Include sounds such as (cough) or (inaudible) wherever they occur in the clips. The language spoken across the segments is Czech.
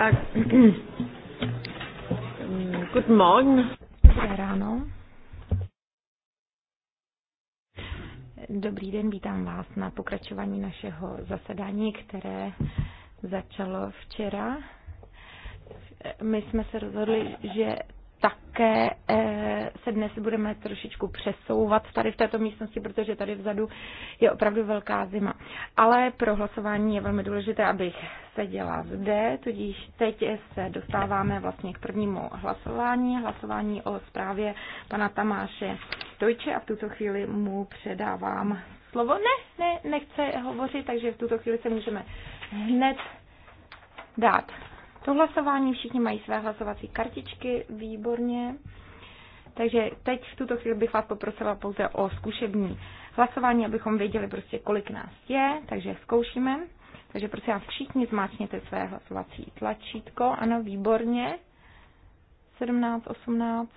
Tak. (clears throat) Guten Morgen. Dobré ráno. Dobrý den, vítám vás na pokračování našeho zasedání, které začalo včera. My jsme se rozhodli, že také eh, se dnes budeme trošičku přesouvat tady v této místnosti, protože tady vzadu je opravdu velká zima. Ale pro hlasování je velmi důležité, abych seděla zde, tudíž teď se dostáváme vlastně k prvnímu hlasování, hlasování o zprávě pana Tamáše Tojče a v tuto chvíli mu předávám slovo. Ne, ne, nechce hovořit, takže v tuto chvíli se můžeme hned dát to hlasování. Všichni mají své hlasovací kartičky, výborně. Takže teď v tuto chvíli bych vás poprosila pouze o zkušební hlasování, abychom věděli prostě, kolik nás je, takže zkoušíme. Takže prosím vás, všichni zmáčkněte své hlasovací tlačítko. Ano, výborně. 17, 18,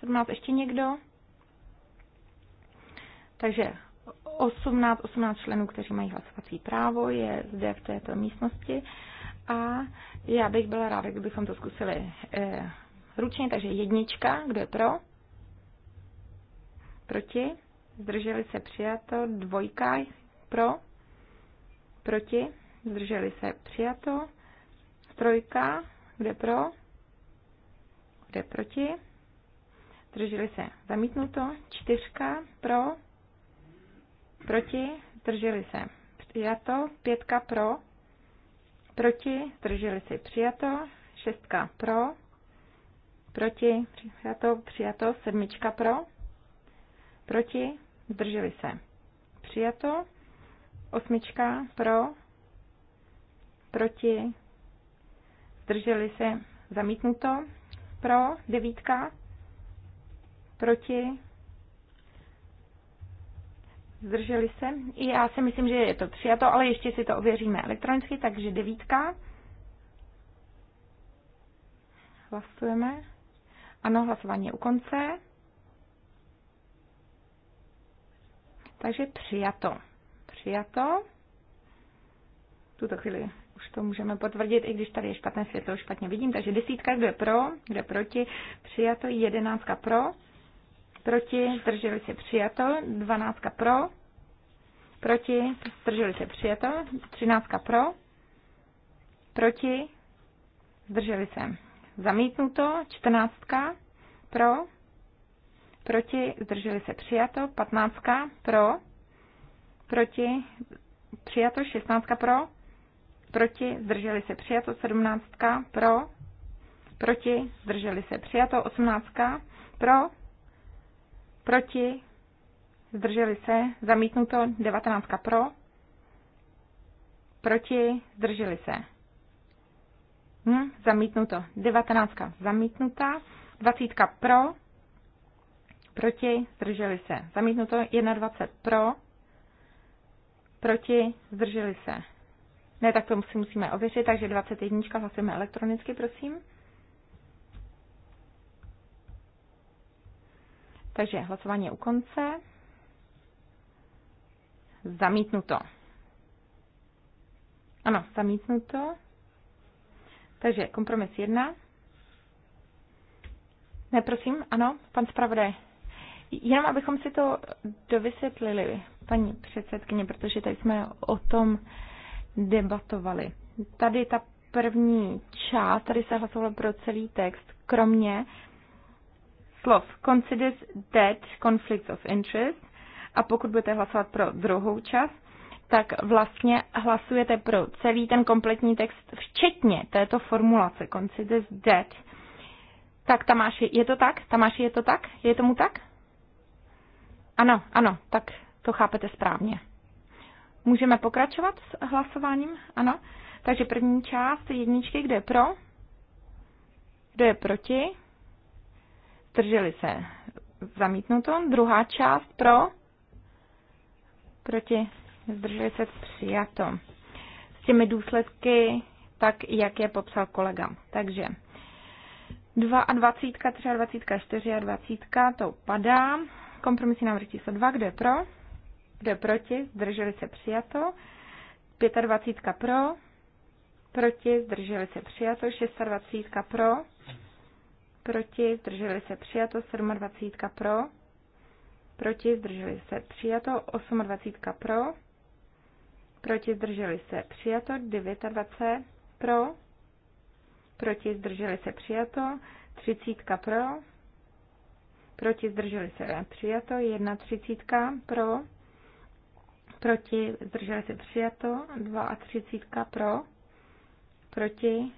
17, ještě někdo? Takže 18, 18 členů, kteří mají hlasovací právo, je zde v této místnosti. A já bych byla ráda, kdybychom to zkusili e, ručně, takže jednička, kdo je pro? Proti? Zdrželi se přijato. Dvojka pro? Proti? Zdrželi se přijato. Trojka, kde pro? kde proti? Zdrželi se zamítnuto. Čtyřka pro? Proti? Zdrželi se přijato. Pětka pro? proti, zdrželi se přijato, šestka pro, proti, přijato, přijato, sedmička pro, proti, zdrželi se přijato, osmička pro, proti, zdrželi se zamítnuto, pro, devítka, proti, zdrželi se. Já si myslím, že je to přijato, ale ještě si to ověříme elektronicky, takže devítka. Hlasujeme. Ano, hlasování je u konce. Takže přijato. Přijato. tuto chvíli už to můžeme potvrdit, i když tady je špatné světlo, špatně vidím. Takže desítka, kdo je pro, kdo je proti, přijato, jedenáctka pro, proti, zdrželi se přijato, dvanáctka pro, proti, zdrželi se přijato, 13 pro, proti, zdrželi se zamítnuto, 14 pro, proti, zdrželi se přijato, 15 pro, proti, přijato, 16 pro, proti, zdrželi se přijato, 17 pro, proti, zdrželi se přijato, 18 pro, proti, zdrželi se, zamítnuto 19 pro, proti, zdrželi se. Hm, zamítnuto 19 zamítnutá, 20 pro, proti, zdrželi se. Zamítnuto 21 pro, proti, zdrželi se. Ne, tak to si musíme ověřit, takže 21 hlasujeme elektronicky, prosím. Takže hlasování je u konce. Zamítnuto. Ano, zamítnuto. Takže kompromis jedna. Ne, prosím, ano, pan zpravodaj. Jenom abychom si to dovysvětlili, paní předsedkyně, protože tady jsme o tom debatovali. Tady ta první část, tady se hlasovalo pro celý text, kromě slov considers that conflicts of interest a pokud budete hlasovat pro druhou část, tak vlastně hlasujete pro celý ten kompletní text, včetně této formulace, this dead. Tak Tamáši, je to tak? Tamáši, je to tak? Je tomu tak? Ano, ano, tak to chápete správně. Můžeme pokračovat s hlasováním? Ano. Takže první část jedničky, kde je pro? Kdo je proti? Zdrželi se zamítnuto. Druhá část pro? proti, zdržuje se přijato. S těmi důsledky, tak jak je popsal kolega. Takže 22, 23, 24 a 20 to padá. Kompromisní návrh číslo 2, kdo je pro? Kdo je proti? Zdrželi se přijato. 25 pro, proti, zdrželi se přijato. 26 pro, proti, zdrželi se přijato. 27 pro, proti, zdrželi se, přijato, 28 pro, proti, zdrželi se, přijato, 29 pro, proti, zdrželi se, přijato, 30 pro, proti, zdrželi se, přijato, 31 pro, proti, zdrželi se, přijato, 32 pro, proti,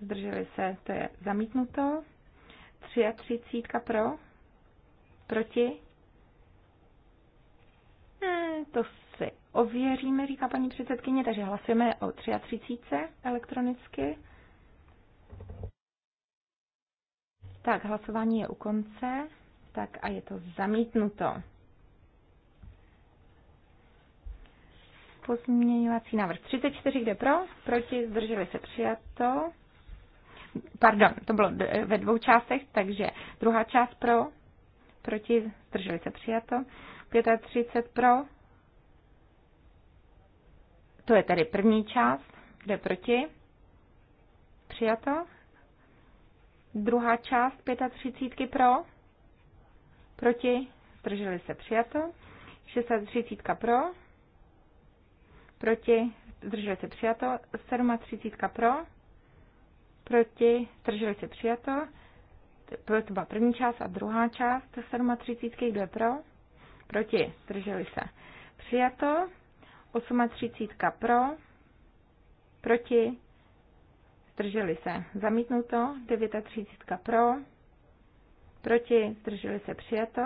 zdrželi se, to je zamítnuto, 33 pro, Proti? Hmm, to si ověříme, říká paní předsedkyně, takže hlasujeme o 33 elektronicky. Tak, hlasování je u konce, tak a je to zamítnuto. Pozměňovací návrh 34, kde pro? Proti, zdrželi se přijato. Pardon, to bylo ve dvou částech, takže druhá část pro, proti, zdrželi se přijato. 35 pro, to je tedy první část, kde proti, přijato. Druhá část 35 pro, proti, zdrželi se přijato. 36 pro, proti, zdrželi se přijato. 37 pro, proti, zdrželi se přijato to byla první část a druhá část 37, kdo je pro, proti, zdrželi se. Přijato, 38 pro, proti, zdrželi se. Zamítnuto, 39 pro, proti, zdrželi se. Přijato,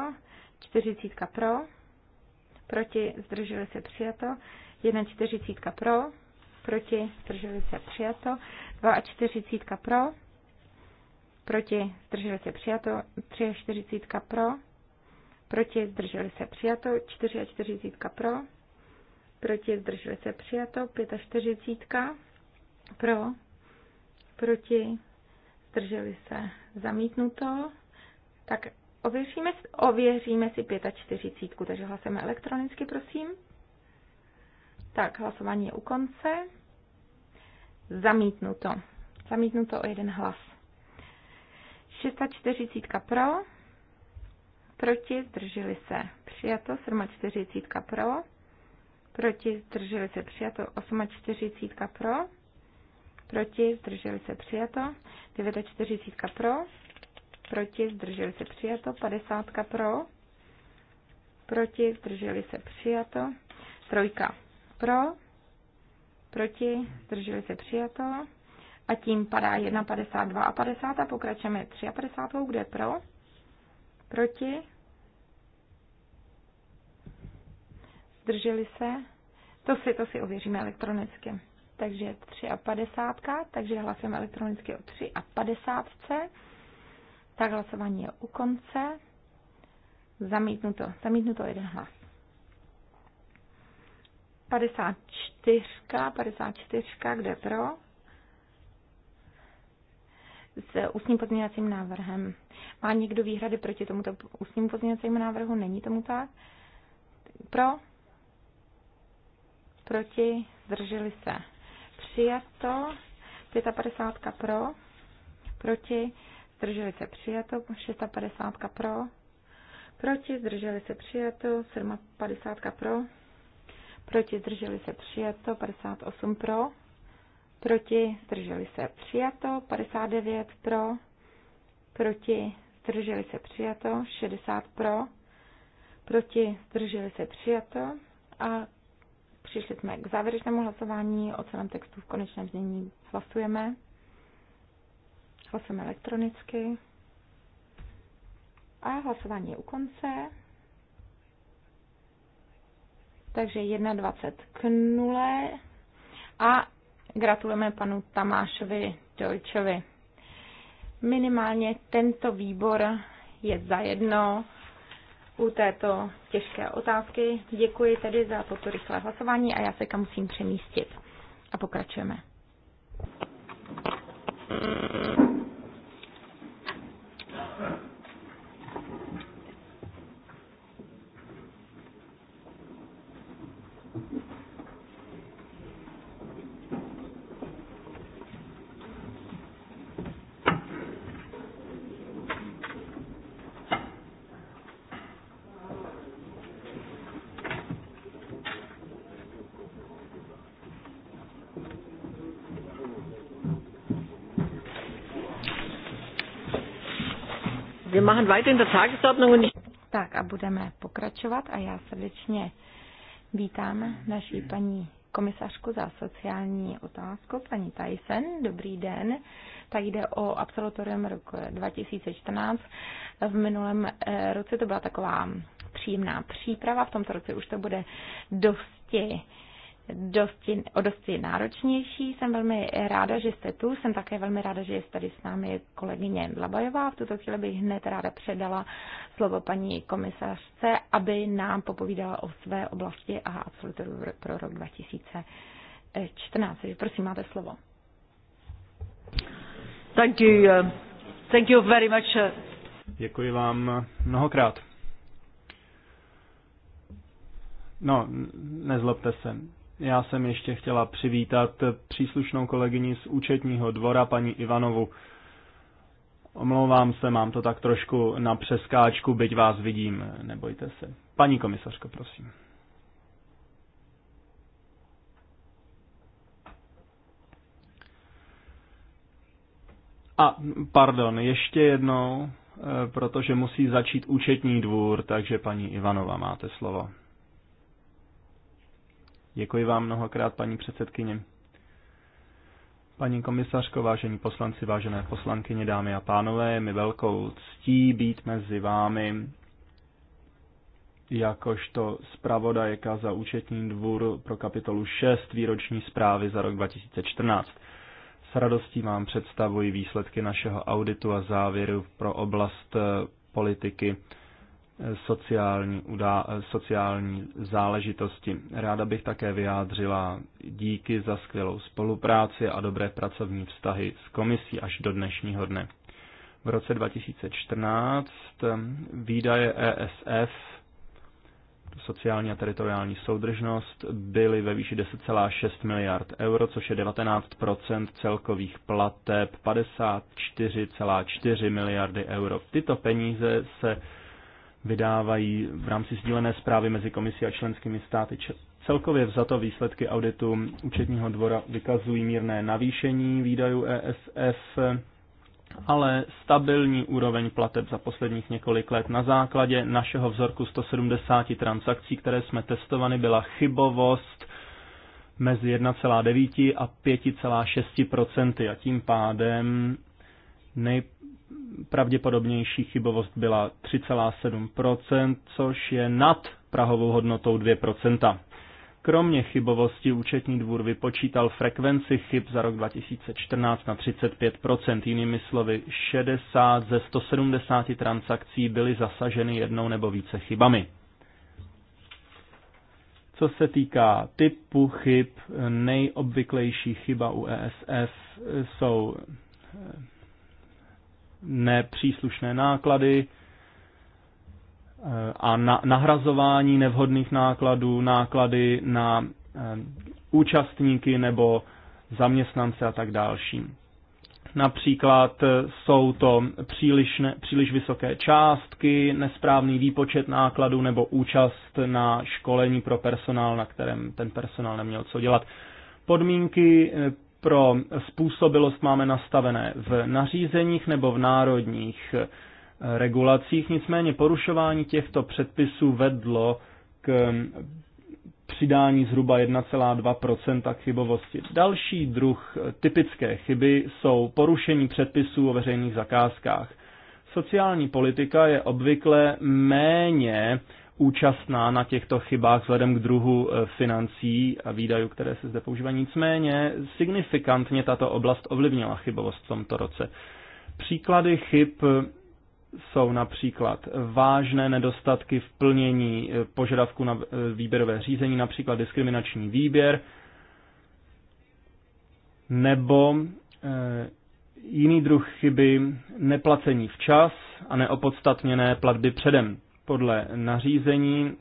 40 pro, proti, zdrželi se. Přijato, 41 pro, proti, zdrželi se. Přijato, 42 pro, proti, zdrželi se přijato, 43 pro, proti, zdrželi se přijato, 44 pro, proti, zdrželi se přijato, 45 pro, proti, zdrželi se zamítnuto, tak ověříme, ověříme si 45, takže hlasujeme elektronicky, prosím. Tak, hlasování je u konce. Zamítnuto. Zamítnuto o jeden hlas. 640 pro, proti, zdrželi se, přijato, 740 pro, proti, zdrželi se, přijato, 840 pro, proti, zdrželi se, přijato, 940 pro, proti, zdrželi se, přijato, 50 pro, proti, zdrželi se, přijato, trojka pro, proti, zdrželi se, přijato, a tím padá 1, 52 a 50 a pokračujeme 53, a 50, kde pro, proti, zdrželi se, to si, to si ověříme elektronicky. Takže 3 a 50, takže hlasujeme elektronicky o 3 a 50. Tak hlasování je u konce. Zamítnuto, zamítnuto jeden hlas. 54, 54, kde pro? s ústním pozměňovacím návrhem. Má někdo výhrady proti tomuto ústnímu pozměňovacímu návrhu? Není tomu tak? Pro? Proti? Zdrželi se. Přijato. 55 pro. Proti? Zdrželi se. Přijato. 650 pro. Proti? Zdrželi se. Přijato. 57 pro. Proti? Zdrželi se. Přijato. 58 pro proti, zdrželi se přijato, 59 pro, proti, zdrželi se přijato, 60 pro, proti, zdrželi se přijato a přišli jsme k závěrečnému hlasování o celém textu v konečném znění. Hlasujeme. Hlasujeme elektronicky. A hlasování je u konce. Takže 1,20 k 0. A Gratulujeme panu Tamášovi Dojčovi. Minimálně tento výbor je zajedno u této těžké otázky. Děkuji tedy za toto rychlé hlasování a já se kam musím přemístit. A pokračujeme. machen weiter in der Tagesordnung und ich... Tak a budeme pokračovat a já srdečně vítám naší paní komisařku za sociální otázku, paní Tyson. Dobrý den. Tak jde o absolutorium roku 2014. V minulém eh, roce to byla taková příjemná příprava, v tomto roce už to bude dosti dosti, o dosti náročnější. Jsem velmi ráda, že jste tu. Jsem také velmi ráda, že je tady s námi kolegyně Dlabajová. V tuto chvíli bych hned ráda předala slovo paní komisařce, aby nám popovídala o své oblasti a absolutoru pro rok 2014. Prosím, máte slovo. Thank you. Uh, thank you very much. Uh. Děkuji vám mnohokrát. No, nezlobte se. Já jsem ještě chtěla přivítat příslušnou kolegyni z účetního dvora, paní Ivanovu. Omlouvám se, mám to tak trošku na přeskáčku, byť vás vidím, nebojte se. Paní komisařko, prosím. A pardon, ještě jednou, eh, protože musí začít účetní dvůr, takže paní Ivanova máte slovo. Děkuji vám mnohokrát, paní předsedkyně. Paní komisařko, vážení poslanci, vážené poslankyně, dámy a pánové, je mi velkou ctí být mezi vámi jakožto zpravodajka za účetní dvůr pro kapitolu 6 výroční zprávy za rok 2014. S radostí vám představuji výsledky našeho auditu a závěru pro oblast eh, politiky sociální, udá, sociální záležitosti. Ráda bych také vyjádřila díky za skvělou spolupráci a dobré pracovní vztahy s komisí až do dnešního dne. V roce 2014 eh, výdaje ESF sociální a teritoriální soudržnost byly ve výši 10,6 miliard euro, což je 19 celkových plateb 54,4 miliardy euro. Tyto peníze se vydávají v rámci sdílené zprávy mezi komisí a členskými státy. Celkově vzato výsledky auditu účetního dvora vykazují mírné navýšení výdajů ESF, ale stabilní úroveň plateb za posledních několik let. Na základě našeho vzorku 170 transakcí, které jsme testovali, byla chybovost mezi 1,9 a 5,6 a tím pádem nejprve pravděpodobnější chybovost byla 3,7%, což je nad prahovou hodnotou 2%. Kromě chybovosti účetní dvůr vypočítal frekvenci chyb za rok 2014 na 35%, jinými slovy 60 ze 170 transakcí byly zasaženy jednou nebo více chybami. Co se týká typu chyb, nejobvyklejší chyba u ESF jsou nepříslušné náklady eh, a na, nahrazování nevhodných nákladů, náklady na eh, účastníky nebo zaměstnance a tak další. Například eh, jsou to příliš, ne, příliš vysoké částky, nesprávný výpočet nákladů nebo účast na školení pro personál, na kterém ten personál neměl co dělat. Podmínky pro způsobilost máme nastavené v nařízeních nebo v národních eh, regulacích, nicméně porušování těchto předpisů vedlo k hm, přidání zhruba 1,2 chybovosti. Další druh eh, typické chyby jsou porušení předpisů o veřejných zakázkách. Sociální politika je obvykle méně účastná na těchto chybách vzhledem k druhu e, financí a výdajů, které se zde používají. Nicméně signifikantně tato oblast ovlivnila chybovost v tomto roce. Příklady chyb e, jsou například vážné nedostatky v plnění e, požadavku na výběrové řízení, například diskriminační výběr, nebo jiný druh chyby neplacení včas a neopodstatněné platby předem. Podle nařízení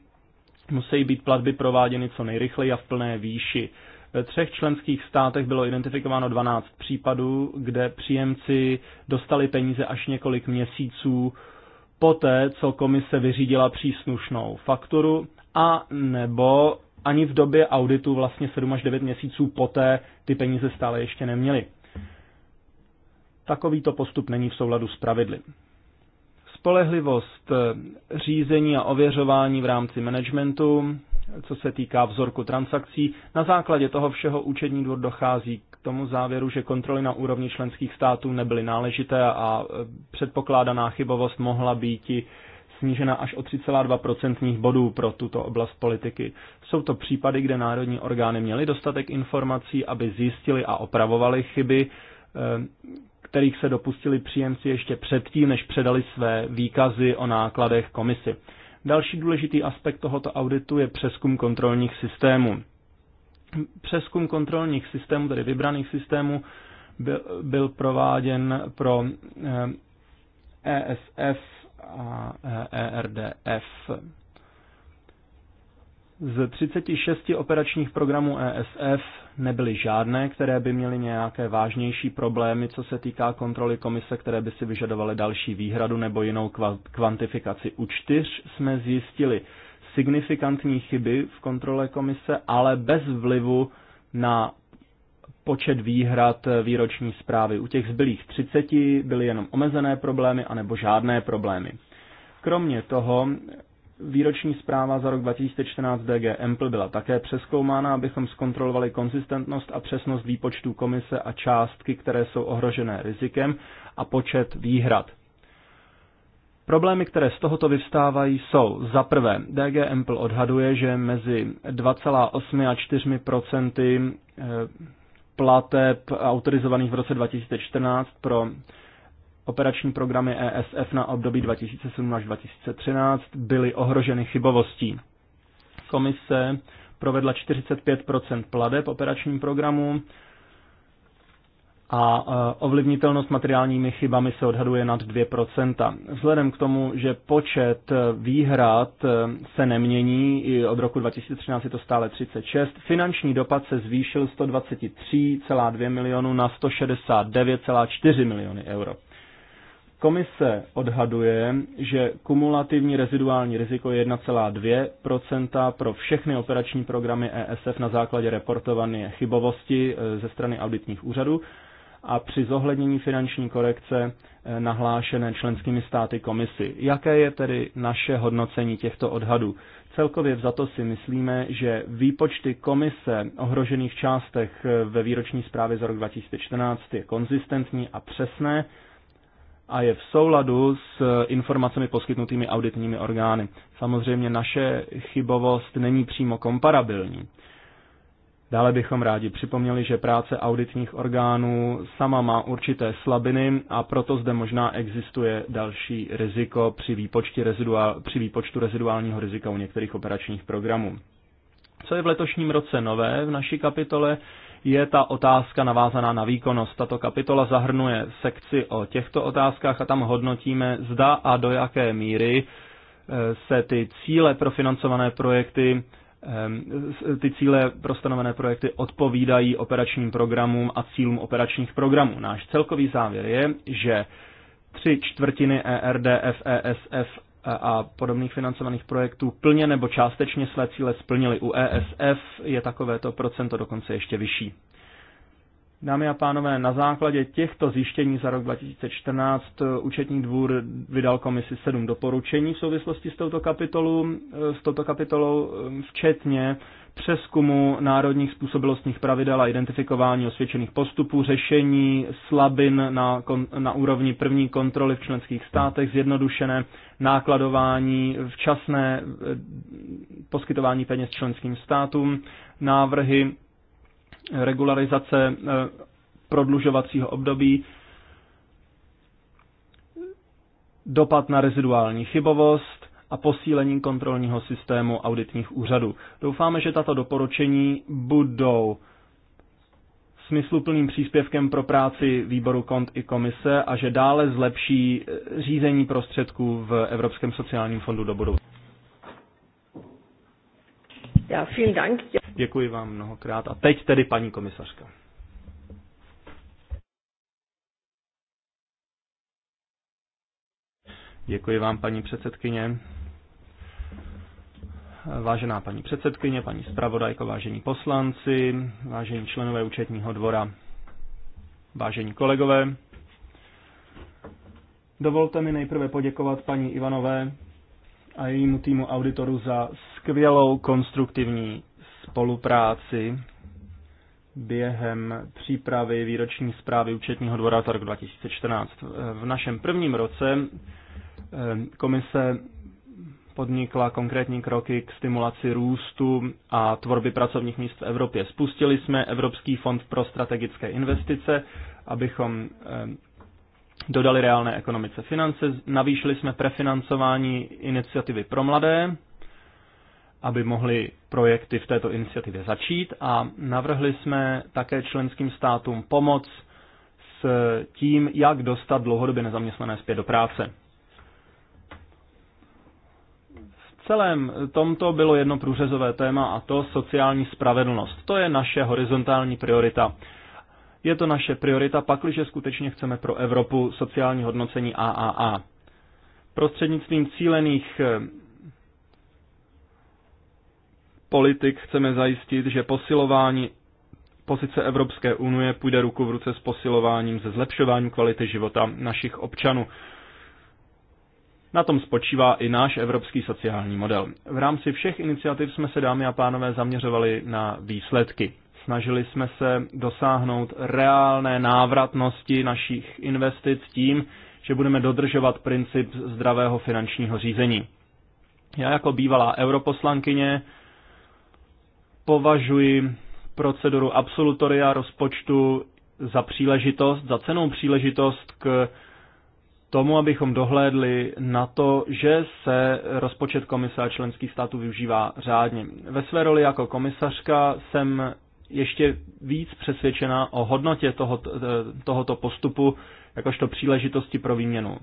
musí být platby prováděny co nejrychleji a v plné výši. Ve třech členských státech bylo identifikováno 12 případů, kde příjemci dostali peníze až několik měsíců poté, co komise vyřídila příslušnou fakturu a nebo ani v době auditu vlastně 7 až 9 měsíců poté ty peníze stále ještě neměli. Takovýto postup není v souladu s pravidly. Spolehlivost eh, řízení a ověřování v rámci managementu, co se týká vzorku transakcí. Na základě toho všeho účetní dvor dochází k tomu závěru, že kontroly na úrovni členských států nebyly náležité a eh, předpokládaná chybovost mohla být snížena až o 3,2% bodů pro tuto oblast politiky. Jsou to případy, kde národní orgány měly dostatek informací, aby zjistili a opravovali chyby, eh, kterých se dopustili příjemci ještě předtím, než předali své výkazy o nákladech komisi. Další důležitý aspekt tohoto auditu je přeskum kontrolních systémů. Přeskum kontrolních systémů, tedy vybraných systémů, byl, byl prováděn pro ESF eh, e a ERDF. Eh, e Z 36 operačních programů ESF nebyly žádné, které by měly nějaké vážnější problémy, co se týká kontroly komise, které by si vyžadovaly další výhradu nebo jinou kvantifikaci. U čtyř jsme zjistili signifikantní chyby v kontrole komise, ale bez vlivu na počet výhrad výroční zprávy. U těch zbylých 30 byly jenom omezené problémy anebo žádné problémy. Kromě toho Výroční zpráva za rok 2014 DG Empl byla také přeskoumána, abychom zkontrolovali konzistentnost a přesnost výpočtů komise a částky, které jsou ohrožené rizikem a počet výhrad. Problémy, které z tohoto vyvstávají, jsou za prvé, DG Empl odhaduje, že mezi 2,8 a 4 eh, plateb autorizovaných v roce 2014 pro operační programy ESF na období 2007 až 2013 byly ohroženy chybovostí. Komise provedla 45 pladeb operačním programu a e, ovlivnitelnost materiálními chybami se odhaduje nad 2%. Vzhledem k tomu, že počet e, výhrad e, se nemění, i od roku 2013 je to stále 36, finanční dopad se zvýšil 123,2 milionů na 169,4 miliony euro. Komise odhaduje, že kumulativní reziduální riziko je 1,2 pro všechny operační programy ESF na základě reportované chybovosti eh, ze strany auditních úřadů a při zohlednění finanční korekce eh, nahlášené členskými státy komisi. Jaké je tedy naše hodnocení těchto odhadů? Celkově to si myslíme, že výpočty komise ohrožených částech eh, ve výroční zprávě za rok 2014 je konzistentní a přesné a je v souladu s eh, informacemi poskytnutými auditními orgány. Samozřejmě naše chybovost není přímo komparabilní. Dále bychom rádi připomněli, že práce auditních orgánů sama má určité slabiny a proto zde možná existuje další riziko při, výpočti reziduál, při výpočtu reziduálního rizika u některých operačních programů. Co je v letošním roce nové v naší kapitole, je ta otázka navázaná na výkonnost. Tato kapitola zahrnuje sekci o těchto otázkách a tam hodnotíme, zda a do jaké míry eh, se ty cíle pro financované projekty eh, ty cíle pro stanovené projekty odpovídají operačním programům a cílům operačních programů. Náš celkový závěr je, že tři čtvrtiny ERDF, ESF a podobných financovaných projektů plně nebo částečně své cíle splnili. U ESF je takovéto procento dokonce ještě vyšší. Dámy a pánové, na základě těchto zjištění za rok 2014 eh, účetní dvůr vydal komisi sedm doporučení v souvislosti s touto, kapitolu, eh, s touto kapitolou, eh, včetně přeskumu národních způsobilostních pravidel a identifikování osvědčených postupů, řešení slabin na, kon, na úrovni první kontroly v členských státech, zjednodušené nákladování, včasné eh, poskytování peněz členským státům, návrhy regularizace eh, prodlužovacího období, dopad na reziduální chybovost, a posílením kontrolního systému auditních úřadů. Doufáme, že tato doporučení budou smysluplným příspěvkem pro práci výboru kont i komise a že dále zlepší eh, řízení prostředků v Evropském sociálním fondu do budoucna. Ja, vielen Dank. Děkuji vám mnohokrát. A teď tedy paní komisařka. Děkuji vám, paní předsedkyně vážená paní předsedkyně, paní zpravodajko, vážení poslanci, vážení členové účetního dvora, vážení kolegové. Dovolte mi nejprve poděkovat paní Ivanové a jejímu týmu auditorů za skvělou konstruktivní spolupráci během přípravy výroční zprávy účetního dvora za rok 2014. V našem prvním roce eh, komise podnikla konkrétní kroky k stimulaci růstu a tvorby pracovních míst v Evropě. Spustili jsme Evropský fond pro strategické investice, abychom eh, dodali reálné ekonomice finance, navýšili jsme prefinancování iniciativy pro mladé, aby mohly projekty v této iniciativě začít a navrhli jsme také členským státům pomoc s tím, jak dostat dlouhodobě nezaměstnané zpět do práce. celém tomto bylo jedno průřezové téma a to sociální spravedlnost. To je naše horizontální priorita. Je to naše priorita, pakliže skutečně chceme pro Evropu sociální hodnocení AAA. Prostřednictvím cílených eh, politik chceme zajistit, že posilování pozice Evropské unie půjde ruku v ruce s posilováním ze zlepšováním kvality života našich občanů. Na tom spočívá i náš evropský sociální model. V rámci všech iniciativ jsme se, dámy a pánové, zaměřovali na výsledky. Snažili jsme se dosáhnout reálné návratnosti našich investic tím, že budeme dodržovat princip zdravého finančního řízení. Já jako bývalá europoslankyně považuji proceduru absolutoria rozpočtu za příležitost, za cenou příležitost k tomu, abychom dohlédli na to, že se rozpočet komise a členských států využívá řádně. Ve své roli jako komisařka jsem ještě víc přesvědčena o hodnotě tohoto, tohoto postupu jakožto příležitosti pro výměnu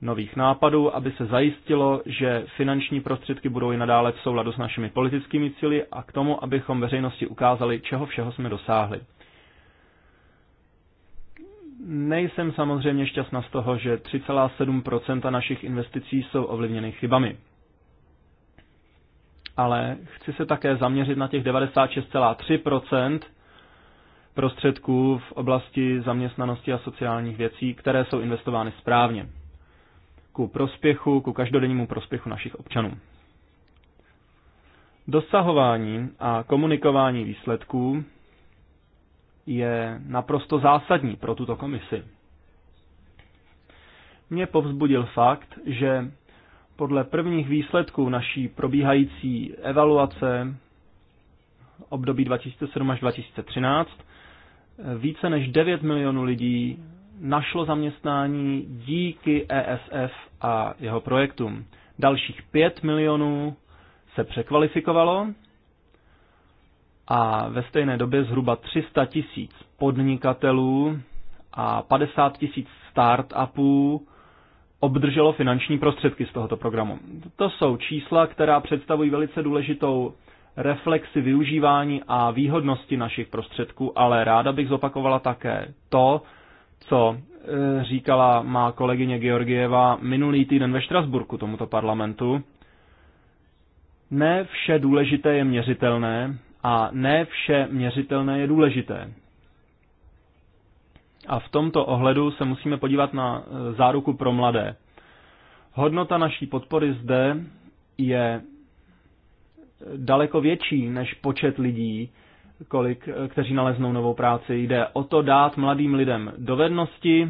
nových nápadů, aby se zajistilo, že finanční prostředky budou i nadále v souladu s našimi politickými cíly a k tomu, abychom veřejnosti ukázali, čeho všeho jsme dosáhli. Nejsem samozřejmě šťastná z toho, že 3,7% našich investicí jsou ovlivněny chybami. Ale chci se také zaměřit na těch 96,3% prostředků v oblasti zaměstnanosti a sociálních věcí, které jsou investovány správně. Ku prospěchu, ku každodennímu prospěchu našich občanů. Dosahování a komunikování výsledků je naprosto zásadní pro tuto komisi. Mě povzbudil fakt, že podle prvních výsledků naší probíhající evaluace období 2007 až 2013 více než 9 milionů lidí našlo zaměstnání díky ESF a jeho projektům. Dalších 5 milionů se překvalifikovalo a ve stejné době zhruba 300 tisíc podnikatelů a 50 tisíc startupů obdrželo finanční prostředky z tohoto programu. To jsou čísla, která představují velice důležitou reflexi využívání a výhodnosti našich prostředků, ale ráda bych zopakovala také to, co eh, říkala má kolegyně Georgieva minulý týden ve Štrasburku tomuto parlamentu. Ne vše důležité je měřitelné a ne vše měřitelné je důležité. A v tomto ohledu se musíme podívat na e, záruku pro mladé. Hodnota naší podpory zde je e, daleko větší než počet lidí, kolik, e, kteří naleznou novou práci. Jde o to dát mladým lidem dovednosti,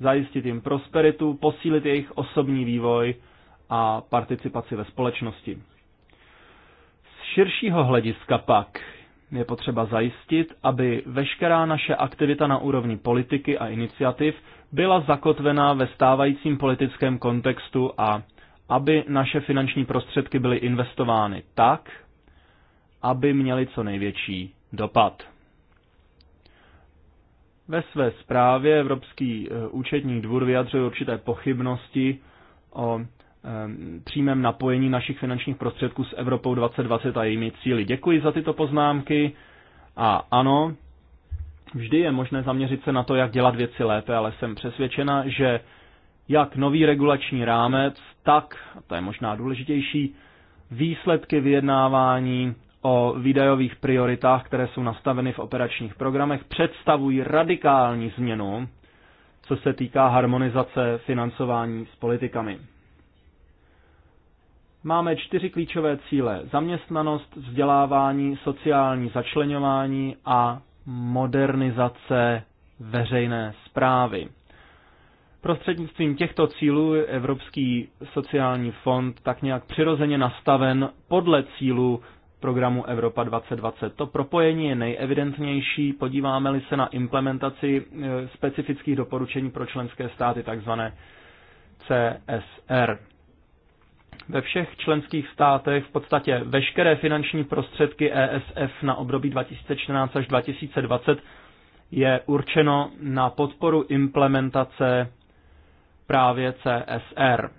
zajistit jim prosperitu, posílit jejich osobní vývoj a participaci ve společnosti širšího hlediska pak je potřeba zajistit, aby veškerá naše aktivita na úrovni politiky a iniciativ byla zakotvená ve stávajícím politickém kontextu a aby naše finanční prostředky byly investovány tak, aby měly co největší dopad. Ve své zprávě Evropský eh, účetní dvůr vyjadřuje určité pochybnosti o Ehm, přímém napojení našich finančních prostředků s Evropou 2020 a jejími cíly. Děkuji za tyto poznámky a ano, vždy je možné zaměřit se na to, jak dělat věci lépe, ale jsem přesvědčena, že jak nový regulační rámec, tak, a to je možná důležitější, výsledky vyjednávání o výdajových prioritách, které jsou nastaveny v operačních programech, představují radikální změnu, co se týká harmonizace financování s politikami. Máme čtyři klíčové cíle. Zaměstnanost, vzdělávání, sociální začlenování a modernizace veřejné zprávy. Prostřednictvím těchto cílů je Evropský sociální fond tak nějak přirozeně nastaven podle cílů programu Evropa 2020. To propojení je nejevidentnější, podíváme-li se na implementaci eh, specifických doporučení pro členské státy, takzvané CSR ve všech členských státech v podstatě veškeré finanční prostředky ESF na období 2014 až 2020 je určeno na podporu implementace právě CSR.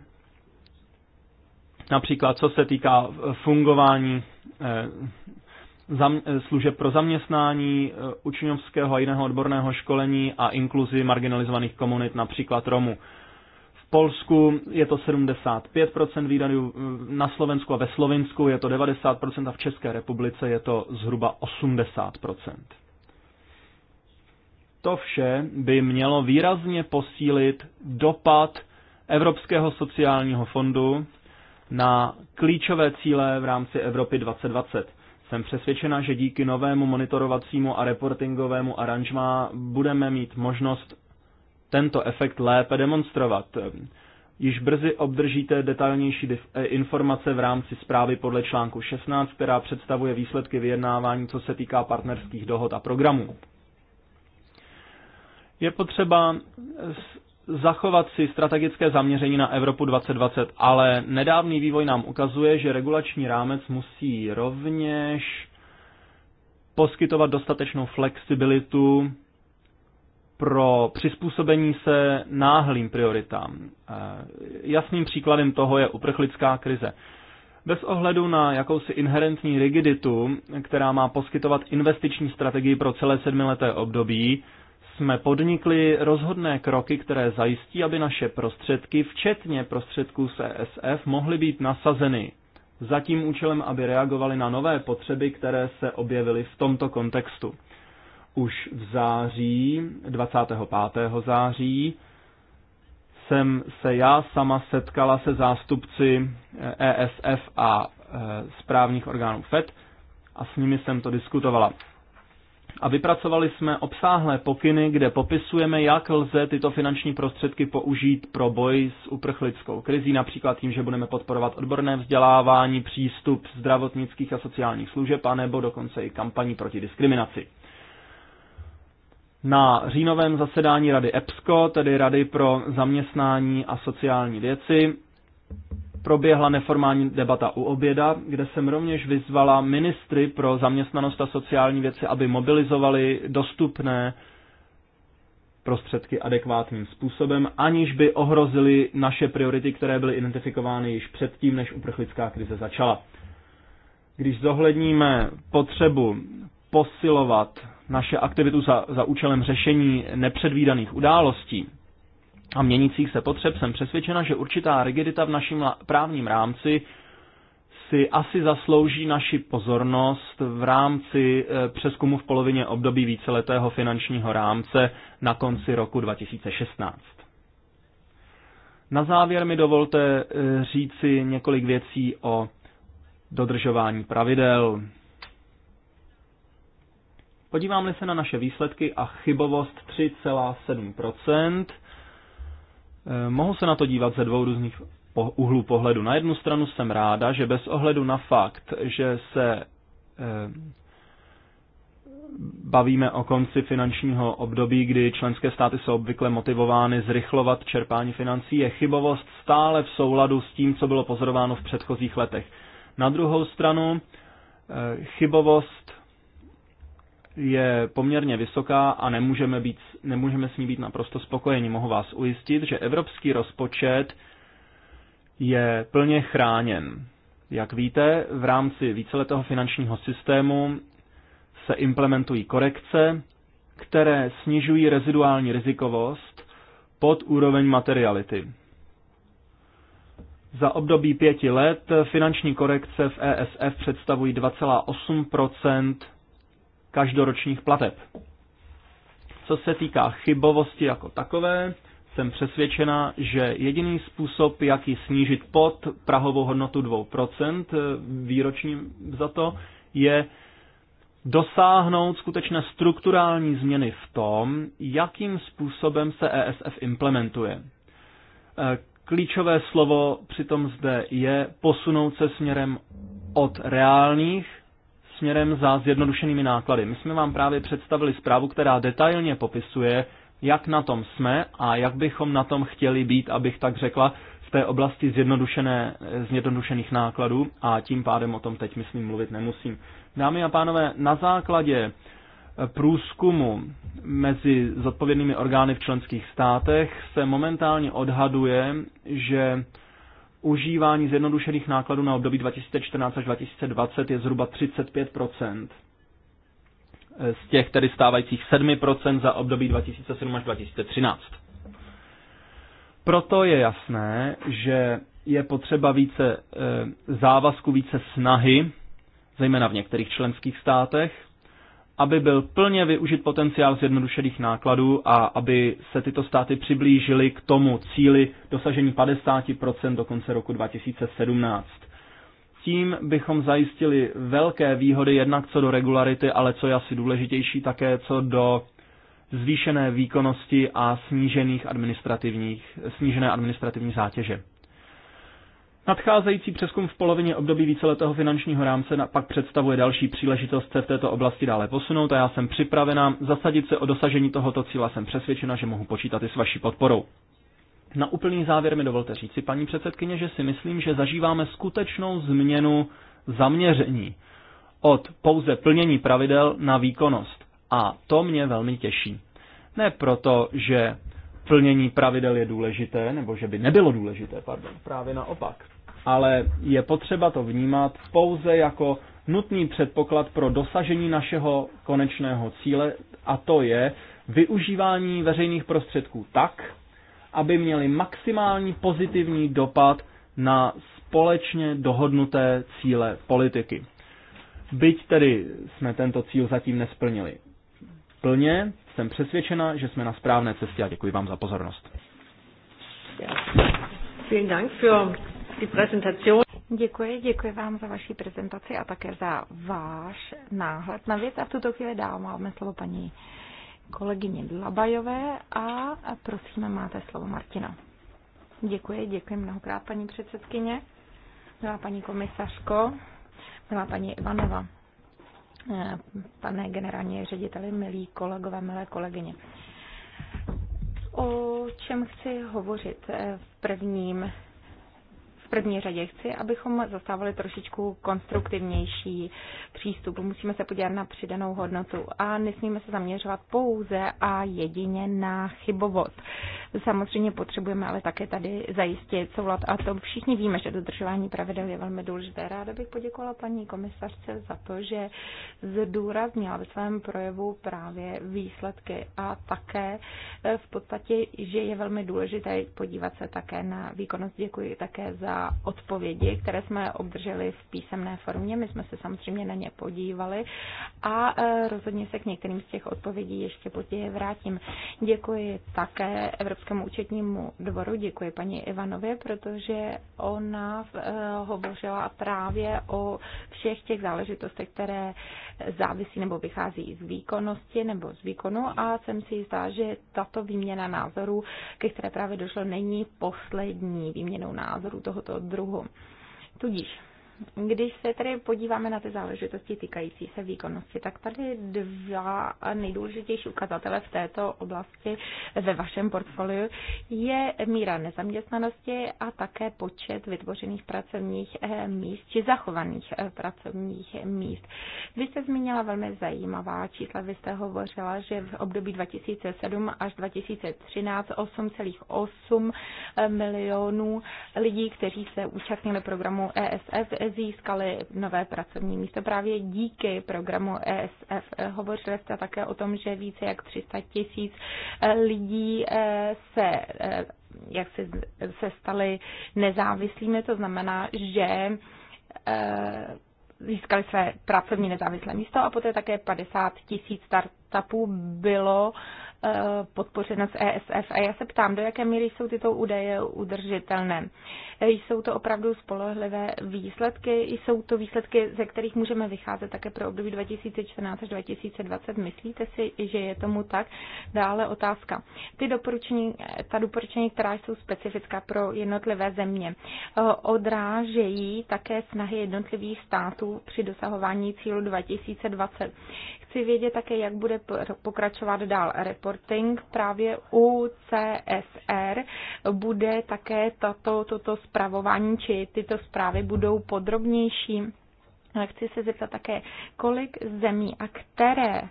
Například co se týká fungování eh, eh, služeb pro zaměstnání, eh, učňovského a jiného odborného školení a inkluzi marginalizovaných komunit, například Romů. Polsku je to 75% výdajů, eh, na Slovensku a ve Slovensku je to 90% a v České republice je to zhruba 80%. To vše by mělo výrazně posílit dopad Evropského sociálního fondu na klíčové cíle v rámci Evropy 2020. Jsem přesvědčena, že díky novému monitorovacímu a reportingovému aranžmá budeme mít možnost tento efekt lépe demonstrovat. Již brzy obdržíte detailnější eh, informace v rámci zprávy podle článku 16, která představuje výsledky vyjednávání, co se týká partnerských dohod a programů. Je potřeba zachovat si strategické zaměření na Evropu 2020, ale nedávný vývoj nám ukazuje, že regulační rámec musí rovněž poskytovat dostatečnou flexibilitu pro přizpůsobení se náhlým prioritám. Eh, jasným příkladem toho je uprchlická krize. Bez ohledu na jakousi inherentní rigiditu, která má poskytovat investiční strategii pro celé sedmileté období, jsme podnikli rozhodné kroky, které zajistí, aby naše prostředky, včetně prostředků CSF, e mohly být nasazeny za tím účelem, aby reagovali na nové potřeby, které se objevily v tomto kontextu už v září, 25. září, jsem se já sama setkala se zástupci ESF eh, e a eh, správních orgánů FED a s nimi jsem to diskutovala. A vypracovali jsme obsáhlé pokyny, kde popisujeme, jak lze tyto finanční prostředky použít pro boj s uprchlickou krizí, například tím, že budeme podporovat odborné vzdělávání, přístup zdravotnických a sociálních služeb, anebo dokonce i kampaní proti diskriminaci na říjnovém zasedání Rady EPSCO, tedy Rady pro zaměstnání a sociální věci, proběhla neformální debata u oběda, kde jsem rovněž vyzvala ministry pro zaměstnanost a sociální věci, aby mobilizovali dostupné prostředky adekvátním způsobem, aniž by ohrozili naše priority, které byly identifikovány již předtím, než uprchlická krize začala. Když zohledníme potřebu posilovat naše aktivitu za, za účelem řešení nepředvídaných událostí a měnících se potřeb, jsem přesvědčena, že určitá rigidita v našem právním rámci si asi zaslouží naši pozornost v rámci e, přeskumu v polovině období víceletého finančního rámce na konci roku 2016. Na závěr mi dovolte e, říci několik věcí o dodržování pravidel. Podíváme se na naše výsledky a chybovost 3,7%, eh, mohu se na to dívat ze dvou různých úhlů pohledu. Na jednu stranu jsem ráda, že bez ohledu na fakt, že se eh, bavíme o konci finančního období, kdy členské státy jsou obvykle motivovány zrychlovat čerpání financí, je chybovost stále v souladu s tím, co bylo pozorováno v předchozích letech. Na druhou stranu, eh, chybovost je poměrně vysoká a nemůžeme, být, nemůžeme s ní být naprosto spokojeni. Mohu vás ujistit, že evropský rozpočet je plně chráněn. Jak víte, v rámci víceletého finančního systému se implementují korekce, které snižují reziduální rizikovost pod úroveň materiality. Za období pěti let finanční korekce v ESF představují 2,8 každoročních plateb. Co se týká chybovosti jako takové, jsem přesvědčena, že jediný způsob, jak ji snížit pod prahovou hodnotu 2% eh, výročním za to, je dosáhnout skutečné strukturální změny v tom, jakým způsobem se ESF implementuje. Eh, klíčové slovo přitom zde je posunout se směrem od reálných směrem za zjednodušenými náklady. My jsme vám právě představili zprávu, která detailně popisuje, jak na tom jsme a jak bychom na tom chtěli být, abych tak řekla, v té oblasti zjednodušené, eh, zjednodušených nákladů a tím pádem o tom teď, myslím, mluvit nemusím. Dámy a pánové, na základě eh, průzkumu mezi zodpovědnými orgány v členských státech se momentálně odhaduje, že užívání zjednodušených nákladů na období 2014 až 2020 je zhruba 35 z těch tedy stávajících 7 za období 2007 až 2013. Proto je jasné, že je potřeba více eh, závazku, více snahy, zejména v některých členských státech, aby byl plně využit potenciál zjednodušených nákladů a aby se tyto státy přiblížily k tomu cíli dosažení 50% do konce roku 2017. Tím bychom zajistili velké výhody jednak co do regularity, ale co je asi důležitější také co do zvýšené výkonnosti a snížených administrativních, snížené administrativní zátěže. Nadcházející přeskum v polovině období víceletého finančního rámce pak představuje další příležitost se v této oblasti dále posunout a já jsem připravena zasadit se o dosažení tohoto cíle. Jsem přesvědčena, že mohu počítat i s vaší podporou. Na úplný závěr mi dovolte říci, paní předsedkyně, že si myslím, že zažíváme skutečnou změnu zaměření od pouze plnění pravidel na výkonnost. A to mě velmi těší. Ne proto, že plnění pravidel je důležité, nebo že by nebylo důležité, pardon, právě naopak ale je potřeba to vnímat pouze jako nutný předpoklad pro dosažení našeho konečného cíle, a to je využívání veřejných prostředků tak, aby měli maximální pozitivní dopad na společně dohodnuté cíle politiky. Byť tedy jsme tento cíl zatím nesplnili. Plně jsem přesvědčena, že jsme na správné cestě a děkuji vám za pozornost. Ja. Vielen Dank für Děkuji, děkuji vám za vaši prezentaci a také za váš náhled na věc. A v tuto chvíli máme slovo paní kolegyně Labajové a prosím, máte slovo Martina. Děkuji, děkuji mnohokrát paní předsedkyně, milá paní komisařko, milá paní Ivanova, pane generální řediteli, milí kolegové, milé kolegyně. O čem chci hovořit v prvním první řadě chci, abychom zastávali trošičku konstruktivnější přístup. Musíme se podívat na přidanou hodnotu a nesmíme se zaměřovat pouze a jedině na chybovost. Samozřejmě potřebujeme ale také tady zajistit souhlad a to všichni víme, že dodržování pravidel je velmi důležité. Ráda bych poděkovala paní komisařce za to, že zdůraznila ve svém projevu právě výsledky a také eh, v podstatě, že je velmi důležité podívat se také na výkonnost. Děkuji také za odpovědi, které jsme obdrželi v písemné formě. My jsme se samozřejmě na ně podívali a e, rozhodně se k některým z těch odpovědí ještě později vrátím. Děkuji také Evropskému účetnímu dvoru, děkuji paní Ivanově, protože ona e, hovořila právě o všech těch záležitostech, které závisí nebo vychází z výkonnosti nebo z výkonu a jsem si jistá, že tato výměna názorů, ke které právě došlo, není poslední výměnou názorů tohoto tohoto druhu. Tudíž když se tedy podíváme na ty záležitosti týkající se výkonnosti, tak tady dva nejdůležitější ukazatele v této oblasti ve vašem portfoliu je míra nezaměstnanosti a také počet vytvořených pracovních eh, míst či zachovaných eh, pracovních míst. Vy jste zmínila velmi zajímavá čísla. Vy jste hovořila, že v období 2007 až 2013 8,8 eh, milionů lidí, kteří se účastnili programu ESF, získali nové pracovní místo právě díky programu ESF. Hovořili jste také o tom, že více jak 300 tisíc eh, lidí eh, se eh, jak se, se stali nezávislými, to znamená, že získali své pracovní nezávislé místo a poté také 50 tisíc startupů bylo uh, Eh, podpořena z ESF. A já se ptám, do jaké míry jsou tyto údaje udržitelné. Jsou to opravdu spolehlivé výsledky? Jsou to výsledky, ze kterých můžeme vycházet také pro období 2014 až 2020? Myslíte si, že je tomu tak? Dále otázka. Ty doporučení, ta doporučení, která jsou specifická pro jednotlivé země, eh, odrážejí také snahy jednotlivých států při dosahování cílu 2020. Chci vědět také, jak bude pokračovat dál reporting. Právě u CSR bude také tato, toto zpravování, či tyto zprávy budou podrobnější. Chci se zeptat také, kolik zemí a které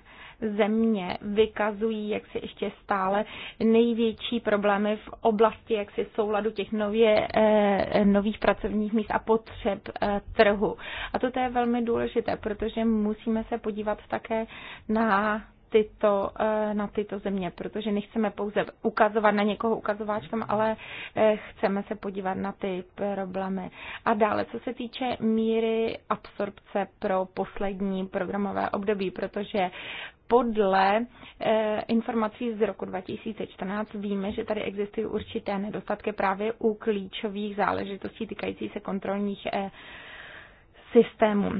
země vykazují jaksi ještě stále největší problémy v oblasti jaksi souladu těch nově, eh, nových pracovních míst a potřeb eh, trhu. A toto je velmi důležité, protože musíme se podívat také na tyto, eh, na tyto země, protože nechceme pouze ukazovat na někoho ukazováčkem, mhm. ale eh, chceme se podívat na ty problémy. A dále, co se týče míry absorpce pro poslední programové období, protože podle eh, informací z roku 2014 víme, že tady existují určité nedostatky právě u klíčových záležitostí týkající se kontrolních systémů.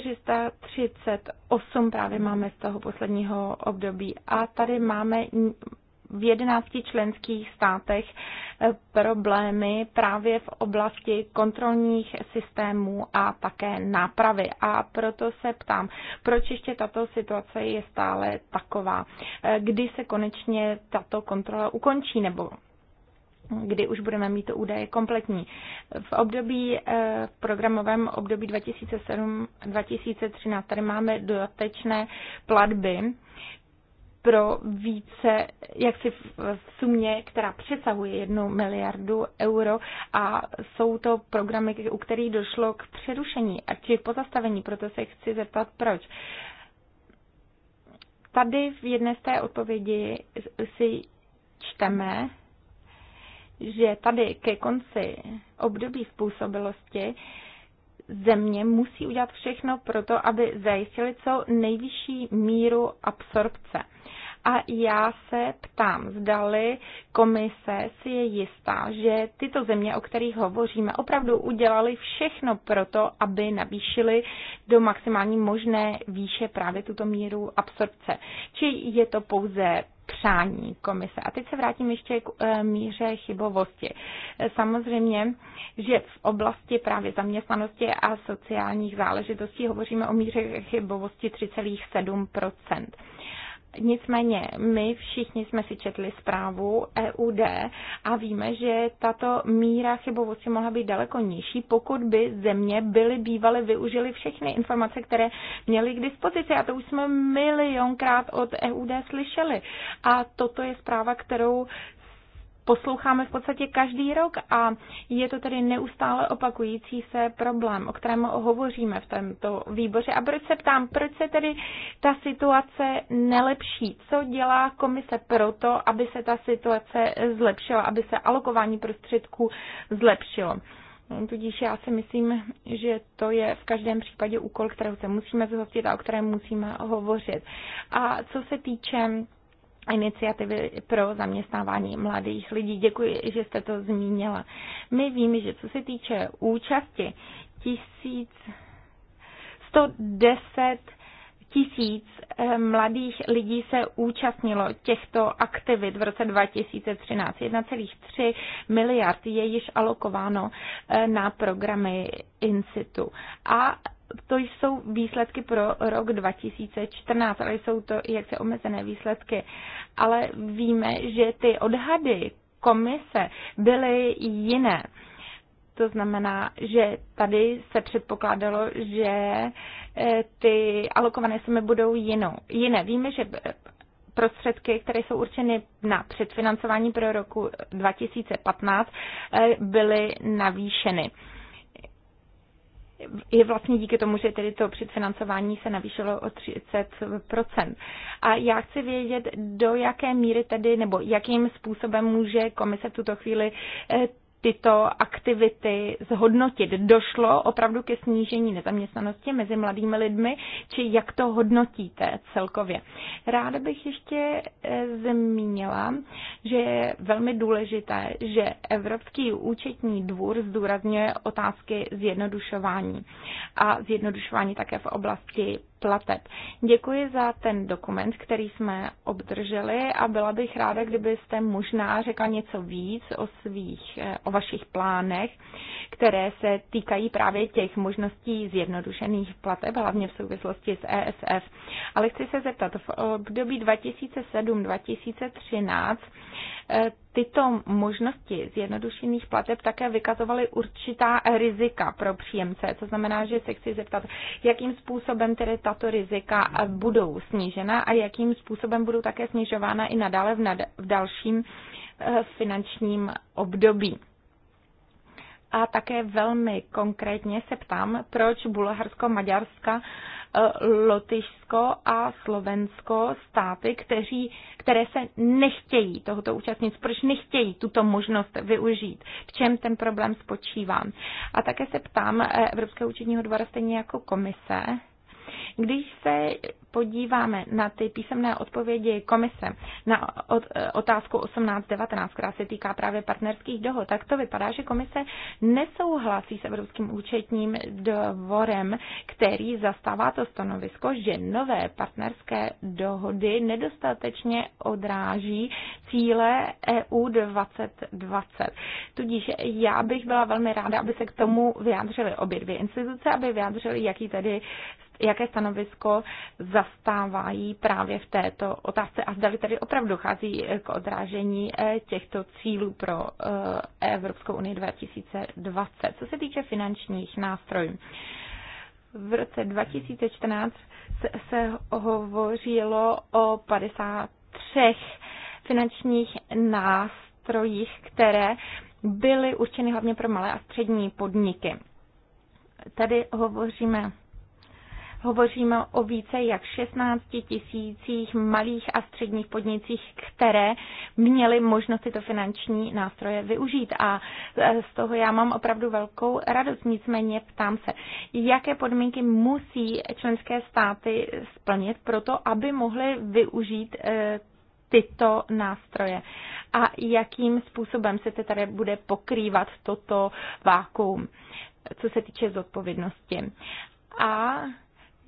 438 právě máme z toho posledního období. A tady máme v 11 členských státech eh, problémy právě v oblasti kontrolních systémů a také nápravy. A proto se ptám, proč ještě tato situace je stále taková? Eh, kdy se konečně tato kontrola ukončí nebo kdy už budeme mít to údaje kompletní. V období, eh, v programovém období 2007-2013 tady máme dodatečné platby pro více, jak si v sumě, která přesahuje jednu miliardu euro a jsou to programy, u kterých došlo k přerušení a či pozastavení, proto se chci zeptat, proč. Tady v jedné z té odpovědi si čteme, že tady ke konci období způsobilosti země musí udělat všechno pro to, aby zajistili co nejvyšší míru absorpce. A já se ptám, zdali komise si je jistá, že tyto země, o kterých hovoříme, opravdu udělali všechno pro to, aby navýšili do maximální možné výše právě tuto míru absorpce. Či je to pouze přání komise. A teď se vrátím ještě k e, míře chybovosti. Samozřejmě, že v oblasti právě zaměstnanosti a sociálních záležitostí hovoříme o míře chybovosti 3,7 Nicméně my všichni jsme si četli zprávu EUD a víme, že tato míra chybovosti mohla být daleko nižší, pokud by země byly bývaly využili všechny informace, které měly k dispozici. A to už jsme milionkrát od EUD slyšeli. A toto je zpráva, kterou posloucháme v podstatě každý rok a je to tedy neustále opakující se problém, o kterém hovoříme v tomto výboře. A proč se ptám, proč se tedy ta situace nelepší? Co dělá komise proto, aby se ta situace zlepšila, aby se alokování prostředků zlepšilo? Tudíž já si myslím, že to je v každém případě úkol, kterého se musíme zhostit a o kterém musíme hovořit. A co se týče iniciativy pro zaměstnávání mladých lidí. Děkuji, že jste to zmínila. My víme, že co se týče účasti, 110 tisíc eh, mladých lidí se účastnilo těchto aktivit v roce 2013. 1,3 miliard je již alokováno eh, na programy Institu. A to jsou výsledky pro rok 2014, ale jsou to i jaksi omezené výsledky. Ale víme, že ty odhady komise byly jiné. To znamená, že tady se předpokládalo, že eh, ty alokované sumy budou jinou. jiné. Víme, že eh, prostředky, které jsou určeny na předfinancování pro roku 2015, eh, byly navýšeny je vlastně díky tomu, že tedy to předfinancování se navýšilo o 30%. A já chci vědět, do jaké míry tedy, nebo jakým způsobem může komise v tuto chvíli eh, tyto aktivity zhodnotit. Došlo opravdu ke snížení nezaměstnanosti mezi mladými lidmi, či jak to hodnotíte celkově? Ráda bych ještě eh, zmínila, že je velmi důležité, že Evropský účetní dvůr zdůrazňuje otázky zjednodušování a zjednodušování také v oblasti plateb. Děkuji za ten dokument, který jsme obdrželi a byla bych ráda, kdybyste možná řekla něco víc o svých, eh, o vašich plánech, které se týkají právě těch možností zjednodušených plateb, hlavně v souvislosti s ESF. Ale chci se zeptat, v období 2007-2013 E, tyto možnosti zjednodušených plateb také vykazovaly určitá rizika pro příjemce. To znamená, že se chci zeptat, jakým způsobem tedy tato rizika budou snížena a jakým způsobem budou také snižována i nadále v, nad, v dalším e, finančním období. A také velmi konkrétně se ptám, proč Bulharsko-Maďarska Lotyšsko a Slovensko státy, kteří, které se nechtějí tohoto účastnit. Proč nechtějí tuto možnost využít? V čem ten problém spočívá? A také se ptám eh, Evropského účetního dvora stejně jako komise, když se podíváme na ty písemné odpovědi komise na eh, otázku 1819, která se týká právě partnerských dohod, tak to vypadá, že komise nesouhlasí s Evropským účetním dvorem, který zastává to stanovisko, že nové partnerské dohody nedostatečně odráží cíle EU 2020. Tudíž já bych byla velmi ráda, aby se k tomu vyjádřily obě dvě instituce, aby vyjádřili, jaký tedy jaké stanovisko zastávají právě v této otázce a zdali tady opravdu dochází k odrážení eh, těchto cílů pro eh, Evropskou unii 2020. Co se týče finančních nástrojů, v roce 2014 se, se hovořilo o 53 finančních nástrojích, které byly určeny hlavně pro malé a střední podniky. Tady hovoříme Hovoříme o více jak 16 tisících malých a středních podnicích, které měly možnost tyto finanční nástroje využít. A e, z toho já mám opravdu velkou radost. Nicméně ptám se, jaké podmínky musí členské státy splnit pro to, aby mohly využít e, tyto nástroje a jakým způsobem se to tady bude pokrývat toto vákuum, co se týče zodpovědnosti. A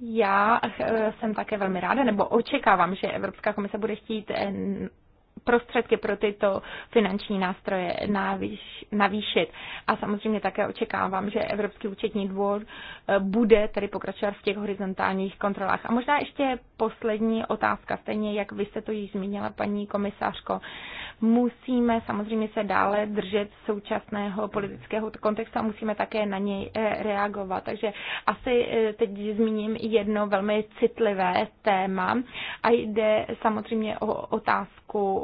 já eh, jsem také velmi ráda, nebo očekávám, že Evropská komise bude chtít eh, prostředky pro tyto finanční nástroje navýšit. A samozřejmě také očekávám, že Evropský účetní dvůr e, bude tedy pokračovat v těch horizontálních kontrolách. A možná ještě poslední otázka, stejně jak vy jste to již zmínila, paní komisářko. Musíme samozřejmě se dále držet současného politického kontextu a musíme také na něj e, reagovat. Takže asi e, teď zmíním jedno velmi citlivé téma a jde samozřejmě o otázku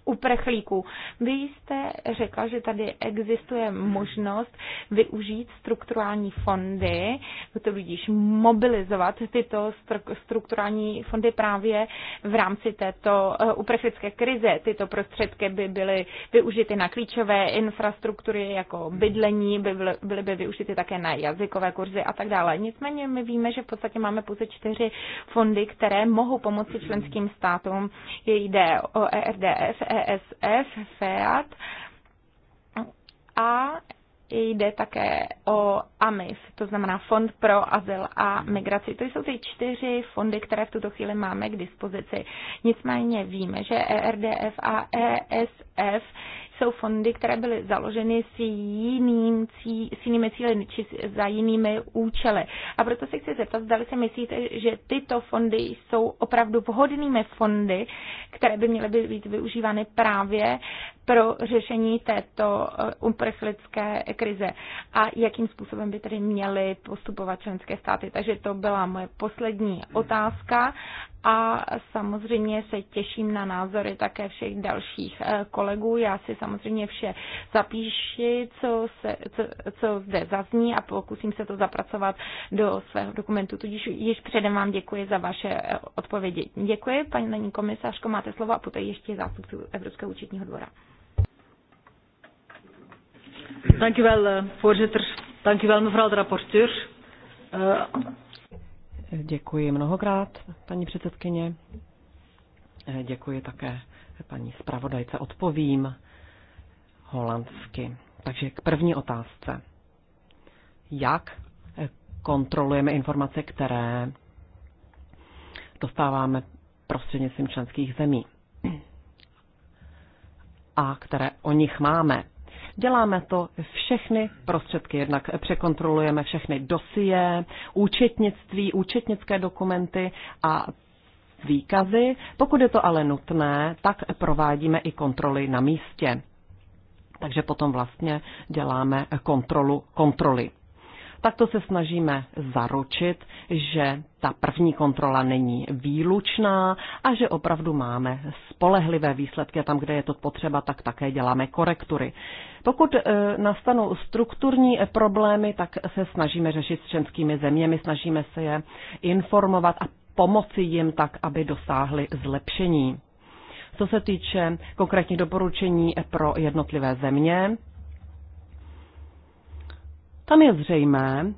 uprchlíků. Vy jste řekla, že tady existuje možnost využít strukturální fondy, vidíš, mobilizovat tyto strukturální fondy právě v rámci této eh, uprchlické krize. Tyto prostředky by byly využity na klíčové infrastruktury jako bydlení, by byly, byly by využity také na jazykové kurzy a tak dále. Nicméně my víme, že v podstatě máme pouze čtyři fondy, které mohou pomoci členským státům. Jde o ERDF, ESF, FEAT a jde také o AMIF, to znamená Fond pro azyl a migraci. To jsou ty čtyři fondy, které v tuto chvíli máme k dispozici. Nicméně víme, že ERDF a ESF jsou fondy, které byly založeny s, jiným cí, s jinými cíly či za jinými účely. A proto se chci zeptat, zda si myslíte, že tyto fondy jsou opravdu vhodnými fondy, které by měly být využívány právě pro řešení této eh, uprchlické krize a jakým způsobem by tedy měly postupovat členské státy. Takže to byla moje poslední otázka a samozřejmě se těším na názory také všech dalších eh, kolegů. Já si samozřejmě vše zapíši, co, se, co, co zde zazní a pokusím se to zapracovat do svého dokumentu. Tudíž již předem vám děkuji za vaše eh, odpovědi. Děkuji, paní komisařko, máte slovo a poté ještě zástupců Evropského účetního dvora. Dank u wel, eh, voorzitter. Dank u wel, mevrouw de rapporteur. Uh, Děkuji mnohokrát, paní předsedkyně. Eh, děkuji také paní zpravodajce. Odpovím holandsky. Takže k první otázce. Jak eh, kontrolujeme informace, které dostáváme prostřednictvím členských zemí a které o nich máme? Děláme to všechny prostředky, jednak překontrolujeme všechny dosie, účetnictví, účetnické dokumenty a výkazy. Pokud je to ale nutné, tak provádíme i kontroly na místě. Takže potom vlastně děláme kontrolu kontroly. Takto se snažíme zaručit, že ta první kontrola není výlučná a že opravdu máme spolehlivé výsledky a tam, kde je to potřeba, tak také děláme korektury. Pokud e, nastanou strukturní problémy, tak se snažíme řešit s členskými zeměmi, snažíme se je informovat a pomoci jim tak, aby dosáhli zlepšení. Co se týče konkrétních doporučení pro jednotlivé země, tam je zřejmé,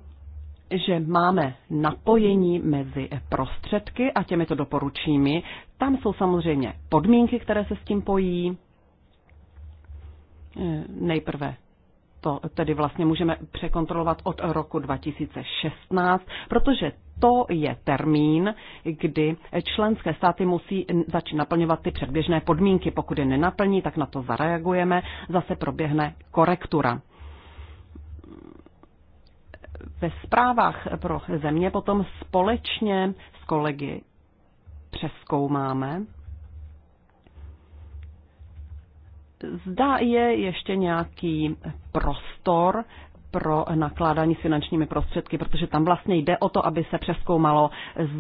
že máme napojení mezi prostředky a těmito doporučími. Tam jsou samozřejmě podmínky, které se s tím pojí. Eh, nejprve to tedy vlastně můžeme překontrolovat od roku 2016, protože to je termín, kdy členské státy musí začít naplňovat ty předběžné podmínky. Pokud je nenaplní, tak na to zareagujeme, zase proběhne korektura ve zprávách pro země potom společně s kolegy přeskoumáme, zda je ještě nějaký prostor pro nakládání s finančními prostředky, protože tam vlastně jde o to, aby se přeskoumalo,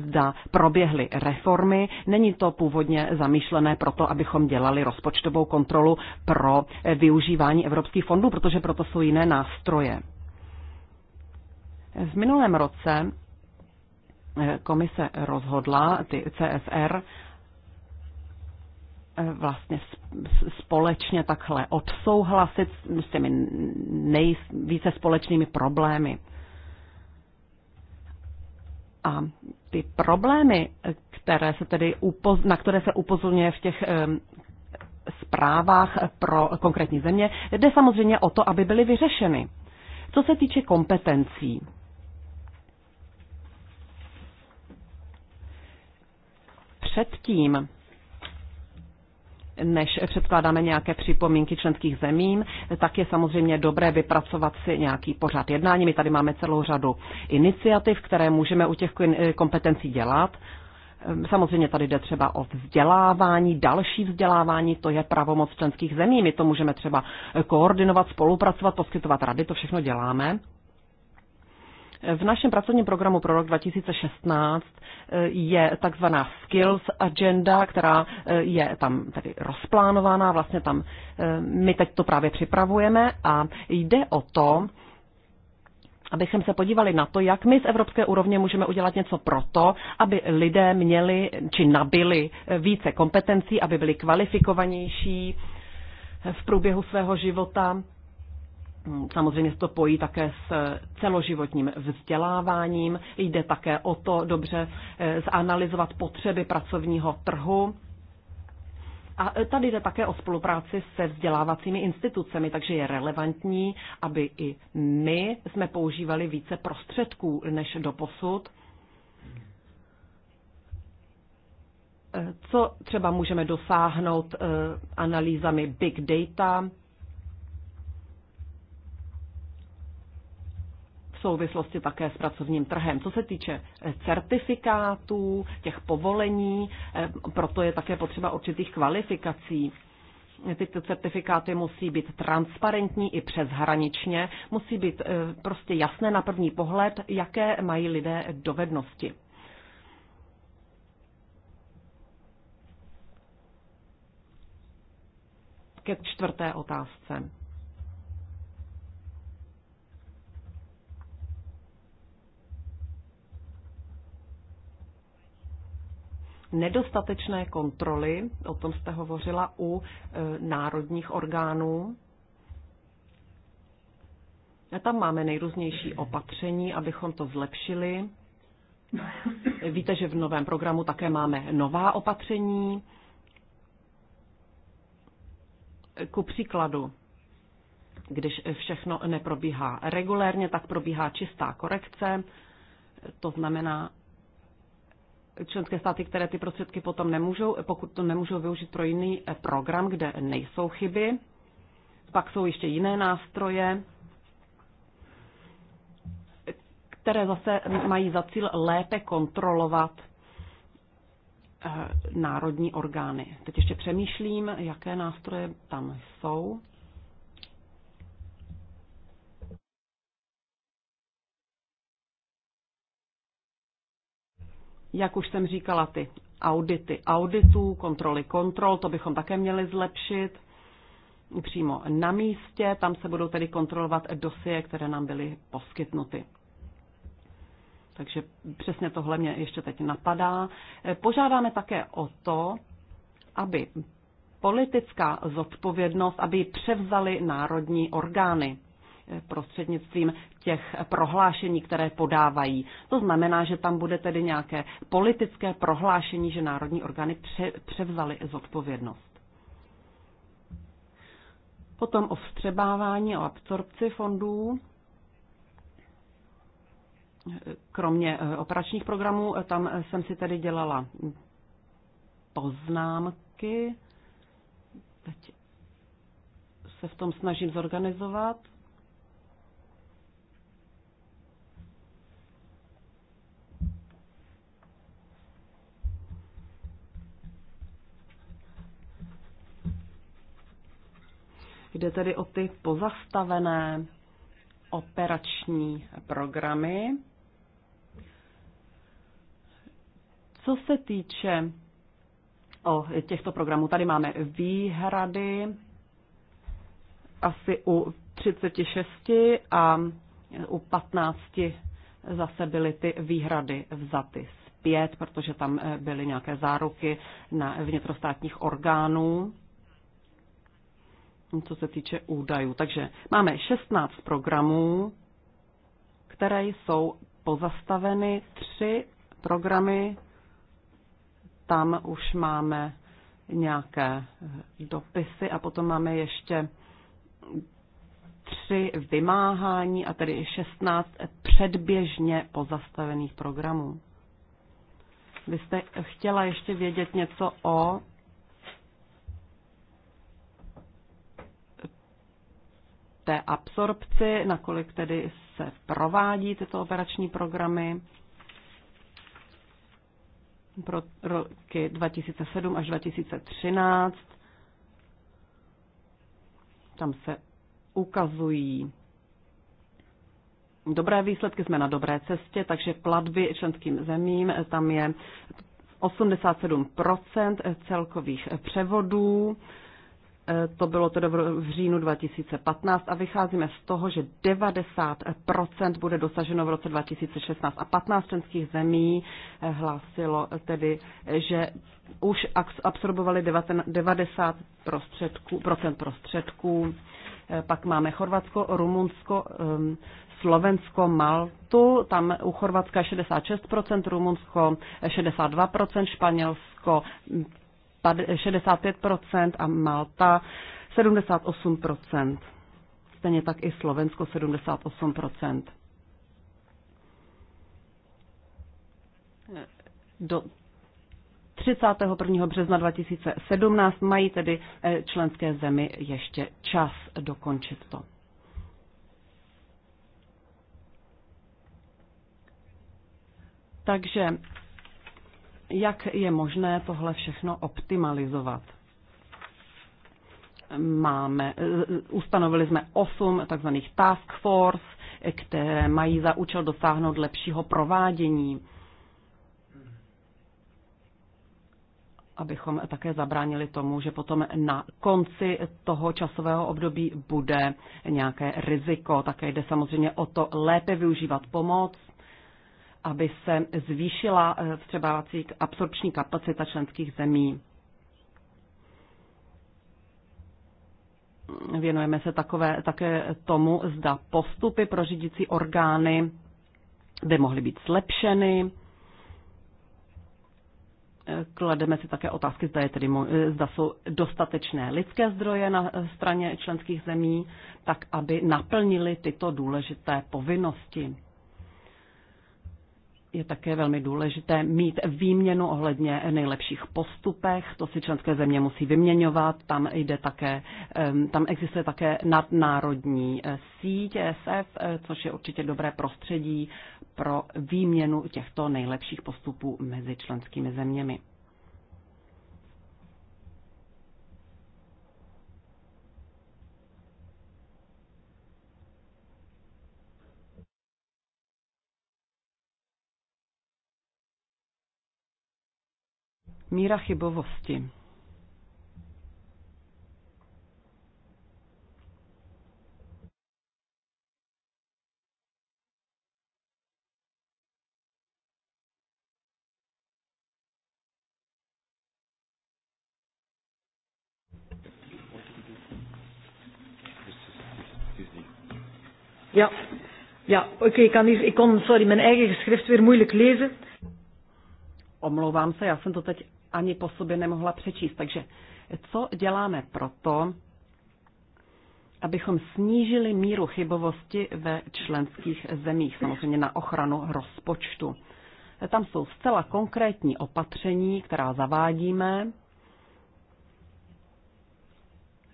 zda proběhly reformy. Není to původně zamýšlené proto, abychom dělali rozpočtovou kontrolu pro využívání evropských fondů, protože proto jsou jiné nástroje. V minulém roce eh, komise rozhodla, ty CSR, eh, vlastně společně takhle odsouhlasit s těmi nejvíce společnými problémy. A ty problémy, které se tedy upoz, na které se upozorňuje v těch um, zprávách pro konkrétní země, jde samozřejmě o to, aby byly vyřešeny. Co se týče kompetencí, předtím, než předkládáme nějaké připomínky členských zemím, tak je samozřejmě dobré vypracovat si nějaký pořad jednání. My tady máme celou řadu iniciativ, které můžeme u těch kompetencí dělat. Samozřejmě tady jde třeba o vzdělávání, další vzdělávání, to je pravomoc členských zemí. My to můžeme třeba koordinovat, spolupracovat, poskytovat rady, to všechno děláme. V našem pracovním programu pro rok 2016 eh, je takzvaná Skills Agenda, která eh, je tam tedy rozplánovaná, vlastně tam eh, my teď to právě připravujeme a jde o to, abychom se podívali na to, jak my z evropské úrovně můžeme udělat něco pro to, aby lidé měli či nabili více kompetencí, aby byli kvalifikovanější v průběhu svého života Samozřejmě se to pojí také s eh, celoživotním vzděláváním. Jde také o to dobře eh, zanalizovat potřeby pracovního trhu. A eh, tady jde také o spolupráci se vzdělávacími institucemi, takže je relevantní, aby i my jsme používali více prostředků než do posud. Co třeba můžeme dosáhnout analýzami big data, souvislosti také s pracovním trhem. Co se týče eh, certifikátů, těch povolení, eh, proto je také potřeba určitých kvalifikací. Tyto certifikáty musí být transparentní i přeshraničně, musí být eh, prostě jasné na první pohled, jaké mají lidé dovednosti. Ke čtvrté otázce. nedostatečné kontroly, o tom jste hovořila, u e, národních orgánů. A tam máme nejrůznější opatření, abychom to zlepšili. Víte, že v novém programu také máme nová opatření. Ku příkladu, když všechno neprobíhá regulérně, tak probíhá čistá korekce. To znamená, členské státy, které ty prostředky potom nemůžou, pokud to nemůžou využít pro jiný eh, program, kde nejsou chyby. Pak jsou ještě jiné nástroje, které zase mají za cíl lépe kontrolovat eh, národní orgány. Teď ještě přemýšlím, jaké nástroje tam jsou. Jak už jsem říkala, ty audity auditů, kontroly kontrol, to bychom také měli zlepšit přímo na místě. Tam se budou tedy kontrolovat dosie, které nám byly poskytnuty. Takže přesně tohle mě ještě teď napadá. Požádáme také o to, aby politická zodpovědnost, aby ji národní orgány prostřednictvím těch prohlášení, které podávají. To znamená, že tam bude tedy nějaké politické prohlášení, že národní orgány převzaly zodpovědnost. Potom o vstřebávání, o absorpci fondů. Kromě eh, operačních programů, eh, tam eh, jsem si tedy dělala poznámky. Teď se v tom snažím zorganizovat. Jde tedy o ty pozastavené operační programy. Co se týče o těchto programů, tady máme výhrady asi u 36 a u 15 zase byly ty výhrady vzaty zpět, protože tam eh, byly nějaké záruky na vnitrostátních orgánů co se týče údajů. Takže máme 16 programů, které jsou pozastaveny, tři programy, tam už máme nějaké eh, dopisy a potom máme ještě tři vymáhání a tedy 16 předběžně pozastavených programů. Vy jste chtěla ještě vědět něco o té absorpci, nakolik tedy se provádí tyto operační programy pro roky 2007 až 2013. Tam se ukazují dobré výsledky, jsme na dobré cestě, takže platby členským zemím, tam je 87% celkových převodů Eh, to bylo tedy v říjnu 2015 a vycházíme z toho, že 90% bude dosaženo v roce 2016 a 15 členských zemí eh, hlásilo eh, tedy, že už absorbovali 90% prostředků, procent prostředků. Pak máme Chorvatsko, Rumunsko, ehm, Slovensko, Maltu, tam u Chorvatska 66%, Rumunsko 62%, Španělsko 65 a Malta 78 Stejně tak i Slovensko 78 Do 31. března 2017 mají tedy eh, členské zemi ještě čas dokončit to. Takže jak je možné tohle všechno optimalizovat. Máme, eh, eh, ustanovili jsme osm takzvaných task force, které mají za účel dosáhnout lepšího provádění, abychom také zabránili tomu, že potom na konci toho časového období bude nějaké riziko. Také jde samozřejmě o to lépe využívat pomoc, aby se zvýšila eh, vstřebávací absorpční kapacita členských zemí. Věnujeme se takové, také tomu, zda postupy pro řídící orgány by mohly být zlepšeny. Klademe si také otázky, zda, je tedy, eh, zda jsou dostatečné lidské zdroje na straně členských zemí, tak aby naplnili tyto důležité povinnosti je také velmi důležité mít výměnu ohledně nejlepších postupech, to si členské země musí vyměňovat, tam jde také, tam existuje také nadnárodní eh, síť SF, eh, což je určitě dobré prostředí pro výměnu těchto nejlepších postupů mezi členskými zeměmi. míra chybovosti. Ja, ja oké, okay, ik, kan hier, ik kon sorry, mijn eigen geschrift weer moeilijk lezen. Omlouvám se, já jsem to teď ani po sobě nemohla přečíst. Takže co děláme proto, abychom snížili míru chybovosti ve členských zemích, samozřejmě na ochranu rozpočtu. Tam jsou zcela konkrétní opatření, která zavádíme.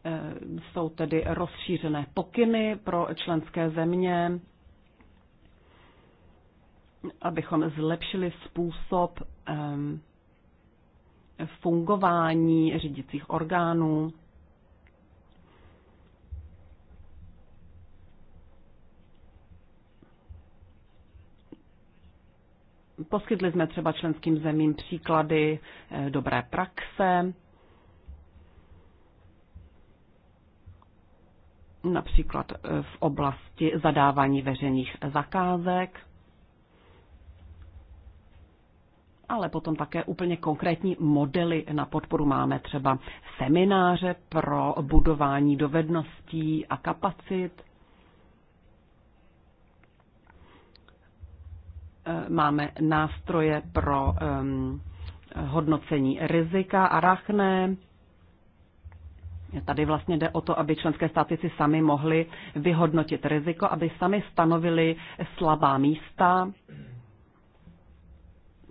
Eh, jsou tedy rozšířené pokyny pro členské země, abychom zlepšili způsob um, fungování řídicích orgánů. Poskytli jsme třeba členským zemím příklady eh, dobré praxe, například eh, v oblasti zadávání veřejných zakázek. ale potom také úplně konkrétní modely na podporu. Máme třeba semináře pro budování dovedností a kapacit. Eh, máme nástroje pro um, hodnocení rizika a rachné. Tady vlastně jde o to, aby členské státy si sami mohly vyhodnotit riziko, aby sami stanovili slabá místa,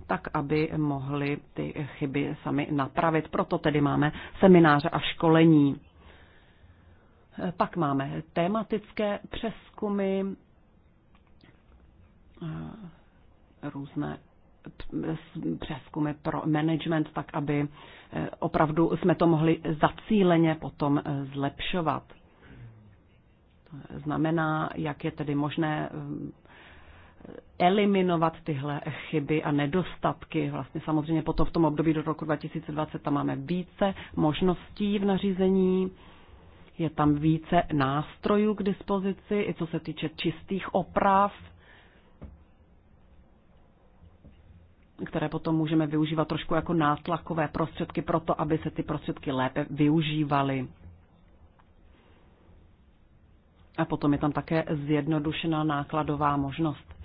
tak aby mohli ty chyby sami napravit. Proto tedy máme semináře a školení. Pak máme tématické přeskumy, eh, různé přeskumy pro management, tak aby eh, opravdu jsme to mohli zacíleně potom eh, zlepšovat. Znamená, jak je tedy možné eliminovat tyhle chyby a nedostatky. Vlastně samozřejmě potom v tom období do roku 2020 tam máme více možností v nařízení, je tam více nástrojů k dispozici, i co se týče čistých oprav, které potom můžeme využívat trošku jako nátlakové prostředky pro to, aby se ty prostředky lépe využívaly. A potom je tam také zjednodušená nákladová možnost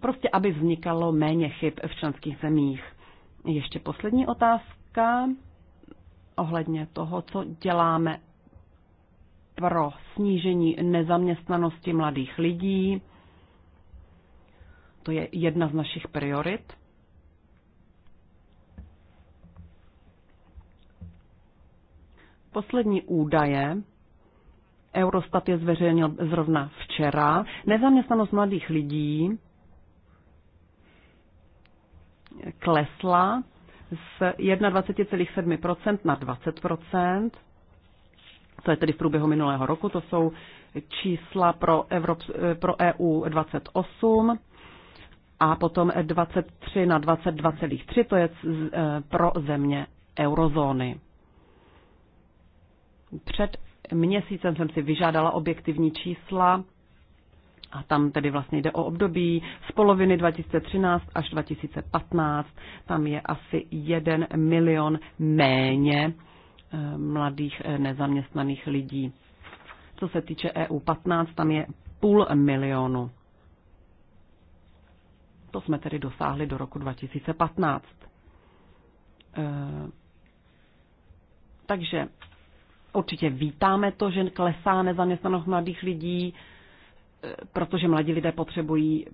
prostě aby vznikalo méně chyb v členských zemích. Ještě poslední otázka ohledně toho, co děláme pro snížení nezaměstnanosti mladých lidí. To je jedna z našich priorit. Poslední údaje Eurostat je zveřejnil zrovna včera. Nezaměstnanost mladých lidí klesla z 21,7% na 20%. To je tedy v průběhu minulého roku, to jsou čísla pro, Evrop, pro EU 28 a potom 23 na 22,3, to je eh, pro země eurozóny. Před měsícem jsem si vyžádala objektivní čísla a tam tedy vlastně jde o období z poloviny 2013 až 2015. Tam je asi jeden milion méně eh, mladých eh, nezaměstnaných lidí. Co se týče EU15, tam je půl milionu. To jsme tedy dosáhli do roku 2015. Eh, takže určitě vítáme to, že klesá nezaměstnanost mladých lidí protože mladí lidé potřebují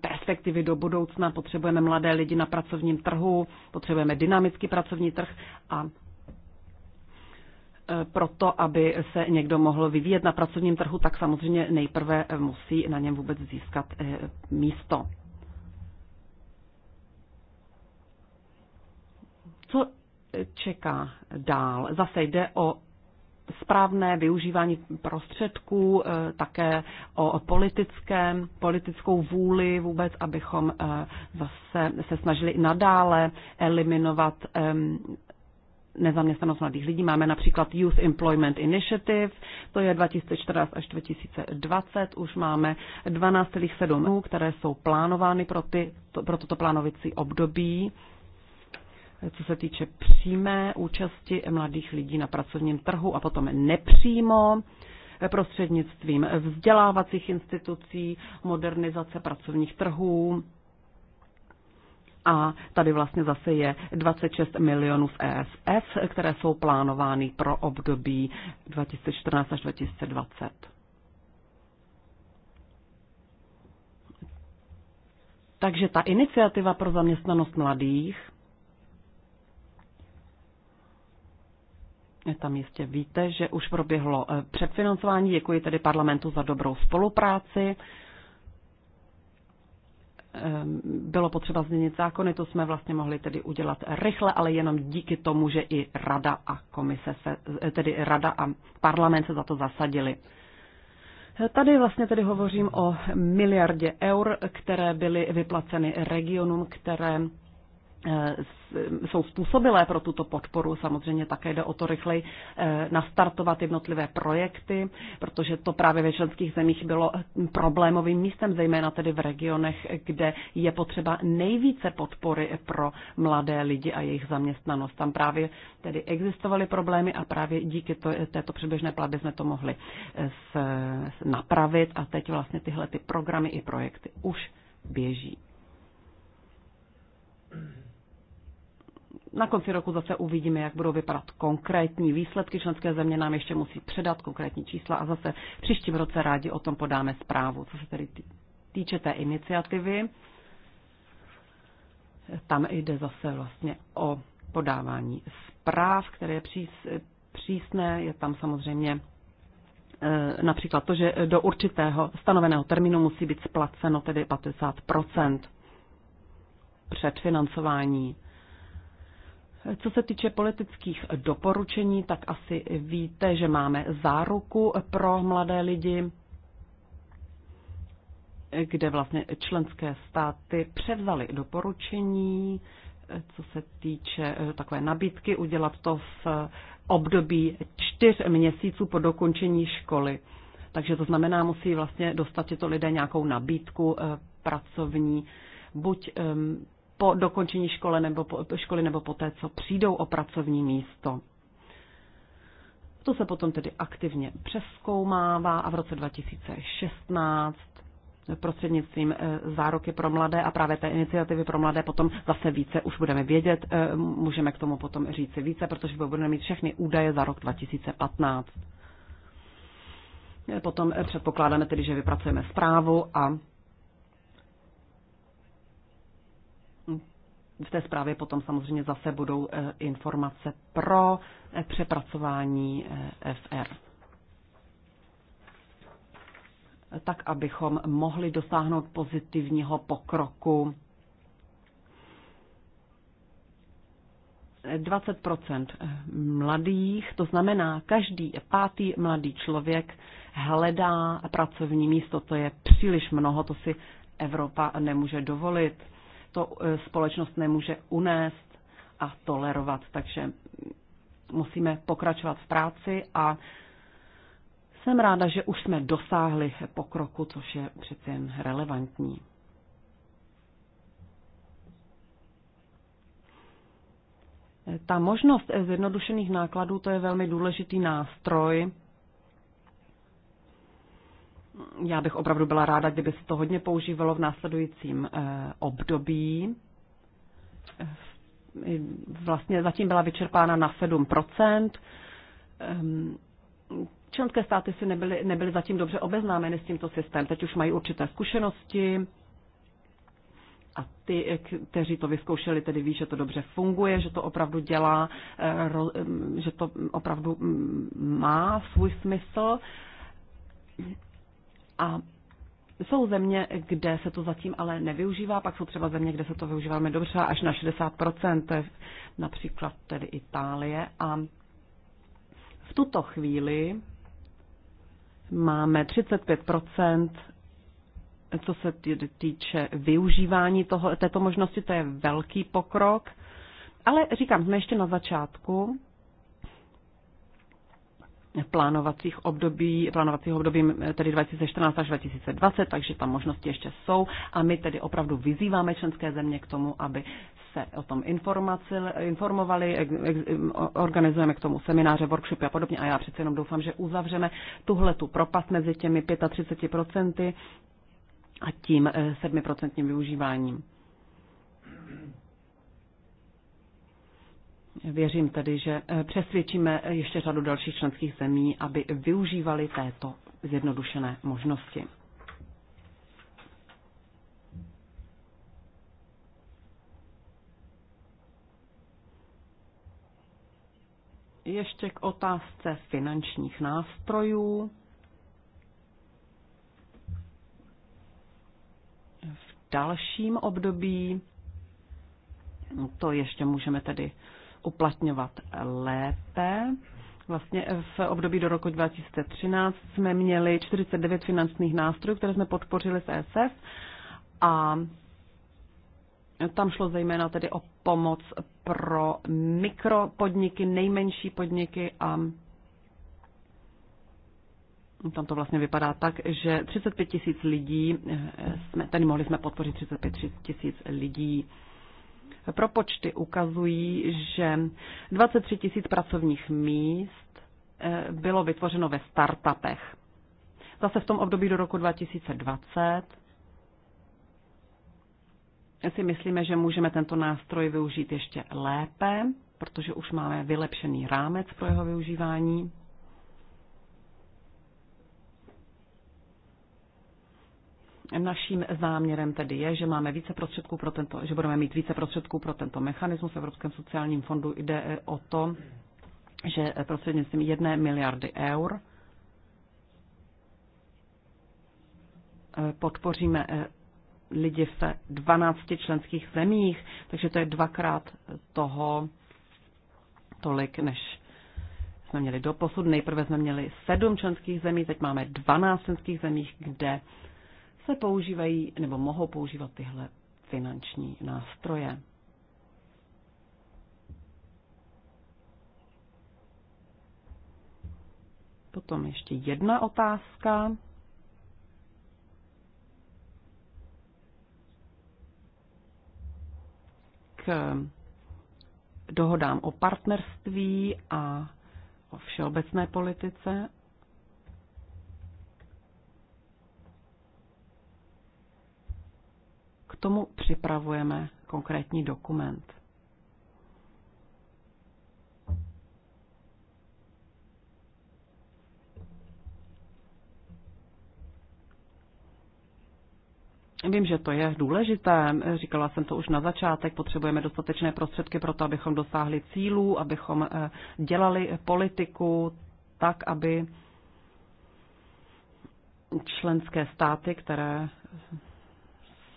perspektivy do budoucna, potřebujeme mladé lidi na pracovním trhu, potřebujeme dynamický pracovní trh a e, proto, aby se někdo mohl vyvíjet na pracovním trhu, tak samozřejmě nejprve musí na něm vůbec získat e, místo. Co čeká dál? Zase jde o správné využívání prostředků, eh, také o politickém, politickou vůli vůbec, abychom eh, zase se snažili nadále eliminovat nezaměstnanost mladých lidí. Máme například Youth Employment Initiative, to je 2014 až 2020. Už máme 12,7, které jsou plánovány pro, ty, pro toto plánovací období co se týče přímé účasti mladých lidí na pracovním trhu a potom nepřímo prostřednictvím vzdělávacích institucí, modernizace pracovních trhů. A tady vlastně zase je 26 milionů z ESF, které jsou plánovány pro období 2014 až 2020. Takže ta iniciativa pro zaměstnanost mladých Tam jistě víte, že už proběhlo eh, předfinancování. Děkuji tedy parlamentu za dobrou spolupráci. Ehm, bylo potřeba změnit zákony, to jsme vlastně mohli tedy udělat rychle, ale jenom díky tomu, že i rada a komise se, eh, tedy rada a parlament se za to zasadili. Eh, tady vlastně tedy hovořím o miliardě eur, které byly vyplaceny regionům, které Eh, jsou způsobilé pro tuto podporu. Samozřejmě také jde o to rychleji eh, nastartovat jednotlivé projekty, protože to právě ve členských zemích bylo eh, problémovým místem, zejména tedy v regionech, kde je potřeba nejvíce podpory pro mladé lidi a jejich zaměstnanost. Tam právě tedy existovaly problémy a právě díky to, této předběžné platbě jsme to mohli s, napravit a teď vlastně tyhle ty programy i projekty už běží. Mm-hmm na konci roku zase uvidíme, jak budou vypadat konkrétní výsledky. Členské země nám ještě musí předat konkrétní čísla a zase příštím roce rádi o tom podáme zprávu. Co se tedy týče té iniciativy, tam jde zase vlastně o podávání zpráv, které je přís, přísné. Je tam samozřejmě eh, například to, že do určitého stanoveného termínu musí být splaceno tedy 50 předfinancování. Co se týče politických doporučení, tak asi víte, že máme záruku pro mladé lidi, kde vlastně členské státy převzaly doporučení, co se týče eh, takové nabídky, udělat to v období čtyř měsíců po dokončení školy. Takže to znamená, musí vlastně dostat tyto lidé nějakou nabídku eh, pracovní, buď ehm, po dokončení školy nebo po, školy nebo po té, co přijdou o pracovní místo. To se potom tedy aktivně přeskoumává a v roce 2016 prostřednictvím eh, záruky pro mladé a právě té iniciativy pro mladé potom zase více už budeme vědět, eh, můžeme k tomu potom říci více, protože budeme mít všechny údaje za rok 2015. Eh, potom předpokládáme tedy, že vypracujeme zprávu a v té zprávě potom samozřejmě zase budou e, informace pro e, přepracování e, FR. Tak, abychom mohli dosáhnout pozitivního pokroku 20 mladých, to znamená, každý pátý mladý člověk hledá pracovní místo. To je příliš mnoho, to si Evropa nemůže dovolit to e, společnost nemůže unést a tolerovat. Takže musíme pokračovat v práci a jsem ráda, že už jsme dosáhli pokroku, což je přece jen relevantní. E, ta možnost zjednodušených nákladů, to je velmi důležitý nástroj, já bych opravdu byla ráda, kdyby se to hodně používalo v následujícím eh, období. Eh, vlastně zatím byla vyčerpána na 7 ehm, Členské státy si nebyly, nebyly zatím dobře obeznámeny s tímto systémem. Teď už mají určité zkušenosti a ty, eh, kteří to vyzkoušeli, tedy ví, že to dobře funguje, že to opravdu dělá, ehm, že to opravdu mm, má svůj smysl. A jsou země, kde se to zatím ale nevyužívá, pak jsou třeba země, kde se to využíváme dobře, až na 60%, to je například tedy Itálie. A v tuto chvíli máme 35%, co se týče využívání toho, této možnosti, to je velký pokrok. Ale říkám, jsme ještě na začátku plánovacích období, plánovacího období eh, tedy 2014 až 2020, takže tam možnosti ještě jsou a my tedy opravdu vyzýváme členské země k tomu, aby se o tom informovali, eh, eh, organizujeme k tomu semináře, workshopy a podobně a já přece jenom doufám, že uzavřeme tuhle tu propast mezi těmi 35% a tím 7% využíváním. Věřím tedy, že eh, přesvědčíme eh, ještě řadu dalších členských zemí, aby využívali této zjednodušené možnosti. Ještě k otázce finančních nástrojů. V dalším období to ještě můžeme tedy uplatňovat lépe. Vlastně v období do roku 2013 jsme měli 49 finančních nástrojů, které jsme podpořili z ESF a tam šlo zejména tedy o pomoc pro mikropodniky, nejmenší podniky a tam to vlastně vypadá tak, že 35 tisíc lidí, eh, jsme, tady mohli jsme podpořit 35 tisíc lidí propočty ukazují, že 23 tisíc pracovních míst eh, bylo vytvořeno ve startupech. Zase v tom období do roku 2020 si myslíme, že můžeme tento nástroj využít ještě lépe, protože už máme vylepšený rámec pro jeho využívání. Naším záměrem tedy je, že máme více prostředků pro tento, že budeme mít více prostředků pro tento mechanismus. V Evropském sociálním fondu jde o to, že prostřednictvím jedné miliardy eur eh, podpoříme eh, lidi v 12 členských zemích, takže to je dvakrát toho tolik, než jsme měli do posud. Nejprve jsme měli sedm členských zemí, teď máme 12 členských zemích, kde se používají nebo mohou používat tyhle finanční nástroje. Potom ještě jedna otázka. K dohodám o partnerství a o všeobecné politice tomu připravujeme konkrétní dokument. Vím, že to je důležité. Říkala jsem to už na začátek. Potřebujeme dostatečné prostředky pro to, abychom dosáhli cílů, abychom eh, dělali politiku tak, aby členské státy, které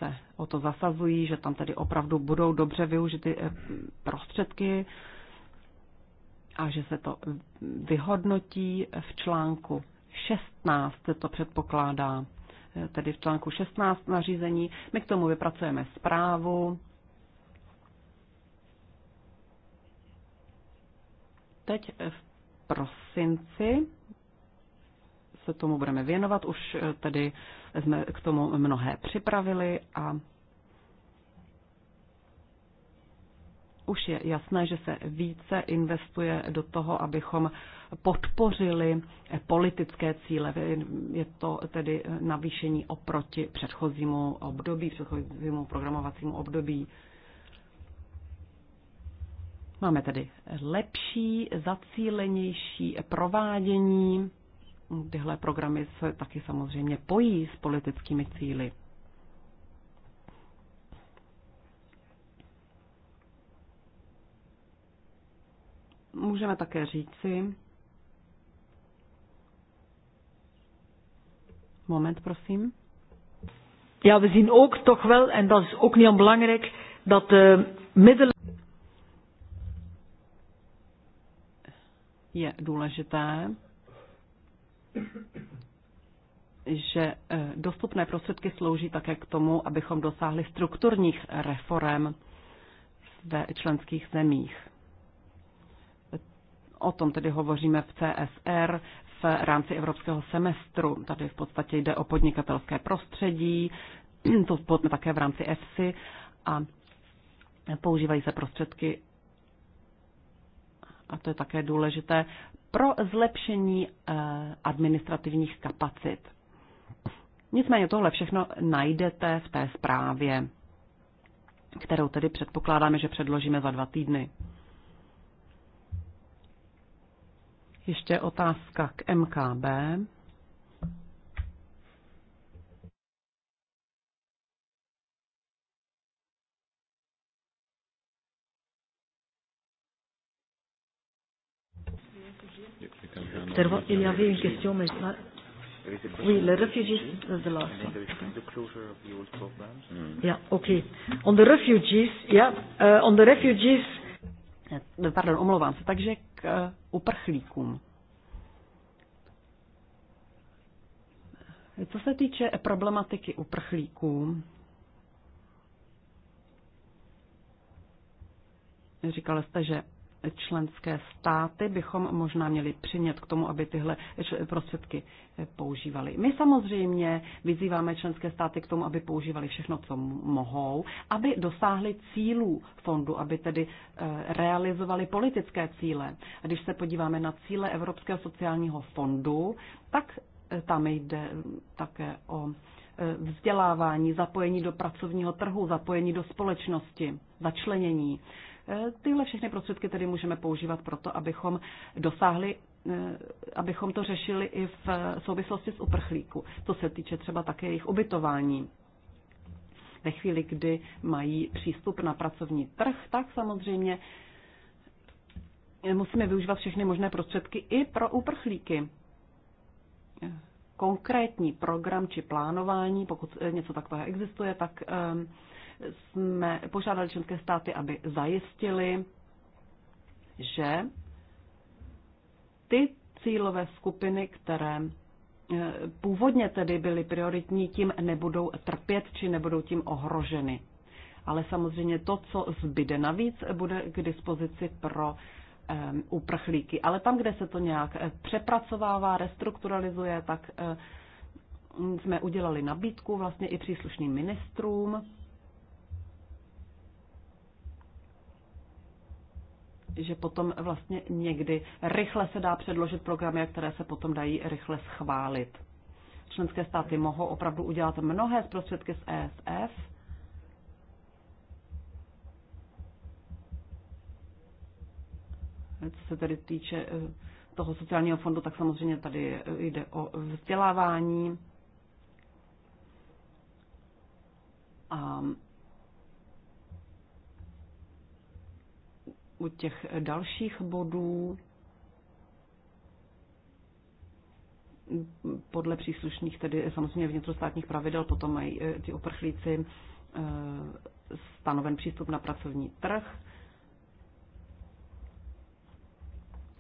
se o to zasazují, že tam tedy opravdu budou dobře využity eh, prostředky a že se to vyhodnotí v článku 16, se to předpokládá, eh, tedy v článku 16 nařízení. My k tomu vypracujeme zprávu. Teď eh, v prosinci se tomu budeme věnovat, už tedy jsme k tomu mnohé připravili a už je jasné, že se více investuje do toho, abychom podpořili politické cíle. Je to tedy navýšení oproti předchozímu období, předchozímu programovacímu období. Máme tedy lepší, zacílenější provádění tyhle programy se taky samozřejmě pojí s politickými cíly. Můžeme také říci, moment prosím. Ja, we zien ook toch wel, en dat is ook niet onbelangrijk, dat de eh, middelen. Je důležité, že eh, dostupné prostředky slouží také k tomu, abychom dosáhli strukturních reform ve členských zemích. O tom tedy hovoříme v CSR v rámci evropského semestru. Tady v podstatě jde o podnikatelské prostředí, (clears throat) to také v rámci EFSI a používají se prostředky a to je také důležité, pro zlepšení eh, administrativních kapacit. Nicméně tohle všechno najdete v té zprávě, kterou tedy předpokládáme, že předložíme za dva týdny. Ještě otázka k MKB. There Il y avait une question, mais je Oui, the refugees is the last one. The closure of the old programs. Mm. Yeah, okay. On the refugees, yeah, uh, on the refugees. Eh, pardon, omlouvám se. Takže k uh, uprchlíkům. Co se týče problematiky uprchlíků, říkala jste, že členské státy bychom možná měli přimět k tomu, aby tyhle prostředky používali. My samozřejmě vyzýváme členské státy k tomu, aby používali všechno, co mohou, aby dosáhli cílů fondu, aby tedy eh, realizovali politické cíle. A když se podíváme na cíle Evropského sociálního fondu, tak eh, tam jde také o eh, vzdělávání, zapojení do pracovního trhu, zapojení do společnosti, začlenění. Tyhle všechny prostředky tedy můžeme používat proto, abychom dosáhli eh, abychom to řešili i v souvislosti s uprchlíku, co se týče třeba také jejich ubytování. Ve chvíli, kdy mají přístup na pracovní trh, tak samozřejmě musíme využívat všechny možné prostředky i pro uprchlíky. Konkrétní program či plánování, pokud něco takového existuje, tak ehm, jsme požádali členské státy, aby zajistili, že ty cílové skupiny, které e, původně tedy byly prioritní, tím nebudou trpět či nebudou tím ohroženy. Ale samozřejmě to, co zbyde navíc, bude k dispozici pro um, uprchlíky. Ale tam, kde se to nějak e, přepracovává, restrukturalizuje, tak jsme udělali nabídku vlastně i příslušným ministrům že potom vlastně někdy rychle se dá předložit programy, které se potom dají rychle schválit. Členské státy mohou opravdu udělat mnohé zprostředky z ESF, e co se tedy týče eh, toho sociálního fondu, tak samozřejmě tady eh, jde o vzdělávání. A u těch dalších bodů podle příslušných, tedy samozřejmě vnitrostátních pravidel, potom mají eh, ty uprchlíci eh, stanoven přístup na pracovní trh.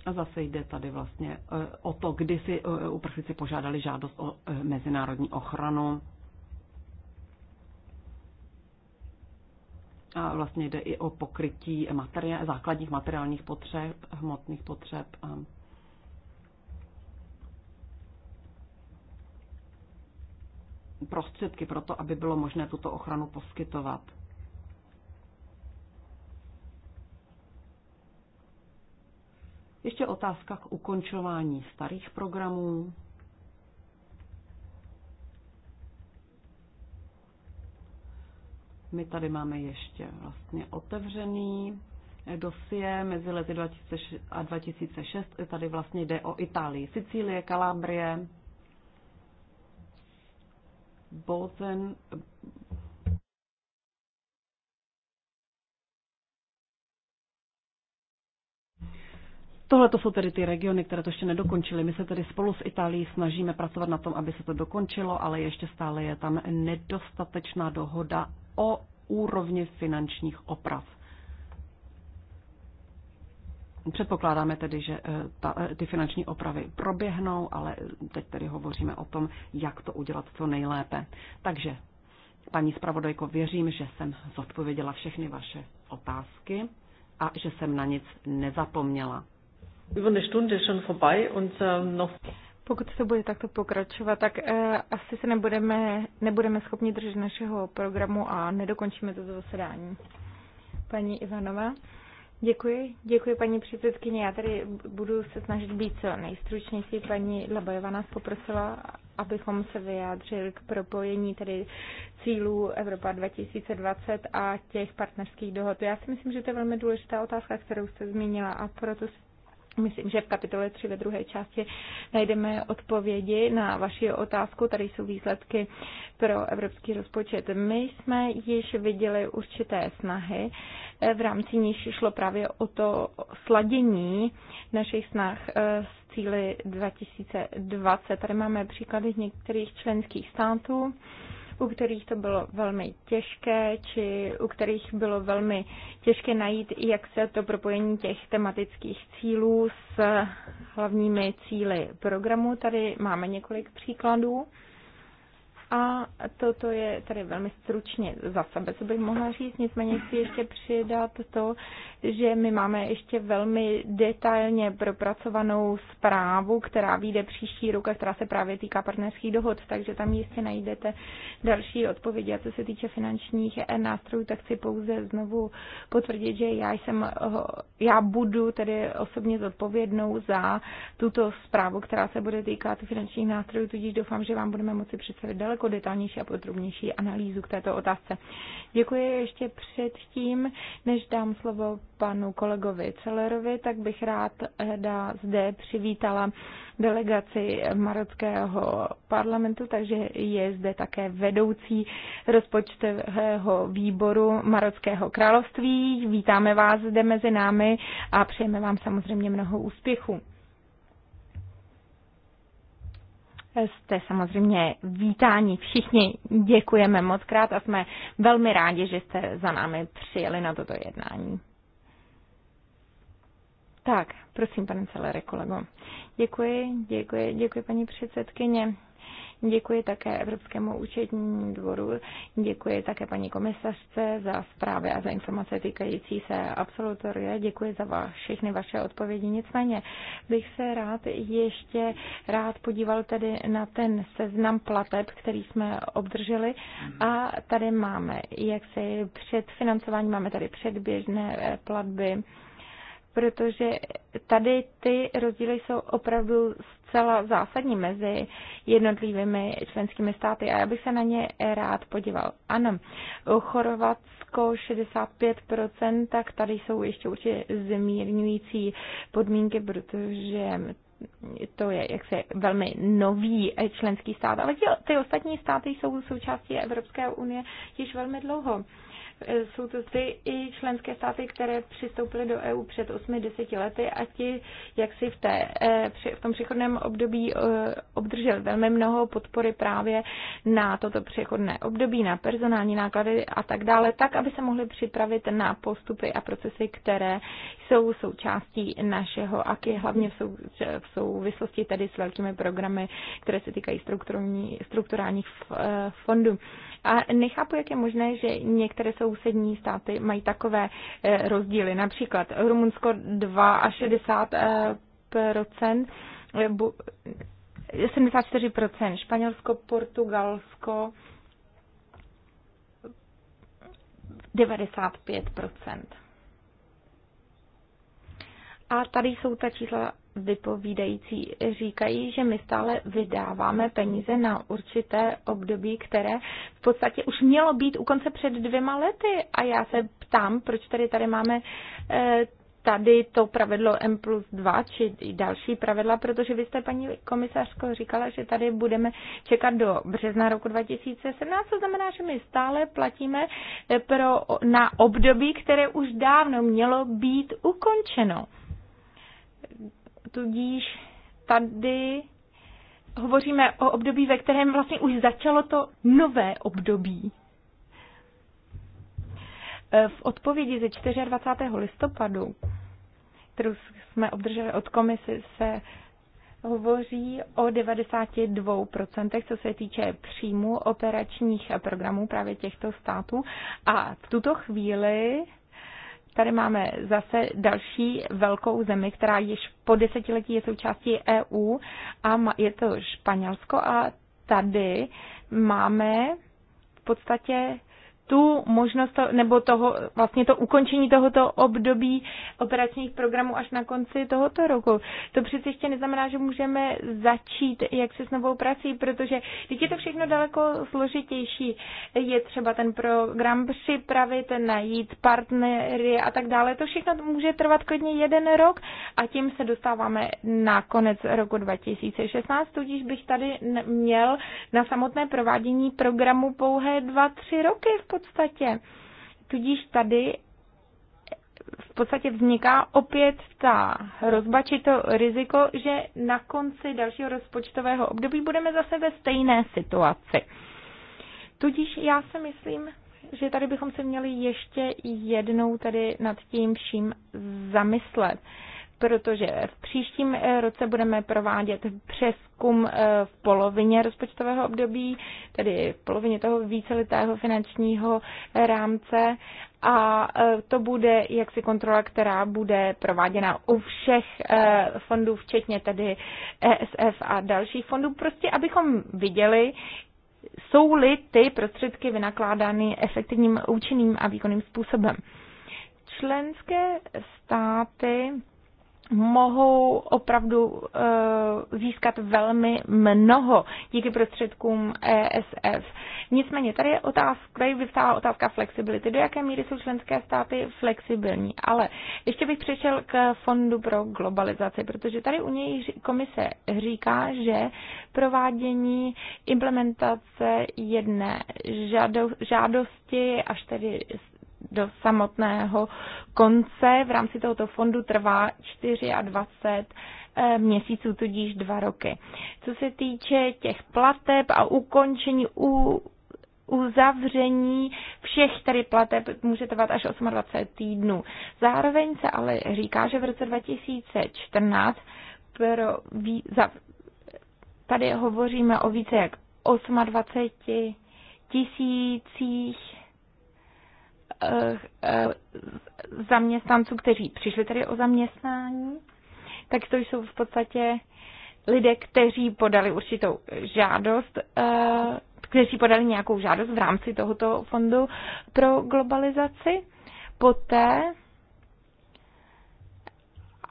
A zase jde tady vlastně eh, o to, kdy si uprchlíci požádali žádost o mezinárodní ochranu. A vlastně jde i o pokrytí materiál, základních materiálních potřeb, hmotných potřeb. A prostředky pro to, aby bylo možné tuto ochranu poskytovat. Ještě otázka k ukončování starých programů. My tady máme ještě vlastně otevřený dosie mezi lety 2006 a 2006. Tady vlastně jde o Itálii, Sicílie, Kalábrie, Bozen, Tohle to jsou tedy ty regiony, které to ještě nedokončily. My se tedy spolu s Itálií snažíme pracovat na tom, aby se to dokončilo, ale ještě stále je tam nedostatečná dohoda o úrovni finančních oprav. Předpokládáme tedy, že eh, ta, eh, ty finanční opravy proběhnou, ale teď tedy hovoříme o tom, jak to udělat co nejlépe. Takže, paní zpravodajko, věřím, že jsem zodpověděla všechny vaše otázky a že jsem na nic nezapomněla. Pokud se bude takto pokračovat, tak eh, asi se nebudeme, nebudeme schopni držet našeho programu a nedokončíme toto zasedání. Paní Ivanová. Děkuji, děkuji paní předsedkyně. Já tady budu se snažit být co nejstručnější. Paní Labajová nás poprosila, abychom se vyjádřili k propojení tedy cílů Evropa 2020 a těch partnerských dohod. Já si myslím, že to je velmi důležitá otázka, kterou jste zmínila a proto si Myslím, že v kapitole 3 ve druhé části najdeme odpovědi na vaši otázku. Tady jsou výsledky pro evropský rozpočet. My jsme již viděli určité snahy, v rámci níž šlo právě o to sladění našich snah eh, s cíly 2020. Tady máme příklady některých členských států u kterých to bylo velmi těžké, či u kterých bylo velmi těžké najít, jak se to propojení těch tematických cílů s hlavními cíly programu. Tady máme několik příkladů. A toto je tady velmi stručně za sebe, co bych mohla říct, nicméně chci ještě přidat to, že my máme ještě velmi detailně propracovanou zprávu, která vyjde příští rok a která se právě týká partnerských dohod, takže tam jistě najdete další odpovědi. A co se týče finančních nástrojů, tak chci pouze znovu potvrdit, že já jsem, já budu tedy osobně zodpovědnou za tuto zprávu, která se bude týkat finančních nástrojů, tudíž doufám, že vám budeme moci představit další daleko detailnější a podrobnější analýzu k této otázce. Děkuji ještě předtím, než dám slovo panu kolegovi Celerovi, tak bych rád eh, da zde přivítala delegaci Marockého parlamentu, takže je zde také vedoucí rozpočtového výboru Marockého království. Vítáme vás zde mezi námi a přejeme vám samozřejmě mnoho úspěchů. jste samozřejmě vítáni všichni. Děkujeme moc krát a jsme velmi rádi, že jste za námi přijeli na toto jednání. Tak, prosím, pane Celere, kolego. Děkuji, děkuji, děkuji paní předsedkyně. Děkuji také Evropskému účetnímu dvoru, děkuji také paní komisařce za zprávy a za informace týkající se absolutoria, děkuji za va, všechny vaše odpovědi. Nicméně bych se rád ještě rád podíval tedy na ten seznam plateb, který jsme obdrželi a tady máme, jak si před financováním máme tady předběžné platby, protože tady ty rozdíly jsou opravdu zcela zásadní mezi jednotlivými členskými státy a já bych se na ně rád podíval. Ano, Chorvatsko 65%, tak tady jsou ještě určitě zmírňující podmínky, protože to je jaksi velmi nový členský stát, ale ty, ostatní státy jsou součástí Evropské unie již velmi dlouho. Jsou to ty i členské státy, které přistoupily do EU před 8-10 lety a ti, jak si v, té, eh, v tom přechodném období eh, obdrželi velmi mnoho podpory právě na toto přechodné období, na personální náklady a tak dále, tak, aby se mohli připravit na postupy a procesy, které jsou součástí našeho AKI, hlavně v, sou, v souvislosti tedy s velkými programy, které se týkají strukturálních eh, fondů. A nechápu, jak je možné, že některé sousední státy mají takové eh, rozdíly. Například Rumunsko 2 až 60 74%, Španělsko, Portugalsko 95%. A tady jsou ta čísla vypovídající říkají, že my stále vydáváme peníze na určité období, které v podstatě už mělo být u konce před dvěma lety. A já se ptám, proč tady tady máme eh, tady to pravidlo M plus 2 či další pravidla, protože vy jste, paní komisařko, říkala, že tady budeme čekat do března roku 2017, to znamená, že my stále platíme eh, pro, na období, které už dávno mělo být ukončeno. Tudíž tady hovoříme o období, ve kterém vlastně už začalo to nové období. E, v odpovědi ze 24. listopadu, kterou jsme obdrželi od komisy, se hovoří o 92%, co se týče příjmu operačních programů právě těchto států. A v tuto chvíli tady máme zase další velkou zemi, která již po desetiletí je součástí EU a je to Španělsko a tady máme v podstatě tu možnost nebo toho, vlastně to ukončení tohoto období operačních programů až na konci tohoto roku. To přece ještě neznamená, že můžeme začít jak se s novou prací, protože teď je to všechno daleko složitější. Je třeba ten program připravit, najít partnery a tak dále. To všechno může trvat klidně jeden rok a tím se dostáváme na konec roku 2016, tudíž bych tady měl na samotné provádění programu pouhé dva, tři roky v podstatě. Tudíž tady v podstatě vzniká opět ta hrozba či to riziko, že na konci dalšího rozpočtového období budeme zase ve stejné situaci. Tudíž já si myslím, že tady bychom se měli ještě jednou tady nad tím vším zamyslet protože v příštím eh, roce budeme provádět přeskum eh, v polovině rozpočtového období, tedy v polovině toho víceletého finančního eh, rámce a to bude jaksi kontrola, která bude prováděna u všech fondů, včetně tedy ESF a dalších fondů, prostě abychom viděli, jsou-li ty prostředky vynakládány efektivním, účinným a výkonným způsobem. Členské státy mohou opravdu eh, získat velmi mnoho díky prostředkům ESF. Nicméně tady je otázka, tady vyvstává otázka flexibility. Do jaké míry jsou členské státy flexibilní? Ale ještě bych přešel k Fondu pro globalizaci, protože tady u něj komise říká, že provádění implementace jedné žádosti až tedy do samotného konce. V rámci tohoto fondu trvá 24 eh, měsíců, tudíž dva roky. Co se týče těch plateb a ukončení u uzavření všech tady plateb může trvat až 28 týdnů. Zároveň se ale říká, že v roce 2014 pro, za, tady hovoříme o více jak 28 tisících Eh, eh, zaměstnanců, kteří přišli tady o zaměstnání, tak to jsou v podstatě lidé, kteří podali určitou žádost, eh, kteří podali nějakou žádost v rámci tohoto fondu pro globalizaci. Poté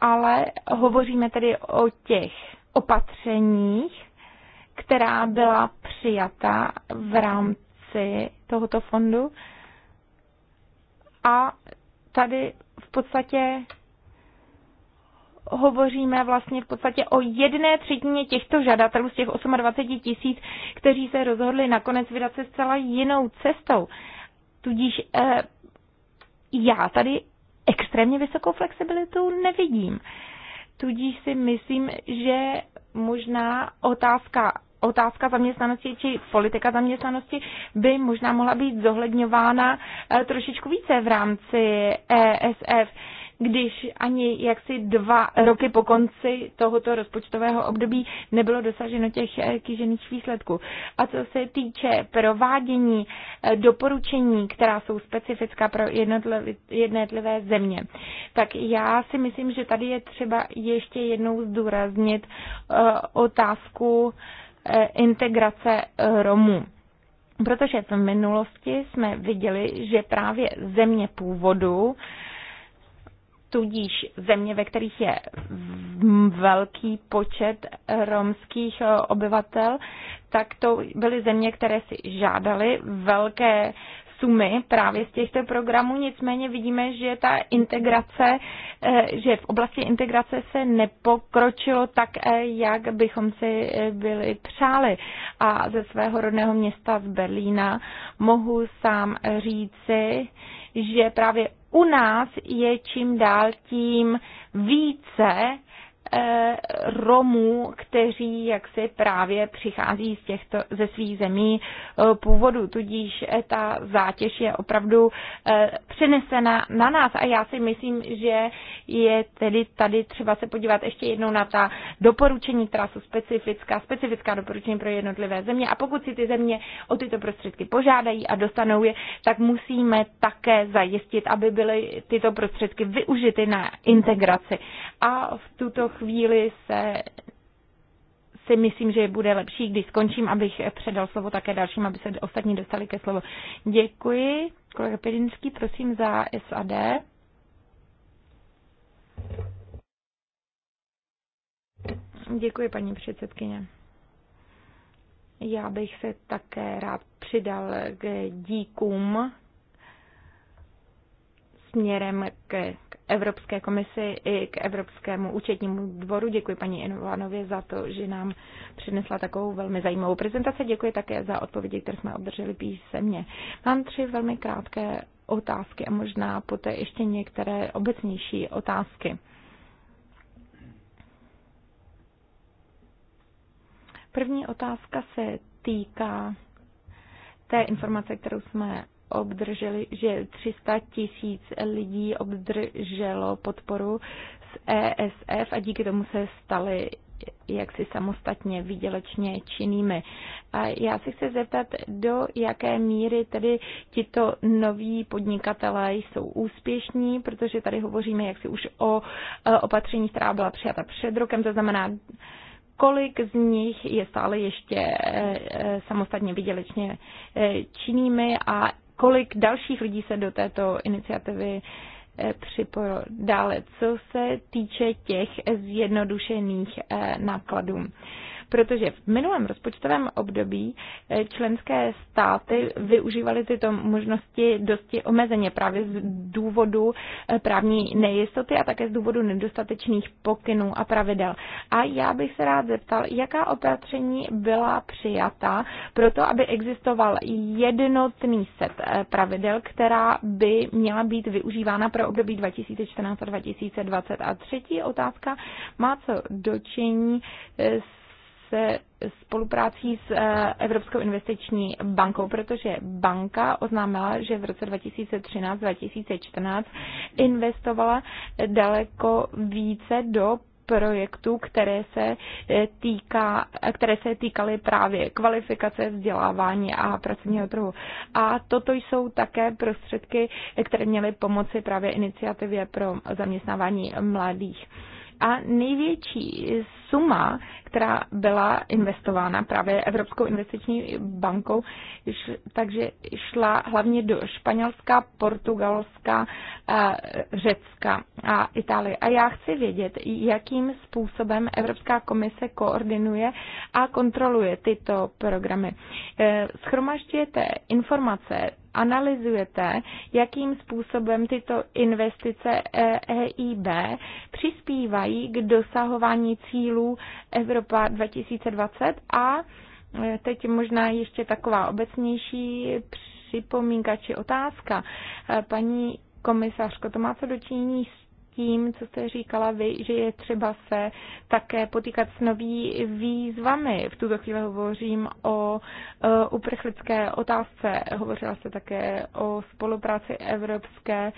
ale hovoříme tedy o těch opatřeních, která byla přijata v rámci tohoto fondu a tady v podstatě hovoříme vlastně v podstatě o jedné třetině těchto žadatelů z těch 28 tisíc, kteří se rozhodli nakonec vydat se zcela jinou cestou. Tudíž eh, já tady extrémně vysokou flexibilitu nevidím. Tudíž si myslím, že možná otázka otázka zaměstnanosti či politika zaměstnanosti by možná mohla být zohledňována eh, trošičku více v rámci ESF když ani jaksi dva roky po konci tohoto rozpočtového období nebylo dosaženo těch eh, kýžených výsledků. A co se týče provádění eh, doporučení, která jsou specifická pro jednotlivé země, tak já si myslím, že tady je třeba ještě jednou zdůraznit otázku Eh, integrace eh, Romů. Protože v minulosti jsme viděli, že právě země původu, tudíž země, ve kterých je velký počet eh, romských obyvatel, tak to byly země, které si žádaly velké sumy právě z těchto programů, nicméně vidíme, že ta integrace, eh, že v oblasti integrace se nepokročilo tak, eh, jak bychom si eh, byli přáli. A ze svého rodného města z Berlína mohu sám říci, že právě u nás je čím dál tím více Eh, Romů, kteří jaksi právě přichází z těchto, ze svých zemí eh, původu. Tudíž eh, ta zátěž je opravdu přenesena na nás a já si myslím, že je tedy tady třeba se podívat ještě jednou na ta doporučení, která jsou specifická, specifická doporučení pro jednotlivé země a pokud si ty země o tyto prostředky požádají a dostanou je, tak musíme také zajistit, aby byly tyto prostředky využity na integraci. A v tuto chvíli chvíli se si myslím, že bude lepší, když skončím, abych předal slovo také dalším, aby se ostatní dostali ke slovu. Děkuji. Kolega Pirinský, prosím za SAD. Děkuji, paní předsedkyně. Já bych se také rád přidal k díkům směrem k Evropské komisi i k Evropskému účetnímu dvoru. Děkuji paní Inovanově za to, že nám přinesla takovou velmi zajímavou prezentaci. Děkuji také za odpovědi, které jsme obdrželi písemně. Mám tři velmi krátké otázky a možná poté ještě některé obecnější otázky. První otázka se týká té informace, kterou jsme obdrželi, že 300 tisíc lidí obdrželo podporu z ESF a díky tomu se stali jaksi samostatně výdělečně činnými. A já si chci zeptat, do jaké míry tedy tito noví podnikatelé jsou úspěšní, protože tady hovoříme jaksi už o e, opatření, která byla přijata před rokem, to znamená, kolik z nich je stále ještě e, e, samostatně výdělečně činnými a kolik dalších lidí se do této iniciativy eh, připojilo. Dále, co se týče těch zjednodušených eh, nákladů protože v minulém rozpočtovém období eh, členské státy využívaly tyto možnosti dosti omezeně právě z důvodu eh, právní nejistoty a také z důvodu nedostatečných pokynů a pravidel. A já bych se rád zeptal, jaká opatření byla přijata pro to, aby existoval jednotný set eh, pravidel, která by měla být využívána pro období 2014 a 2020. A třetí otázka má co dočení s se spoluprácí s eh, Evropskou investiční bankou, protože banka oznámila, že v roce 2013-2014 investovala daleko více do projektů, které se, eh, týká, které se týkaly právě kvalifikace, vzdělávání a pracovního trhu. A toto jsou také prostředky, které měly pomoci právě iniciativě pro zaměstnávání mladých. A největší suma, která byla investována právě Evropskou investiční bankou, takže šla hlavně do Španělska, Portugalska, eh, Řecka a Itálie. A já chci vědět, jakým způsobem Evropská komise koordinuje a kontroluje tyto programy. Eh, schromažďujete informace, analyzujete, jakým způsobem tyto investice EIB eh, e přispívají k dosahování cílů Evropské Evropa 2020 a e, teď možná ještě taková obecnější připomínka či otázka. E, paní komisařko, to má co dočinění s tím, co jste říkala vy, že je třeba se také potýkat s novými výzvami. V tuto chvíli hovořím o e, uprchlické otázce, hovořila se také o spolupráci evropské,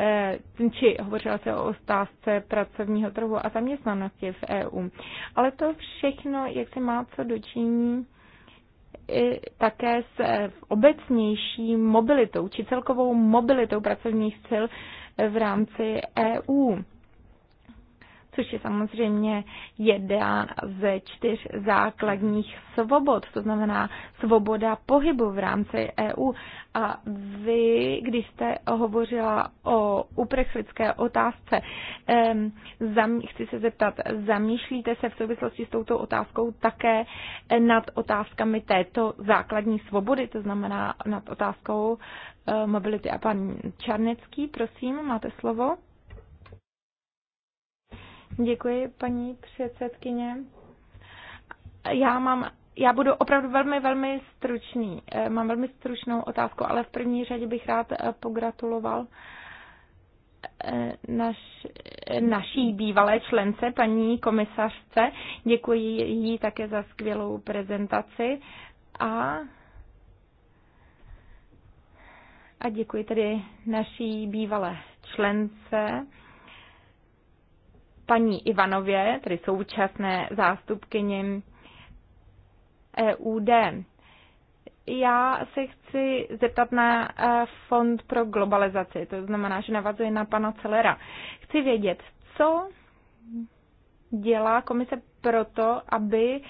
e, či hovořila se o otázce pracovního trhu a zaměstnanosti v EU. Ale to všechno, jak se má co dočiní, také s e, obecnější mobilitou či celkovou mobilitou pracovních sil v rámci EU což je samozřejmě jedna ze čtyř základních svobod, to znamená svoboda pohybu v rámci EU. A vy, když jste hovořila o uprchlické otázce, chci se zeptat, zamýšlíte se v souvislosti s touto otázkou také nad otázkami této základní svobody, to znamená nad otázkou Eh, mobility. A pan Čarnecký, prosím, máte slovo. Děkuji, paní předsedkyně. Já mám já budu opravdu velmi, velmi stručný. Eh, mám velmi stručnou otázku, ale v první řadě bych rád eh, pogratuloval naš, naší bývalé člence, paní komisařce. Děkuji jí také za skvělou prezentaci a a děkuji tedy naší bývalé člence, paní Ivanově, tedy současné zástupkyni EUD. Já se chci zeptat na eh, Fond pro globalizaci, to znamená, že navazuje na pana Celera. Chci vědět, co dělá komise proto, aby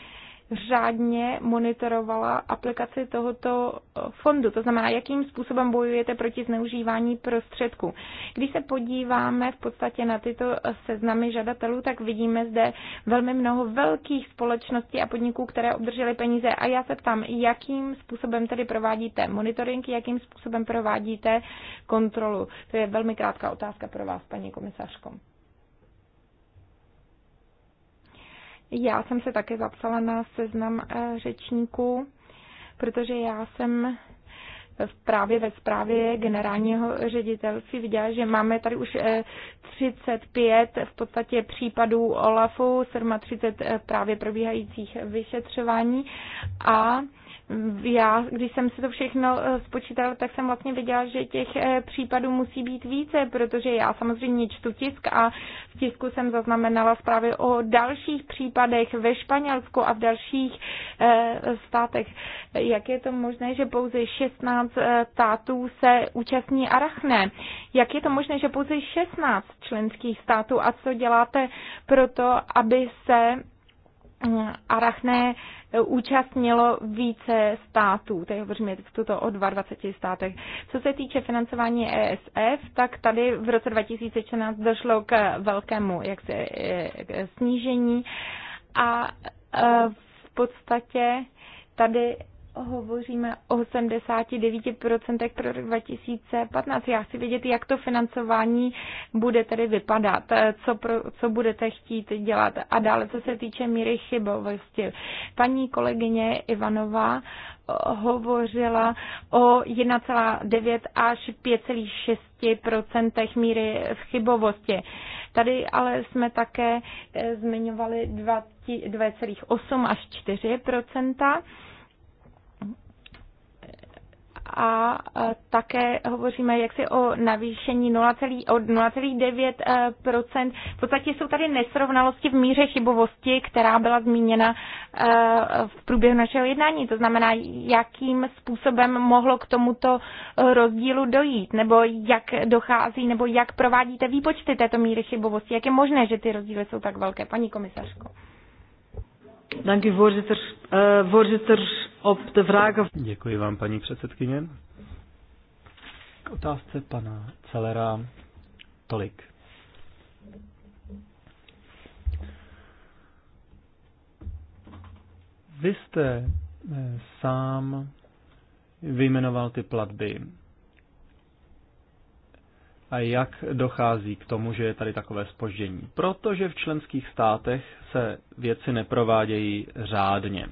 řádně monitorovala aplikaci tohoto eh, fondu. To znamená, jakým způsobem bojujete proti zneužívání prostředků. Když se podíváme v podstatě na tyto eh, seznamy žadatelů, tak vidíme zde velmi mnoho velkých společností a podniků, které obdržely peníze. A já se ptám, jakým způsobem tedy provádíte monitoring, jakým způsobem provádíte kontrolu. To je velmi krátká otázka pro vás, paní komisařko. Já jsem se také zapsala na seznam eh, řečníků, protože já jsem právě ve zprávě generálního ředitelství viděla, že máme tady už 35 eh, v podstatě případů OLAFu, 37 eh, právě probíhajících vyšetřování a já, když jsem se to všechno eh, spočítala, tak jsem vlastně viděla, že těch eh, případů musí být více, protože já samozřejmě čtu tisk a v tisku jsem zaznamenala zprávy o dalších případech ve Španělsku a v dalších eh, státech. Jak je to možné, že pouze 16 států se účastní Arachne? Jak je to možné, že pouze 16 členských států a co děláte pro to, aby se Mm, Arachné e, účastnilo více států, teď hovoříme v tuto o 22 státech. Co se týče financování ESF, tak tady v roce 2014 došlo k velkému jak se, e, k snížení a e, v podstatě tady hovoříme o 89% pro rok 2015. Já chci vědět, jak to financování bude tedy vypadat, co, pro, co budete chtít dělat. A dále, co se týče míry chybovosti. Paní kolegyně Ivanová eh, hovořila o 1,9 až 5,6 míry v chybovosti. Tady ale jsme také eh, zmiňovali 2,8 až 4 a e, také hovoříme jaksi o navýšení 0, od 0,9 V podstatě jsou tady nesrovnalosti v míře chybovosti, která byla zmíněna e, v průběhu našeho jednání. To znamená, jakým způsobem mohlo k tomuto rozdílu dojít, nebo jak dochází, nebo jak provádíte výpočty této míry chybovosti. Jak je možné, že ty rozdíly jsou tak velké, paní komisařko? Dank u voorzitter. Uh, voorzitter, op de vragen... Děkuji vám, paní předsedkyně. K otázce pana Celera tolik. Vy jste eh, sám vyjmenoval ty platby a jak dochází k tomu, že je tady takové spoždění. Protože v členských státech se věci neprovádějí řádně.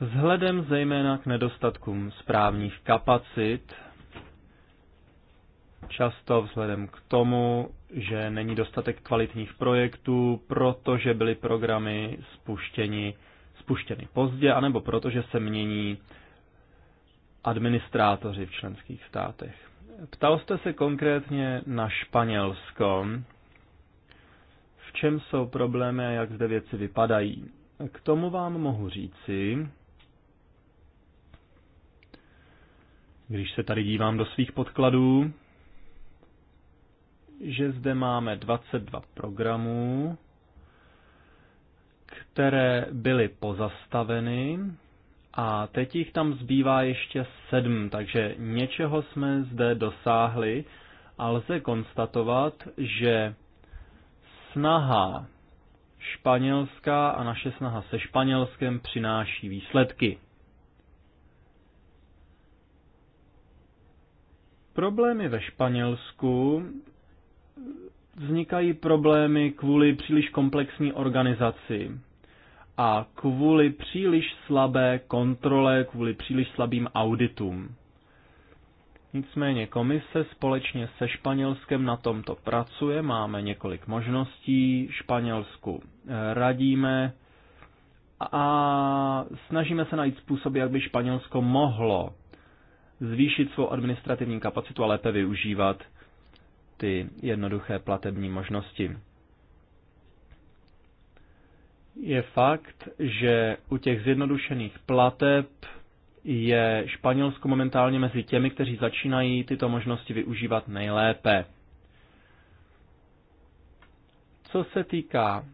Vzhledem zejména k nedostatkům správních kapacit, často vzhledem k tomu, že není dostatek kvalitních projektů, protože byly programy spuštěny pozdě, anebo protože se mění administrátoři v členských státech. Ptal jste se konkrétně na Španělsko, v čem jsou problémy a jak zde věci vypadají. K tomu vám mohu říci, když se tady dívám do svých podkladů, že zde máme 22 programů, které byly pozastaveny a teď jich tam zbývá ještě sedm, takže něčeho jsme zde dosáhli a lze konstatovat, že snaha španělská a naše snaha se Španělskem přináší výsledky. Problémy ve Španělsku vznikají problémy kvůli příliš komplexní organizaci a kvůli příliš slabé kontrole, kvůli příliš slabým auditům. Nicméně komise společně se Španělskem na tomto pracuje, máme několik možností, Španělsku eh, radíme a snažíme se najít způsob, jak by Španělsko mohlo zvýšit svou administrativní kapacitu a lépe využívat ty jednoduché platební možnosti je fakt, že u těch zjednodušených plateb je Španělsko momentálně mezi těmi, kteří začínají tyto možnosti využívat nejlépe. Co se týká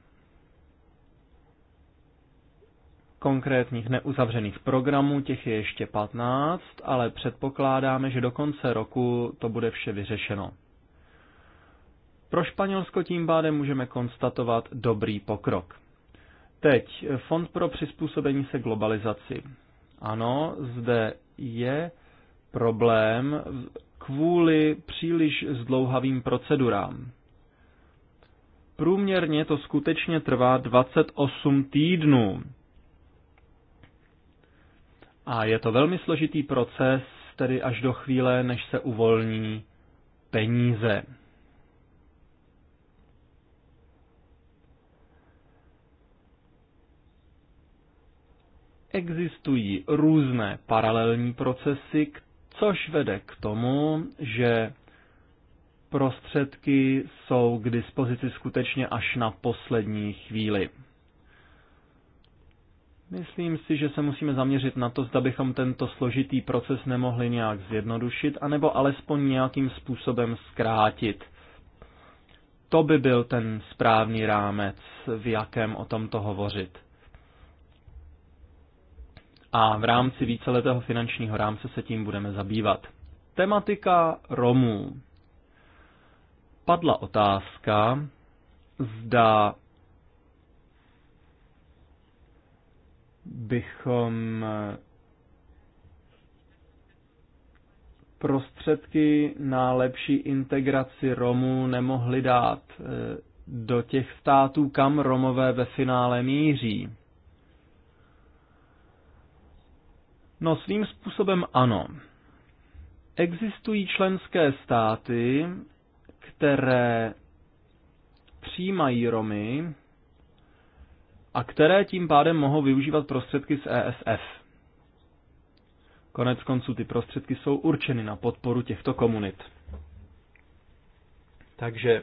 konkrétních neuzavřených programů, těch je ještě 15, ale předpokládáme, že do konce roku to bude vše vyřešeno. Pro Španělsko tím pádem můžeme konstatovat dobrý pokrok. Teď, Fond pro přizpůsobení se globalizaci. Ano, zde je problém kvůli příliš zdlouhavým procedurám. Průměrně to skutečně trvá 28 týdnů. A je to velmi složitý proces, tedy až do chvíle, než se uvolní peníze. Existují různé paralelní procesy, což vede k tomu, že prostředky jsou k dispozici skutečně až na poslední chvíli. Myslím si, že se musíme zaměřit na to, zda bychom tento složitý proces nemohli nějak zjednodušit, anebo alespoň nějakým způsobem zkrátit. To by byl ten správný rámec, v jakém o tomto hovořit a v rámci víceletého finančního rámce se tím budeme zabývat. Tematika Romů. Padla otázka, zda bychom prostředky na lepší integraci Romů nemohli dát eh, do těch států, kam Romové ve finále míří. No svým způsobem ano. Existují členské státy, které přijímají Romy a které tím pádem mohou využívat prostředky z ESF. Konec konců ty prostředky jsou určeny na podporu těchto komunit. Takže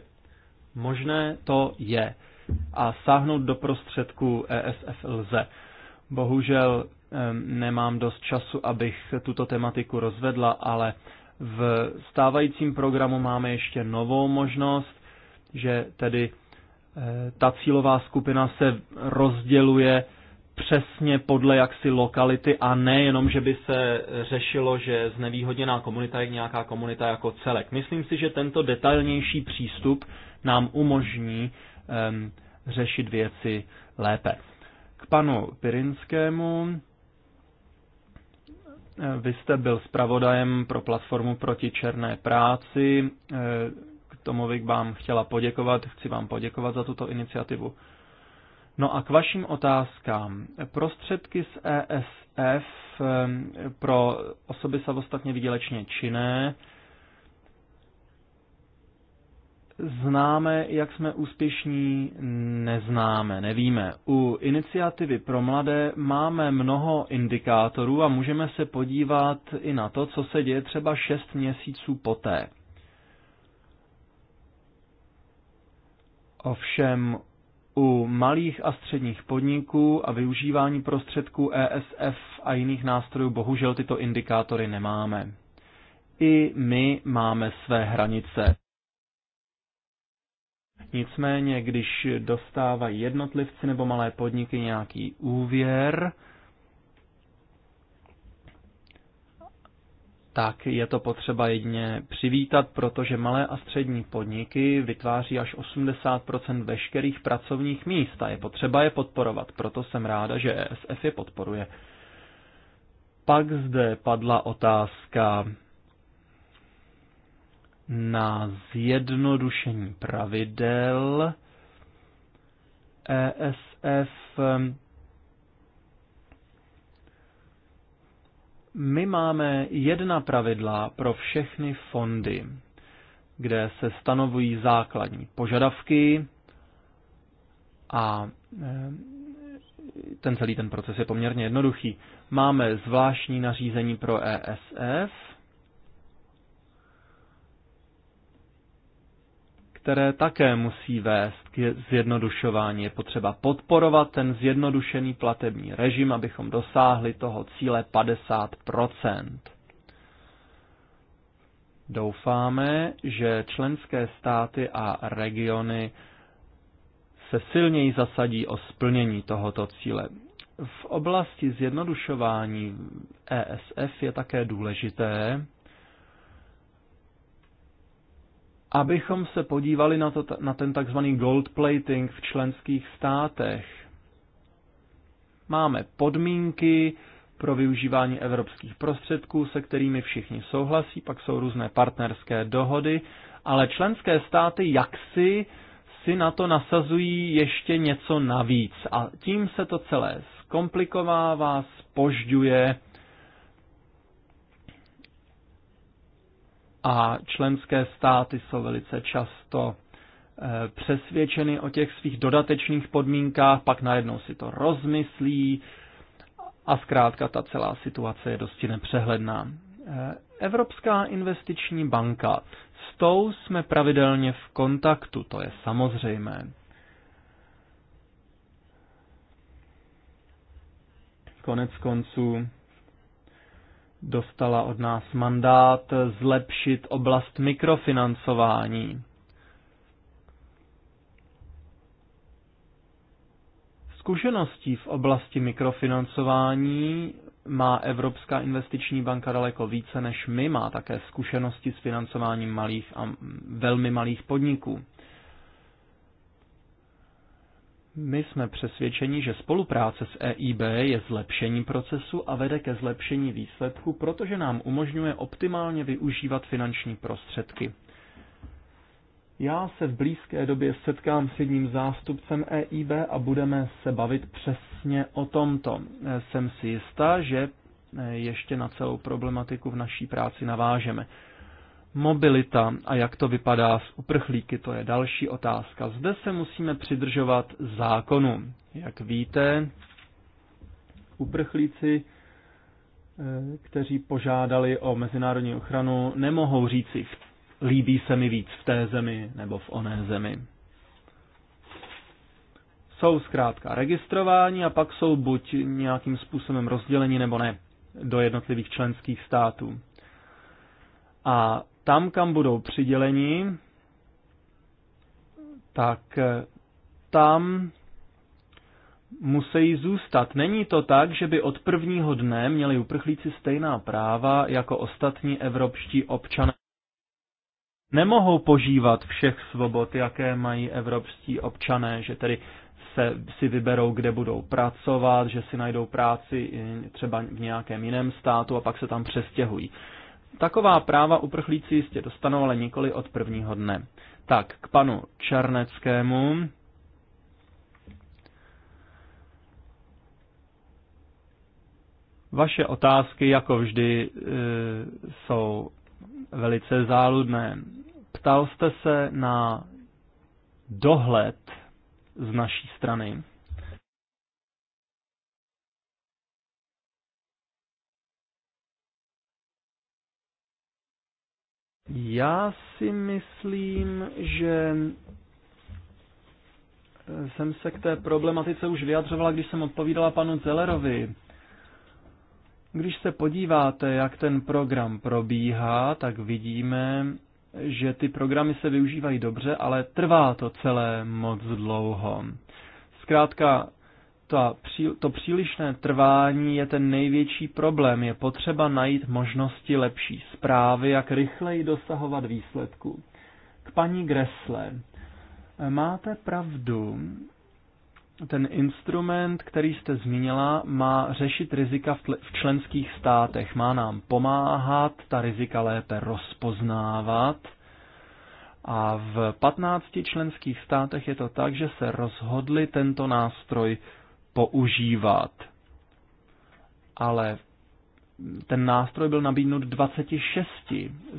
možné to je a sáhnout do prostředku ESF lze. Bohužel nemám dost času, abych tuto tematiku rozvedla, ale v stávajícím programu máme ještě novou možnost, že tedy eh, ta cílová skupina se rozděluje přesně podle jaksi lokality a nejenom, že by se řešilo, že znevýhodněná komunita je nějaká komunita jako celek. Myslím si, že tento detailnější přístup nám umožní um, řešit věci lépe. K panu Pirinskému vy jste byl zpravodajem pro platformu proti černé práci. K tomu bych vám chtěla poděkovat. Chci vám poděkovat za tuto iniciativu. No a k vašim otázkám. Prostředky z ESF eh, pro osoby samostatně výdělečně činné známe, jak jsme úspěšní, neznáme, nevíme. U iniciativy pro mladé máme mnoho indikátorů a můžeme se podívat i na to, co se děje třeba 6 měsíců poté. Ovšem u malých a středních podniků a využívání prostředků ESF a jiných nástrojů bohužel tyto indikátory nemáme. I my máme své hranice. Nicméně, když dostávají jednotlivci nebo malé podniky nějaký úvěr, tak je to potřeba jedně přivítat, protože malé a střední podniky vytváří až 80 veškerých pracovních míst a je potřeba je podporovat. Proto jsem ráda, že ESF je podporuje. Pak zde padla otázka na zjednodušení pravidel ESF. My máme jedna pravidla pro všechny fondy, kde se stanovují základní požadavky a e, ten celý ten proces je poměrně jednoduchý. Máme zvláštní nařízení pro ESF, které také musí vést k zjednodušování. Je potřeba podporovat ten zjednodušený platební režim, abychom dosáhli toho cíle 50 Doufáme, že členské státy a regiony se silněji zasadí o splnění tohoto cíle. V oblasti zjednodušování ESF je také důležité, abychom se podívali na, to, na ten takzvaný gold plating v členských státech. Máme podmínky pro využívání evropských prostředků, se kterými všichni souhlasí, pak jsou různé partnerské dohody, ale členské státy jaksi si na to nasazují ještě něco navíc a tím se to celé zkomplikovává, spožďuje a členské státy jsou velice často eh, přesvědčeny o těch svých dodatečných podmínkách, pak najednou si to rozmyslí a zkrátka ta celá situace je dosti nepřehledná. Eh, Evropská investiční banka, s tou jsme pravidelně v kontaktu, to je samozřejmé. Konec konců dostala od nás mandát zlepšit oblast mikrofinancování. Zkušeností v oblasti mikrofinancování má Evropská investiční banka daleko více než my, má také zkušenosti s financováním malých a velmi malých podniků. My jsme přesvědčeni, že spolupráce s EIB je zlepšením procesu a vede ke zlepšení výsledku, protože nám umožňuje optimálně využívat finanční prostředky. Já se v blízké době setkám s jedním zástupcem EIB a budeme se bavit přesně o tomto. Jsem si jistá, že ještě na celou problematiku v naší práci navážeme mobilita a jak to vypadá s uprchlíky, to je další otázka. Zde se musíme přidržovat zákonu. Jak víte, uprchlíci, eh, kteří požádali o mezinárodní ochranu, nemohou říci, líbí se mi víc v té zemi nebo v oné zemi. Jsou zkrátka registrováni a pak jsou buď nějakým způsobem rozděleni nebo ne do jednotlivých členských států. A tam, kam budou přiděleni, tak eh, tam musí zůstat. Není to tak, že by od prvního dne měli uprchlíci stejná práva jako ostatní evropští občané. Nemohou požívat všech svobod, jaké mají evropští občané, že tedy se, si vyberou, kde budou pracovat, že si najdou práci třeba v nějakém jiném státu a pak se tam přestěhují. Taková práva uprchlíci jistě dostanou, ale nikoli od prvního dne. Tak, k panu Čarneckému. Vaše otázky, jako vždy, e, jsou velice záludné. Ptal jste se na dohled z naší strany Já si myslím, že jsem se k té problematice už vyjadřovala, když jsem odpovídala panu Zellerovi. Když se podíváte, jak ten program probíhá, tak vidíme, že ty programy se využívají dobře, ale trvá to celé moc dlouho. Zkrátka, ta, to přílišné trvání je ten největší problém. Je potřeba najít možnosti lepší zprávy, jak rychleji dosahovat výsledku. K paní Gressle. Máte pravdu. Ten instrument, který jste zmínila, má řešit rizika v členských státech. Má nám pomáhat ta rizika lépe rozpoznávat. A v 15 členských státech je to tak, že se rozhodli tento nástroj používat. Ale ten nástroj byl nabídnut 26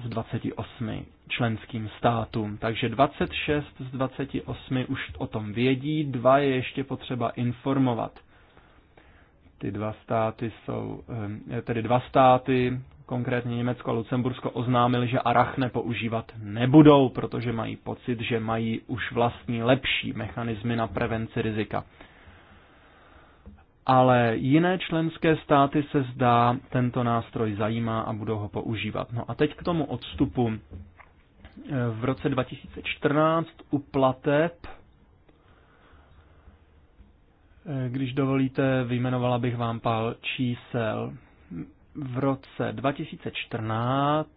z 28 členským státům, takže 26 z 28 už o tom vědí, dva je ještě potřeba informovat. Ty dva státy jsou, eh, tedy dva státy, konkrétně Německo a Lucembursko, oznámili, že arachne používat nebudou, protože mají pocit, že mají už vlastní lepší mechanismy na prevenci rizika ale jiné členské státy se zdá tento nástroj zajímá a budou ho používat. No a teď k tomu odstupu. E, v roce 2014 u plateb, e, když dovolíte, vyjmenovala bych vám pár čísel. V roce 2014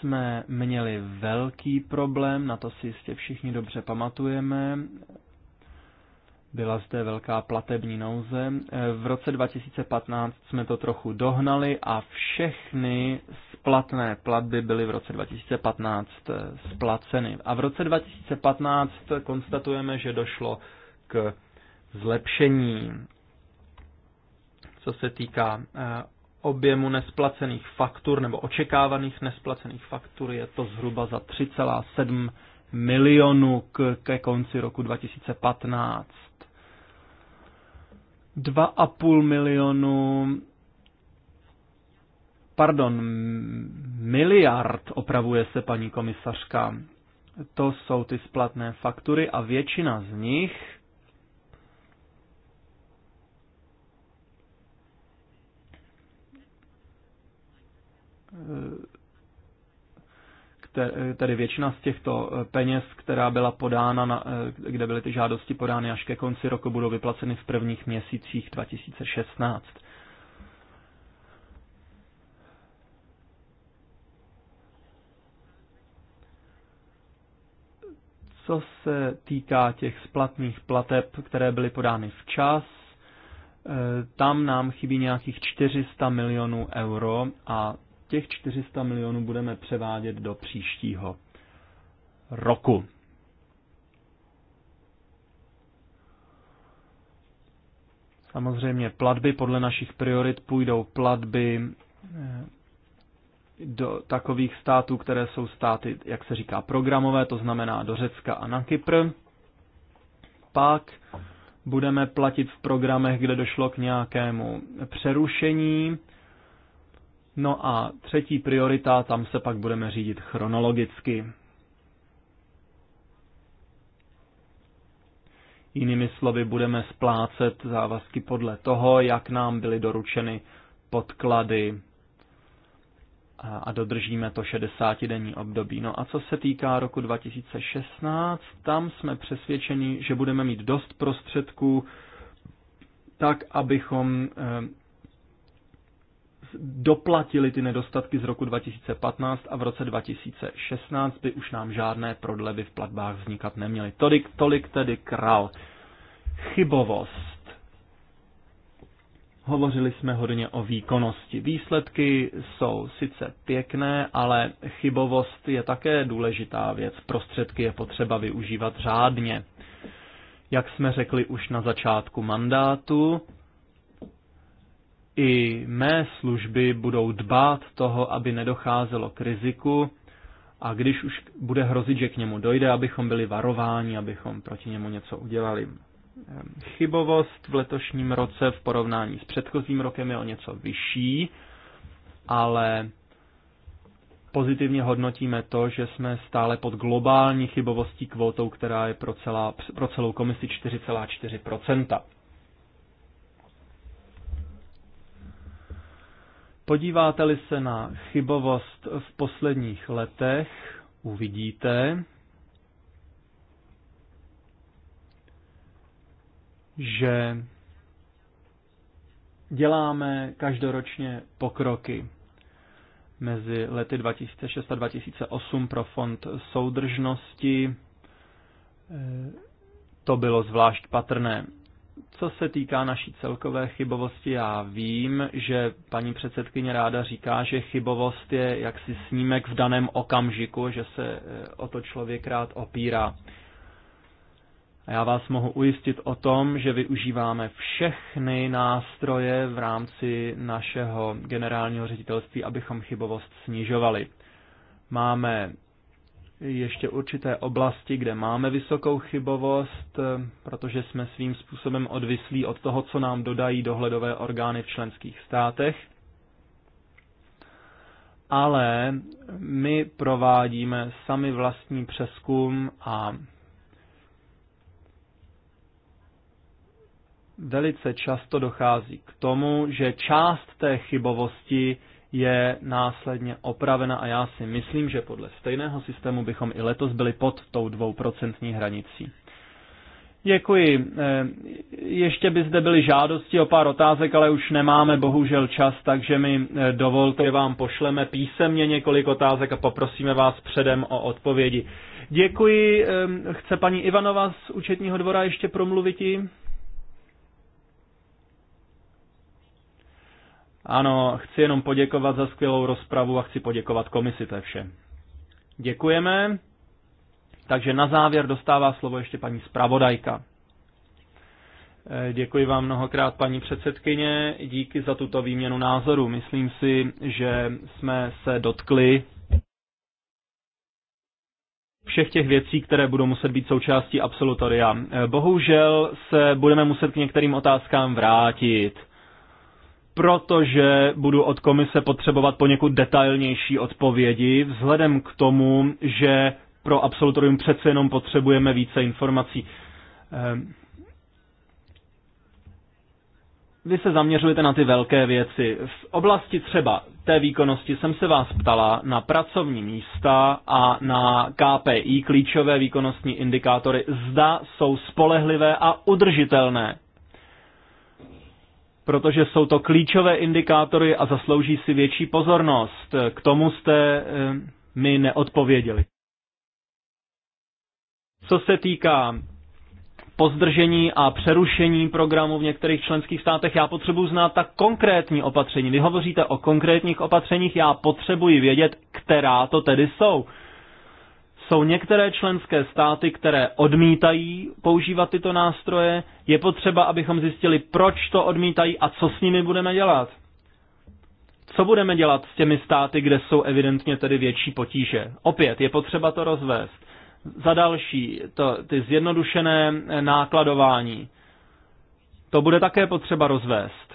jsme měli velký problém, na to si jistě všichni dobře pamatujeme. Byla zde velká platební nouze. E, v roce 2015 jsme to trochu dohnali a všechny splatné platby byly v roce 2015 e, splaceny. A v roce 2015 konstatujeme, že došlo k zlepšení, co se týká e, objemu nesplacených faktur nebo očekávaných nesplacených faktur je to zhruba za 3,7 milionu k, ke konci roku 2015. 2,5 milionu pardon, miliard, opravuje se paní komisařka. To jsou ty splatné faktury a většina z nich tedy většina z těchto eh, peněz, která byla podána, na, eh, kde byly ty žádosti podány až ke konci roku, budou vyplaceny v prvních měsících 2016. Co se týká těch splatných plateb, které byly podány včas, eh, tam nám chybí nějakých 400 milionů euro a těch 400 milionů budeme převádět do příštího roku. Samozřejmě platby podle našich priorit půjdou platby eh, do takových států, které jsou státy, jak se říká, programové, to znamená do Řecka a na Kypr. Pak budeme platit v programech, kde došlo k nějakému přerušení, No a třetí priorita, tam se pak budeme řídit chronologicky. Jinými slovy, budeme splácet závazky podle toho, jak nám byly doručeny podklady a dodržíme to 60-denní období. No a co se týká roku 2016, tam jsme přesvědčeni, že budeme mít dost prostředků tak, abychom eh, doplatili ty nedostatky z roku 2015 a v roce 2016 by už nám žádné prodlevy v platbách vznikat neměly. Tolik, tolik tedy král. Chybovost. Hovořili jsme hodně o výkonnosti. Výsledky jsou sice pěkné, ale chybovost je také důležitá věc. Prostředky je potřeba využívat řádně. Jak jsme řekli už na začátku mandátu, i mé služby budou dbát toho, aby nedocházelo k riziku a když už bude hrozit, že k němu dojde, abychom byli varováni, abychom proti němu něco udělali. Ehm, chybovost v letošním roce v porovnání s předchozím rokem je o něco vyšší, ale pozitivně hodnotíme to, že jsme stále pod globální chybovostí kvotou, která je pro, celá, pro celou komisi 4,4%. Podíváte-li se na chybovost v posledních letech, uvidíte, že děláme každoročně pokroky mezi lety 2006 a 2008 pro fond soudržnosti. E, to bylo zvlášť patrné co se týká naší celkové chybovosti, já vím, že paní předsedkyně ráda říká, že chybovost je jaksi snímek v daném okamžiku, že se eh, o to člověk rád opírá. A já vás mohu ujistit o tom, že využíváme všechny nástroje v rámci našeho generálního ředitelství, abychom chybovost snižovali. Máme ještě určité oblasti, kde máme vysokou chybovost, eh, protože jsme svým způsobem odvislí od toho, co nám dodají dohledové orgány v členských státech. Ale my provádíme sami vlastní přeskum a velice často dochází k tomu, že část té chybovosti je následně opravena a já si myslím, že podle stejného systému bychom i letos byli pod tou dvouprocentní hranicí. Děkuji. Eh, ještě by zde byly žádosti o pár otázek, ale už nemáme bohužel čas, takže mi eh, dovolte, vám pošleme písemně několik otázek a poprosíme vás předem o odpovědi. Děkuji. Ehm, chce paní Ivanova z účetního dvora ještě promluvit? Ano, chci jenom poděkovat za skvělou rozpravu a chci poděkovat komisi, to je vše. Děkujeme. Takže na závěr dostává slovo ještě paní zpravodajka. Eh, děkuji vám mnohokrát, paní předsedkyně. Díky za tuto výměnu názoru. Myslím si, že jsme se dotkli všech těch věcí, které budou muset být součástí absolutoria. Eh, bohužel se budeme muset k některým otázkám vrátit protože budu od komise potřebovat poněkud detailnější odpovědi, vzhledem k tomu, že pro absolutorium přece jenom potřebujeme více informací. Ehm, vy se zaměřujete na ty velké věci. V oblasti třeba té výkonnosti jsem se vás ptala na pracovní místa a na KPI, klíčové výkonnostní indikátory, zda jsou spolehlivé a udržitelné protože jsou to klíčové indikátory a zaslouží si větší pozornost. K tomu jste eh, mi neodpověděli. Co se týká pozdržení a přerušení programu v některých členských státech, já potřebuji znát tak konkrétní opatření. Vy hovoříte o konkrétních opatřeních, já potřebuji vědět, která to tedy jsou. Jsou některé členské státy, které odmítají používat tyto nástroje. Je potřeba, abychom zjistili, proč to odmítají a co s nimi budeme dělat. Co budeme dělat s těmi státy, kde jsou evidentně tedy větší potíže? Opět, je potřeba to rozvést. Za další, to, ty zjednodušené eh, nákladování. To bude také potřeba rozvést.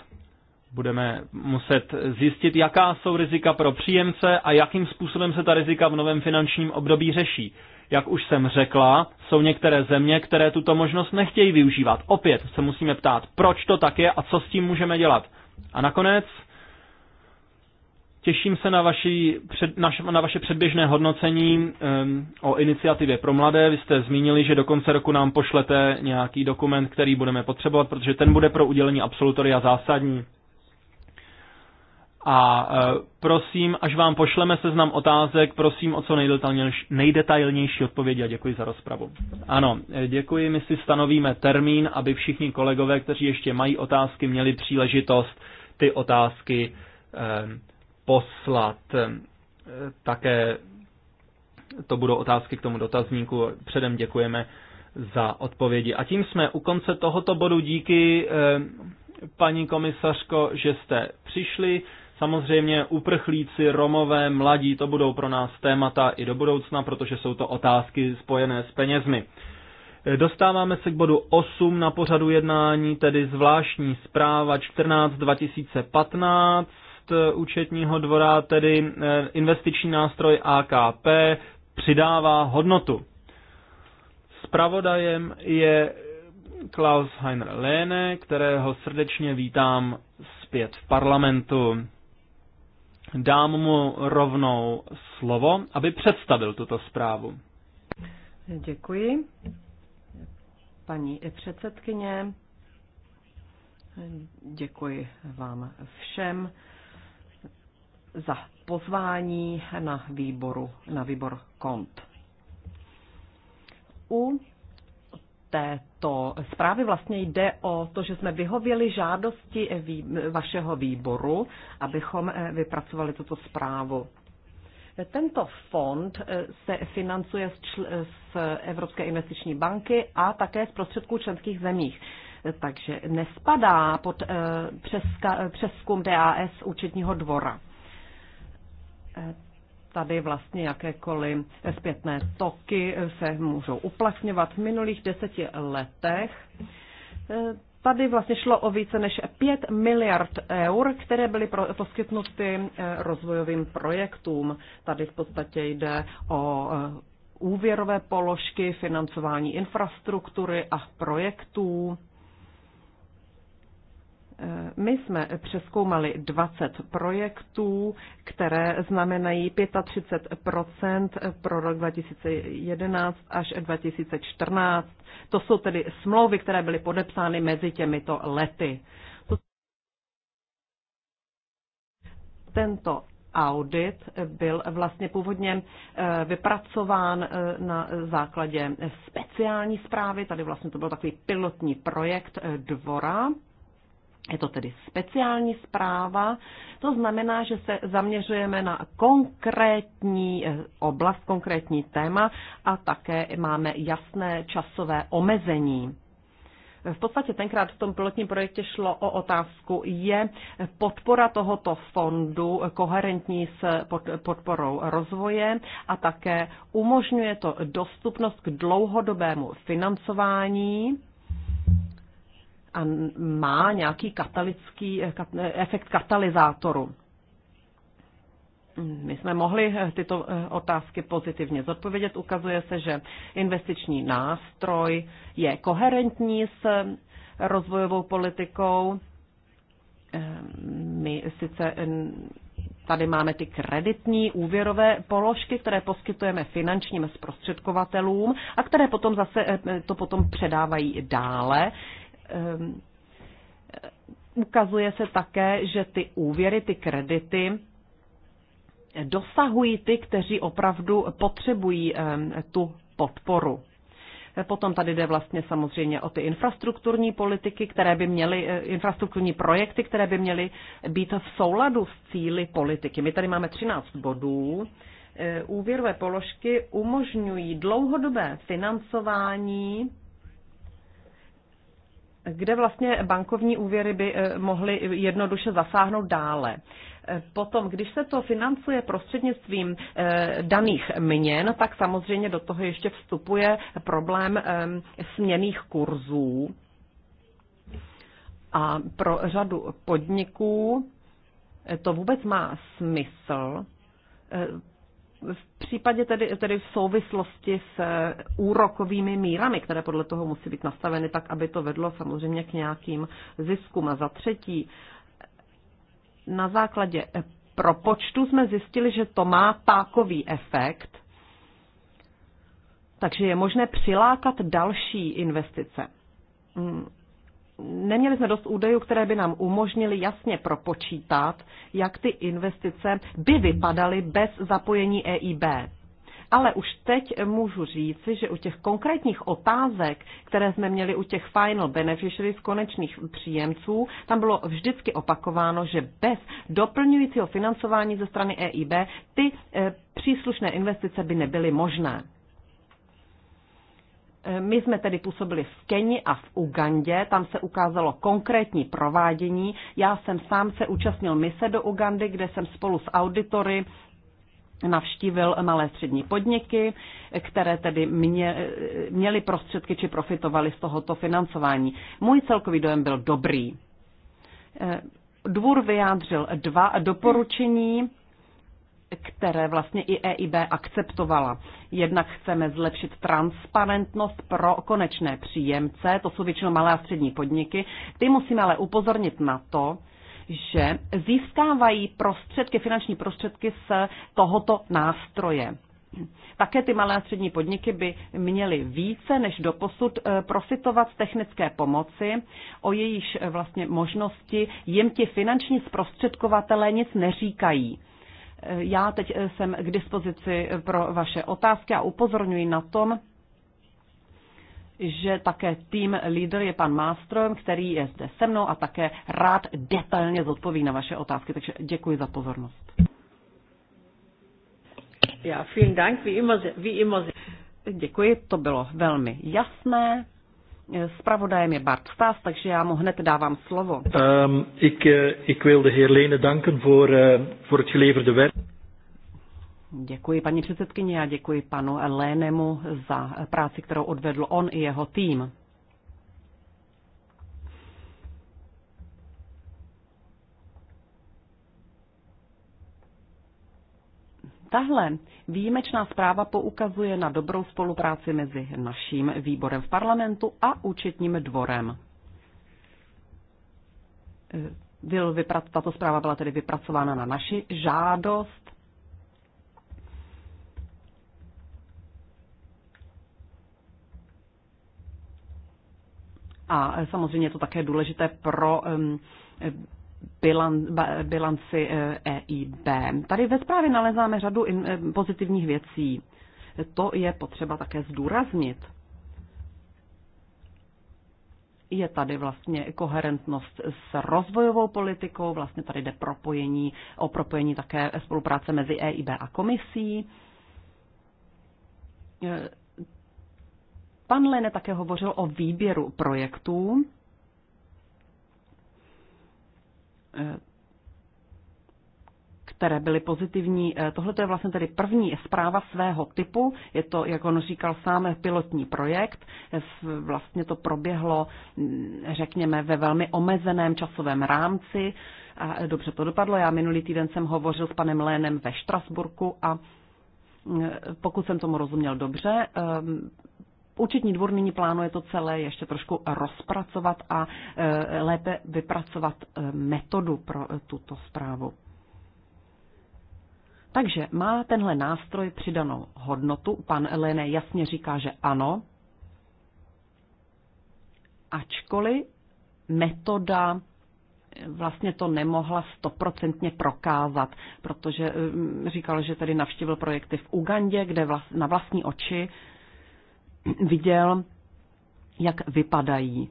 Budeme muset zjistit, jaká jsou rizika pro příjemce a jakým způsobem se ta rizika v novém finančním období řeší. Jak už jsem řekla, jsou některé země, které tuto možnost nechtějí využívat. Opět se musíme ptát, proč to tak je a co s tím můžeme dělat. A nakonec, těším se na, vaši, na, na vaše předběžné hodnocení um, o iniciativě pro mladé. Vy jste zmínili, že do konce roku nám pošlete nějaký dokument, který budeme potřebovat, protože ten bude pro udělení absolutoria zásadní. A e, prosím, až vám pošleme seznam otázek, prosím o co nejdetailnější, odpovědi a děkuji za rozpravu. Ano, e, děkuji, my si stanovíme termín, aby všichni kolegové, kteří ještě mají otázky, měli příležitost ty otázky e, poslat. Také to budou otázky k tomu dotazníku. Předem děkujeme za odpovědi. A tím jsme u konce tohoto bodu. Díky, paní komisařko, že jste přišli. Samozřejmě uprchlíci, romové, mladí, to budou pro nás témata i do budoucna, protože jsou to otázky spojené s penězmi. Dostáváme se k bodu 8 na pořadu jednání, tedy zvláštní zpráva 14 2015 účetního dvora, tedy eh, investiční nástroj AKP, přidává hodnotu. Spravodajem je Klaus Heiner Lehne, kterého srdečně vítám zpět v parlamentu. Dám mu rovnou slovo, aby představil tuto zprávu. Děkuji. Paní předsedkyně, děkuji vám všem za pozvání na výboru, na výbor KONT. U této zprávy vlastně jde o to, že jsme vyhověli žádosti vašeho výboru, abychom eh, vypracovali tuto zprávu. Tento fond eh, se financuje z, čl, eh, z Evropské investiční banky a také z prostředků členských zemích. Takže nespadá pod přeska, přeskum DAS účetního dvora tady vlastně jakékoliv zpětné toky se můžou uplatňovat. V minulých deseti letech eh, tady vlastně šlo o více než 5 miliard eur, které byly poskytnuty eh, rozvojovým projektům. Tady v podstatě jde o eh, úvěrové položky, financování infrastruktury a projektů. Eh, my jsme přeskoumali 20 projektů, které znamenají 35 pro rok 2011 až 2014. To jsou tedy smlouvy, které byly podepsány mezi těmito lety. Tento audit byl vlastně původně eh, vypracován eh, na základě speciální zprávy. Tady vlastně to byl takový pilotní projekt dvora je to tedy speciální zpráva, to znamená, že se zaměřujeme na konkrétní eh, oblast, konkrétní téma a také máme jasné časové omezení. V podstatě tenkrát v tom pilotním projektě šlo o otázku, je podpora tohoto fondu koherentní s podporou rozvoje a také umožňuje to dostupnost k dlouhodobému financování a má nějaký katalický eh, eh, efekt katalyzátoru. My jsme mohli eh, tyto otázky pozitivně zodpovědět. Ukazuje se, že investiční nástroj je koherentní s rozvojovou politikou. My sice tady máme ty kreditní úvěrové položky, které poskytujeme finančním zprostředkovatelům a které potom zase to potom předávají dále Ehm, ukazuje se také, že ty úvěry, ty kredity dosahují ty, kteří opravdu potřebují ehm, tu podporu. Potom tady jde vlastně samozřejmě o ty infrastrukturní politiky, které by měly, eh, infrastrukturní projekty, které by měly být v souladu s cíly politiky. My tady máme 13 bodů. Eh, úvěrové položky umožňují dlouhodobé financování kde vlastně bankovní úvěry by eh, mohly jednoduše zasáhnout dále. Eh, potom, když se to financuje prostřednictvím eh, daných měn, tak samozřejmě do toho ještě vstupuje problém ehm, směných kurzů. A pro řadu podniků to vůbec má smysl v případě tedy, tedy v souvislosti s eh, úrokovými mírami, které podle toho musí být nastaveny tak, aby to vedlo samozřejmě k nějakým ziskům. A za třetí, na základě eh, propočtu jsme zjistili, že to má pákový efekt, takže je možné přilákat další investice. Hmm neměli jsme dost údajů, které by nám umožnily jasně propočítat, jak ty investice by vypadaly bez zapojení EIB. Ale už teď můžu říci, že u těch konkrétních otázek, které jsme měli u těch final beneficiaries konečných příjemců, tam bylo vždycky opakováno, že bez doplňujícího financování ze strany EIB ty eh, příslušné investice by nebyly možné. My jsme tedy působili v Keni a v Ugandě, tam se ukázalo konkrétní provádění. Já jsem sám se účastnil mise do Ugandy, kde jsem spolu s auditory navštívil malé střední podniky, které tedy mě, měly prostředky či profitovaly z tohoto financování. Můj celkový dojem byl dobrý. Dvůr vyjádřil dva doporučení které vlastně i EIB akceptovala. Jednak chceme zlepšit transparentnost pro konečné příjemce, to jsou většinou malé a střední podniky. Ty musíme ale upozornit na to, že získávají prostředky, finanční prostředky z tohoto nástroje. Také ty malé a střední podniky by měly více než doposud eh, profitovat z technické pomoci, o jejíž eh, vlastně možnosti jim ti finanční zprostředkovatelé nic neříkají. Já teď jsem k dispozici pro vaše otázky a upozorňuji na tom, že také tým leader je pan Mástrom, který je zde se mnou a také rád detailně zodpoví na vaše otázky. Takže děkuji za pozornost. Ja, vielen Dank, wie immer, wie immer. Děkuji, to bylo velmi jasné. Spravodajem je Bart Stas, takže já mu hned dávám slovo. Um, ik, eh, ik wil de heer Lene danken voor, uh, voor het geleverde werk. Děkuji paní předsedkyně a děkuji panu Lénemu za práci, kterou odvedl on i jeho tým. Tahle výjimečná zpráva poukazuje na dobrou spolupráci mezi naším výborem v parlamentu a účetním dvorem. E, byl vyprac, tato zpráva byla tedy vypracována na naši žádost. A samozřejmě je to také důležité pro um, bilanci EIB. Eh, e tady ve zprávě nalezáme řadu eh, pozitivních věcí. To je potřeba také zdůraznit. Je tady vlastně koherentnost s rozvojovou politikou, vlastně tady jde propojení, o propojení také spolupráce mezi EIB a komisí. Eh, pan Lene také hovořil o výběru projektů Eh, které byly pozitivní. Eh, tohle je vlastně tedy první zpráva svého typu. Je to, jak on říkal sám, pilotní projekt. Eh, vlastně to proběhlo, mm, řekněme, ve velmi omezeném časovém rámci. A dobře to dopadlo. Já minulý týden jsem hovořil s panem Lénem ve Štrasburku a mm, pokud jsem tomu rozuměl dobře, Účetní dvůr nyní plánuje to celé ještě trošku rozpracovat a e, lépe vypracovat e, metodu pro e, tuto zprávu. Takže má tenhle nástroj přidanou hodnotu. Pan Lene jasně říká, že ano. Ačkoliv metoda vlastně to nemohla stoprocentně prokázat, protože říkal, že tedy navštívil projekty v Ugandě, kde vlast, na vlastní oči viděl, jak vypadají.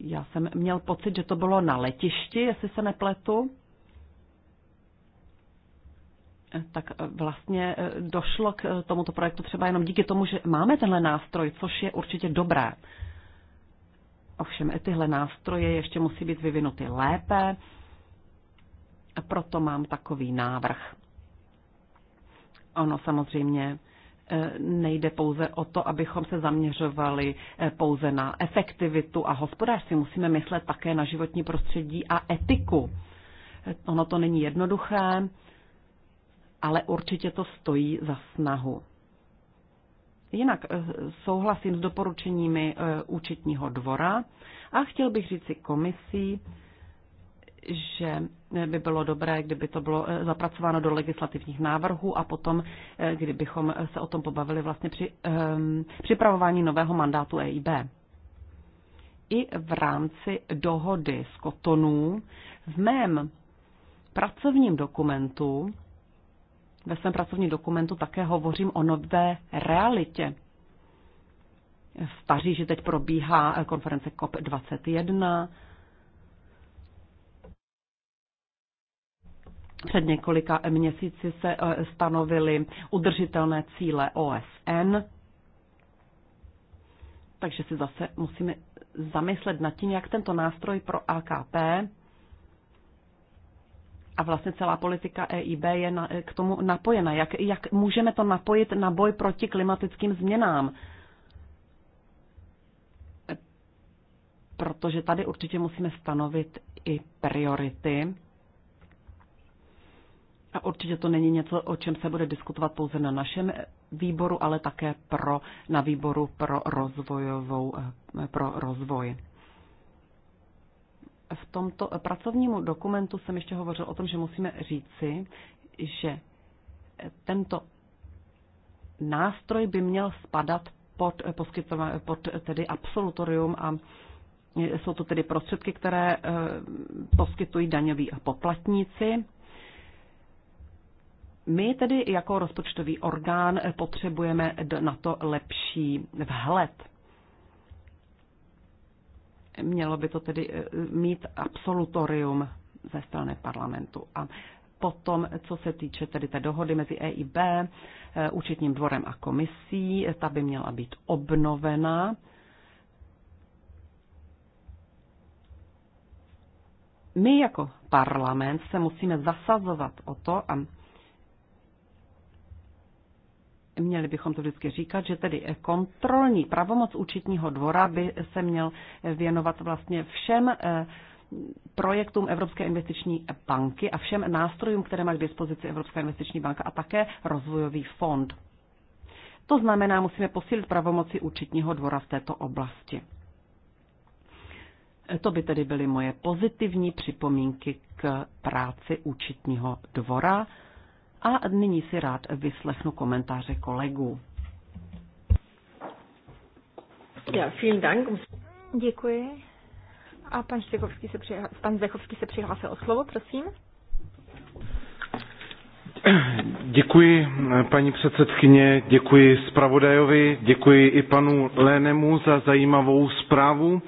Já jsem měl pocit, že to bylo na letišti, jestli se nepletu. Eh, tak eh, vlastně eh, došlo k tomuto projektu třeba jenom díky tomu, že máme tenhle nástroj, což je určitě dobré. Ovšem tyhle nástroje ještě musí být vyvinuty lépe, proto mám takový návrh. Ono samozřejmě Eh, nejde pouze o to, abychom se zaměřovali eh, pouze na efektivitu a hospodářství. Musíme myslet také na životní prostředí a etiku. Eh, ono to není jednoduché, ale určitě to stojí za snahu. Jinak souhlasím s doporučeními účetního dvora a chtěl bych říci komisí, že by bylo dobré, kdyby to bylo eh, zapracováno do legislativních návrhů a potom, eh, kdybychom se o tom pobavili vlastně při um, připravování nového mandátu EIB. I v rámci dohody z kotonů v mém pracovním dokumentu, ve svém pracovním dokumentu také hovořím o nové realitě. V Paříži teď probíhá eh, konference COP21, Před několika měsíci se eh, stanovily udržitelné cíle OSN, takže si zase musíme zamyslet nad tím, jak tento nástroj pro AKP a vlastně celá politika EIB je na, eh, k tomu napojena. Jak, jak můžeme to napojit na boj proti klimatickým změnám? Protože tady určitě musíme stanovit i priority a určitě to není něco, o čem se bude diskutovat pouze na našem výboru, ale také pro, na výboru pro, rozvojovou, eh, pro rozvoj. V tomto pracovnímu dokumentu jsem ještě hovořil o tom, že musíme říci, že tento nástroj by měl spadat pod, eh, eh, pod tedy absolutorium a jsou to tedy prostředky, které poskytují daňoví poplatníci my tedy jako rozpočtový orgán potřebujeme na to lepší vhled. Mělo by to tedy e, mít absolutorium ze strany parlamentu. A potom, co se týče tedy té dohody mezi EIB, e, účetním dvorem a komisí, e, ta by měla být obnovena. My jako parlament se musíme zasazovat o to, a měli bychom to vždycky říkat, že tedy kontrolní pravomoc účetního dvora by se měl věnovat vlastně všem eh, projektům Evropské investiční banky a všem nástrojům, které má k dispozici Evropská investiční banka a také rozvojový fond. To znamená, musíme posílit pravomoci účetního dvora v této oblasti. Eh, to by tedy byly moje pozitivní připomínky k práci účetního dvora a nyní si rád vyslechnu komentáře kolegů. Ja, vielen Dank. Děkuji. A pan, Zdechovský se přihlásil, pan Zdechovský se přihlásil o slovo, prosím. Děkuji paní předsedkyně, děkuji zpravodajovi, děkuji i panu Lénemu za zajímavou zprávu.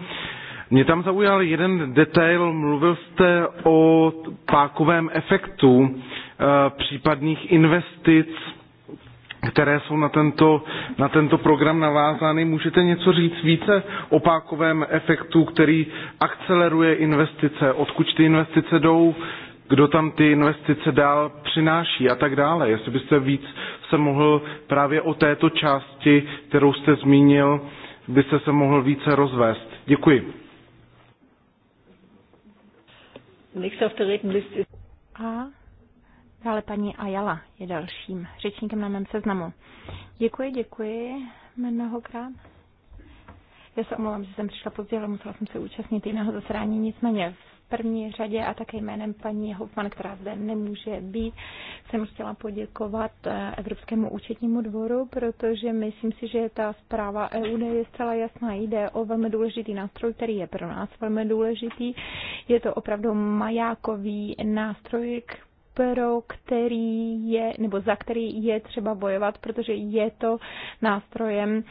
Mě tam zaujal jeden detail, mluvil jste o pákovém efektu Eh, případných investic, které jsou na tento, na tento program navázány. Můžete něco říct více o pákovém efektu, který akceleruje investice, odkud ty investice jdou, kdo tam ty investice dál přináší a tak dále. Jestli byste víc se mohl právě o této části, kterou jste zmínil, byste se mohl více rozvést. Děkuji. A Dále paní Ajala je dalším řečníkem na mém seznamu. Děkuji, děkuji mnohokrát. Já se omlouvám, že jsem přišla pozdě, ale musela jsem se účastnit jiného zasedání. Nicméně v první řadě a také jménem paní Hoffman, která zde nemůže být, jsem chtěla poděkovat eh, Evropskému účetnímu dvoru, protože myslím si, že ta zpráva EUD je zcela jasná. Jde o velmi důležitý nástroj, který je pro nás velmi důležitý. Je to opravdu majákový nástroj, pro který je, nebo za který je třeba bojovat, protože je to nástrojem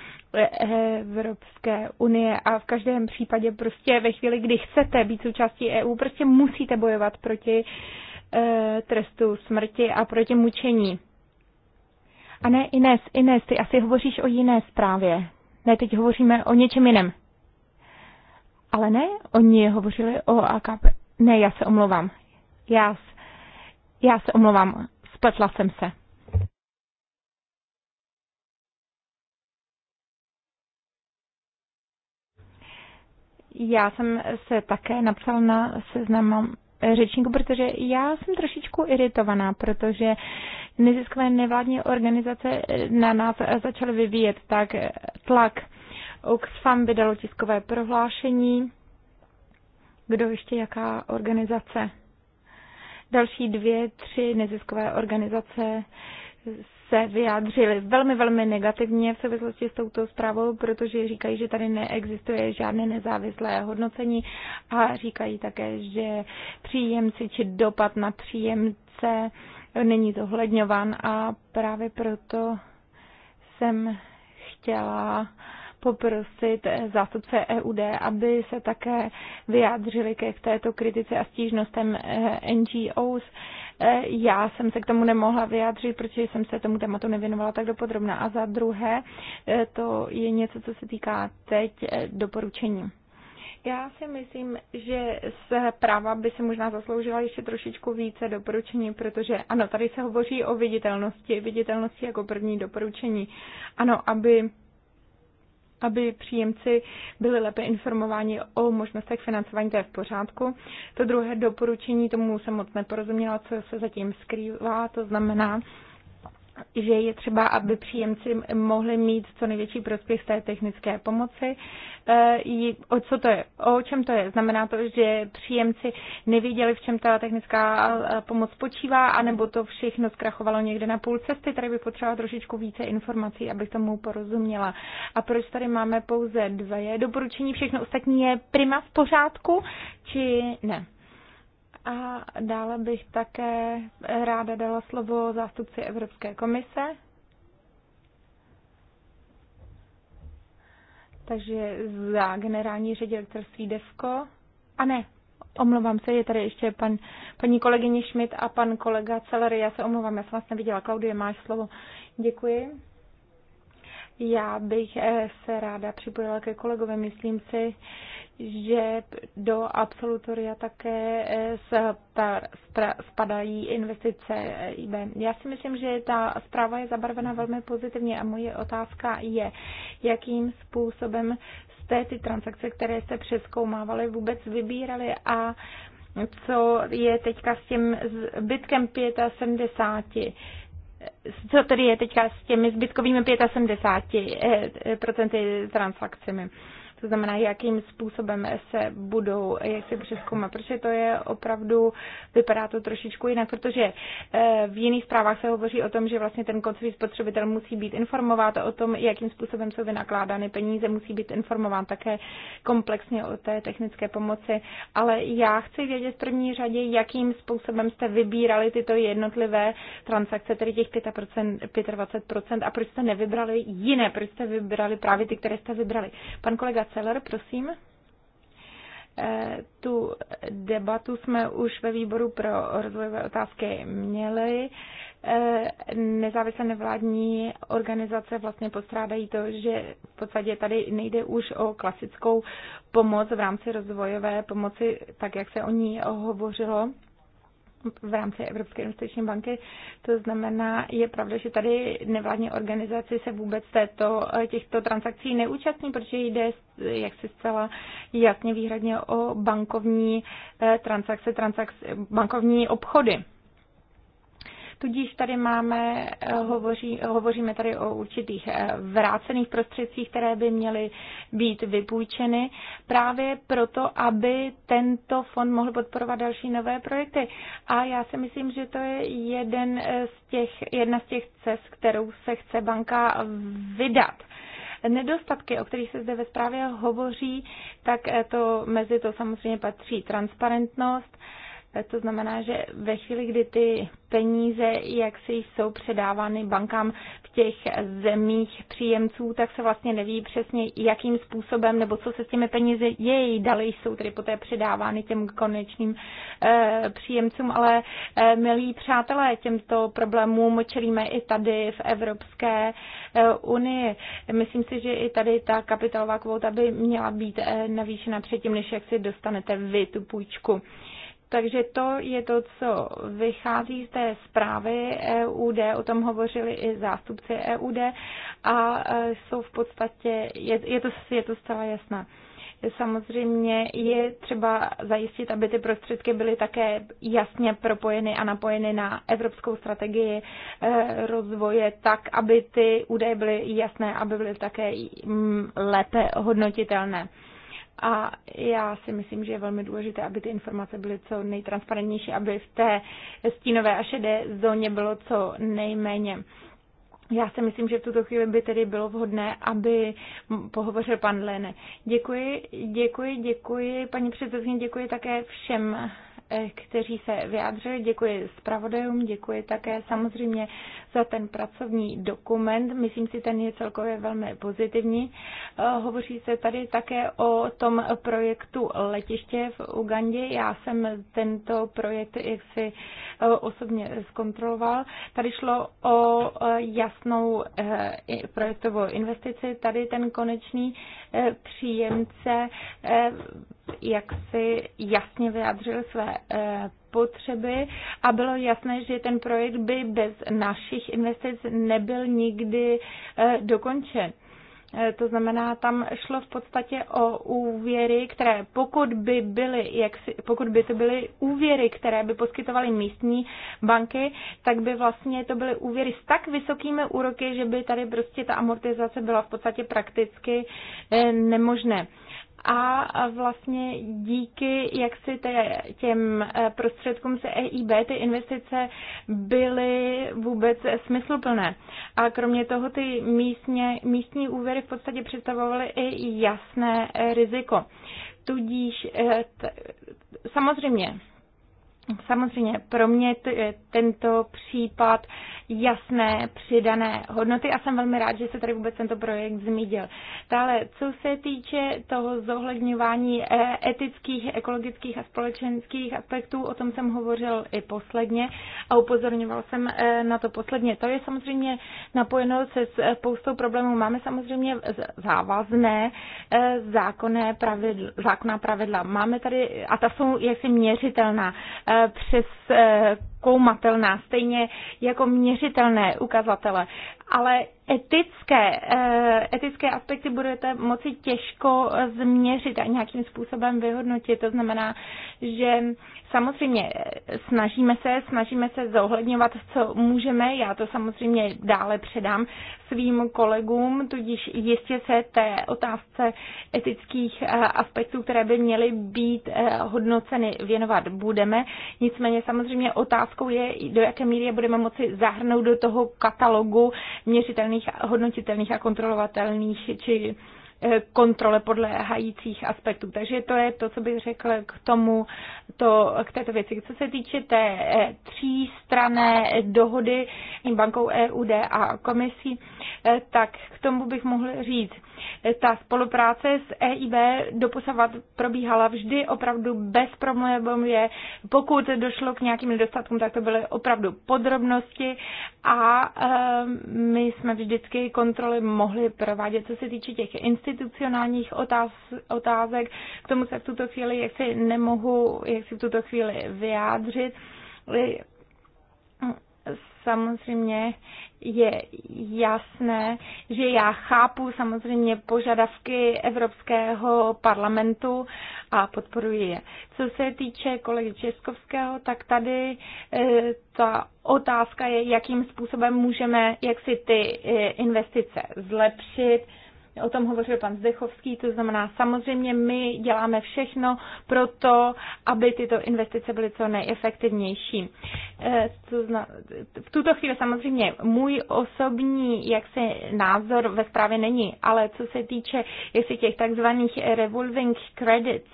Evropské unie a v každém případě prostě ve chvíli, kdy chcete být součástí EU, prostě musíte bojovat proti eh, trestu smrti a proti mučení. A ne, Ines, Ines, ty asi hovoříš o jiné zprávě. Ne, teď hovoříme o něčem jiném. Ale ne, oni hovořili o AKP. Ne, já se omlouvám. Já já se omlouvám, spletla jsem se. Já jsem se také napsala na seznam řečníku, protože já jsem trošičku iritovaná, protože neziskové nevládní organizace na nás začaly vyvíjet tak tlak. Oxfam vydalo tiskové prohlášení. Kdo ještě jaká organizace? další dvě, tři neziskové organizace se vyjádřili velmi, velmi negativně v souvislosti s touto zprávou, protože říkají, že tady neexistuje žádné nezávislé hodnocení a říkají také, že příjemci či dopad na příjemce není zohledňovan a právě proto jsem chtěla uh, poprosit zástupce EUD, aby se také vyjádřili ke této kritice a stížnostem eh, NGOs. Eh, já jsem se k tomu nemohla vyjádřit, protože jsem se tomu tématu nevěnovala tak dopodrobná. A za druhé, eh, to je něco, co se týká teď doporučení. Já si myslím, že z práva by se možná zasloužila ještě trošičku více doporučení, protože ano, tady se hovoří o viditelnosti, viditelnosti jako první doporučení. Ano, aby aby příjemci byli lépe informováni o možnostech financování, to je v pořádku. To druhé doporučení, tomu jsem moc neporozuměla, co se zatím skrývá, to znamená, že je třeba, aby příjemci mohli mít co největší prospěch z té technické pomoci. E, o, co to je? o čem to je? Znamená to, že příjemci nevěděli, v čem ta technická e, pomoc počívá, anebo to všechno zkrachovalo někde na půl cesty. Tady bych potřebovala trošičku více informací, abych tomu porozuměla. A proč tady máme pouze dvě doporučení? Všechno ostatní je prima v pořádku, či ne? A dále bych také ráda dala slovo zástupci Evropské komise. Takže za generální ředitelství DEVKO. A ne, omlouvám se, je tady ještě pan, paní kolegyně Schmidt a pan kolega Celery. Já se omlouvám, já jsem vás neviděla. Klaudie, máš slovo. Děkuji. Já bych eh, se ráda připojila ke kolegovi. Myslím si, že do absolutoria také eh, spadají investice eh, Já si myslím, že ta zpráva je zabarvena velmi pozitivně a moje otázka je, jakým způsobem jste ty transakce, které jste přeskoumávali, vůbec vybírali a co je teďka s tím bytkem 75 co tedy je teďka s těmi zbytkovými 75% eh, eh, transakcemi to znamená, jakým způsobem se budou, jak se přeskoumat, protože to je opravdu, vypadá to trošičku jinak, protože eh, v jiných zprávách se hovoří o tom, že vlastně ten koncový spotřebitel musí být informován o tom, jakým způsobem jsou vynakládány peníze, musí být informován také komplexně o té technické pomoci, ale já chci vědět v první řadě, jakým způsobem jste vybírali tyto jednotlivé transakce, tedy těch 5%, 25% a proč jste nevybrali jiné, proč jste vybrali právě ty, které jste vybrali. Pan kolega Celer, prosím. Eh, tu debatu jsme už ve výboru pro rozvojové otázky měli. Eh, nezávislé nevládní organizace vlastně postrádají to, že v podstatě tady nejde už o klasickou pomoc v rámci rozvojové pomoci, tak jak se o ní hovořilo v rámci Evropské investiční banky. To znamená, je pravda, že tady nevládní organizace se vůbec této, těchto transakcí neúčastní, protože jde, jak si zcela jasně výhradně o bankovní eh, transakce, transakce bankovní obchody. Tudíž tady máme, eh, hovoří, hovoříme tady o určitých eh, vrácených prostředcích, které by měly být vypůjčeny právě proto, aby tento fond mohl podporovat další nové projekty. A já si myslím, že to je jeden eh, z těch, jedna z těch cest, kterou se chce banka vydat nedostatky, o kterých se zde ve zprávě hovoří, tak to mezi to samozřejmě patří transparentnost to znamená, že ve chvíli, kdy ty peníze jaksi jsou předávány bankám v těch zemích příjemců, tak se vlastně neví přesně, jakým způsobem nebo co se s těmi penězi její dali, jsou tedy poté předávány těm konečným e, příjemcům, ale e, milí přátelé, těmto problémům čelíme i tady v Evropské e, unii. Myslím si, že i tady ta kapitálová kvota by měla být e, navýšena předtím, než jak si dostanete vy tu půjčku. E, takže to je to, co vychází z té zprávy EUD, o tom hovořili i zástupci EUD a e, jsou v podstatě, je, je, to, je to zcela jasné. Samozřejmě je třeba zajistit, aby ty prostředky byly také jasně propojeny a napojeny na evropskou strategii e, rozvoje tak, aby ty údaje byly jasné, aby byly také mm, lépe hodnotitelné. A já si myslím, že je velmi důležité, aby ty informace byly co nejtransparentnější, aby v té stínové a šedé zóně bylo co nejméně. Já si myslím, že v tuto chvíli by tedy bylo vhodné, aby pohovořil pan Lene. Děkuji, děkuji, děkuji, paní předsedkyně, děkuji také všem Eh, kteří se vyjádřili. Děkuji zpravodajům, děkuji také samozřejmě za ten pracovní dokument. Myslím si, ten je celkově velmi pozitivní. Eh, hovoří se tady také o tom projektu letiště v Ugandě. Já jsem tento projekt jaksi eh, osobně zkontroloval. Tady šlo o jasnou projektovou investici. Tady ten konečný Eh, příjemce eh, jak si jasně vyjádřil své eh, potřeby a bylo jasné, že ten projekt by bez našich investic nebyl nikdy dokončen. Eh, to znamená, tam šlo v podstatě o úvěry, které pokud by, byly, jak si, pokud by to byly úvěry, které by poskytovaly místní banky, tak by vlastně to byly úvěry s tak vysokými úroky, že by tady prostě ta amortizace byla v podstatě prakticky eh, nemožné a vlastně díky jak si te, těm eh, prostředkům se EIB ty investice byly vůbec smysluplné. A kromě toho ty místně, místní úvěry v podstatě představovaly i jasné riziko. Tudíž eh, samozřejmě Samozřejmě pro mě t- tento případ jasné přidané hodnoty a jsem velmi rád, že se tady vůbec tento projekt zmídil. Dále, co se týče toho zohledňování eh, etických, ekologických a společenských aspektů, o tom jsem hovořil i posledně a upozorňoval jsem eh, na to posledně. To je samozřejmě napojeno se eh, spoustou problémů. Máme samozřejmě závazné zákonné pravidla, zákonná pravidla. Máme tady, a ta jsou jaksi měřitelná Eh, přes eh, zkoumatelná, stejně jako měřitelné ukazatele. Ale etické, eh, etické aspekty budete moci těžko změřit a nějakým způsobem vyhodnotit. To znamená, že samozřejmě eh, snažíme se, snažíme se zohledňovat, co můžeme. Já to samozřejmě dále předám svým kolegům, tudíž jistě se té otázce etických eh, aspektů, které by měly být hodnoceny, věnovat budeme. Nicméně samozřejmě otázka otázkou je, do jaké míry je budeme moci zahrnout do toho katalogu měřitelných, hodnotitelných a kontrolovatelných či eh, kontrole podléhajících aspektů. Takže to je to, co bych řekl k tomu, to, k této věci. Co se týče té eh, třístrané dohody bankou EUD a komisí, eh, tak k tomu bych mohl říct, ta spolupráce s EIB doposavat probíhala vždy opravdu bez bezproblémově. Pokud došlo k nějakým nedostatkům, tak to byly opravdu podrobnosti a ehm, my jsme vždycky kontroly mohli provádět, co se týče těch institucionálních otáz, otázek. K tomu se v tuto chvíli, jak si nemohu, jak si v tuto chvíli vyjádřit samozřejmě je jasné, že já chápu samozřejmě požadavky Evropského parlamentu a podporuji je. Co se týče kolegy Českovského, tak tady eh, ta otázka je, jakým způsobem můžeme jak si ty eh, investice zlepšit, o tom hovořil pan Zdechovský, to znamená samozřejmě my děláme všechno pro to, aby tyto investice byly co nejefektivnější. E, v tuto chvíli samozřejmě můj osobní jaksi názor ve zprávě není, ale co se týče jestli těch takzvaných revolving credits,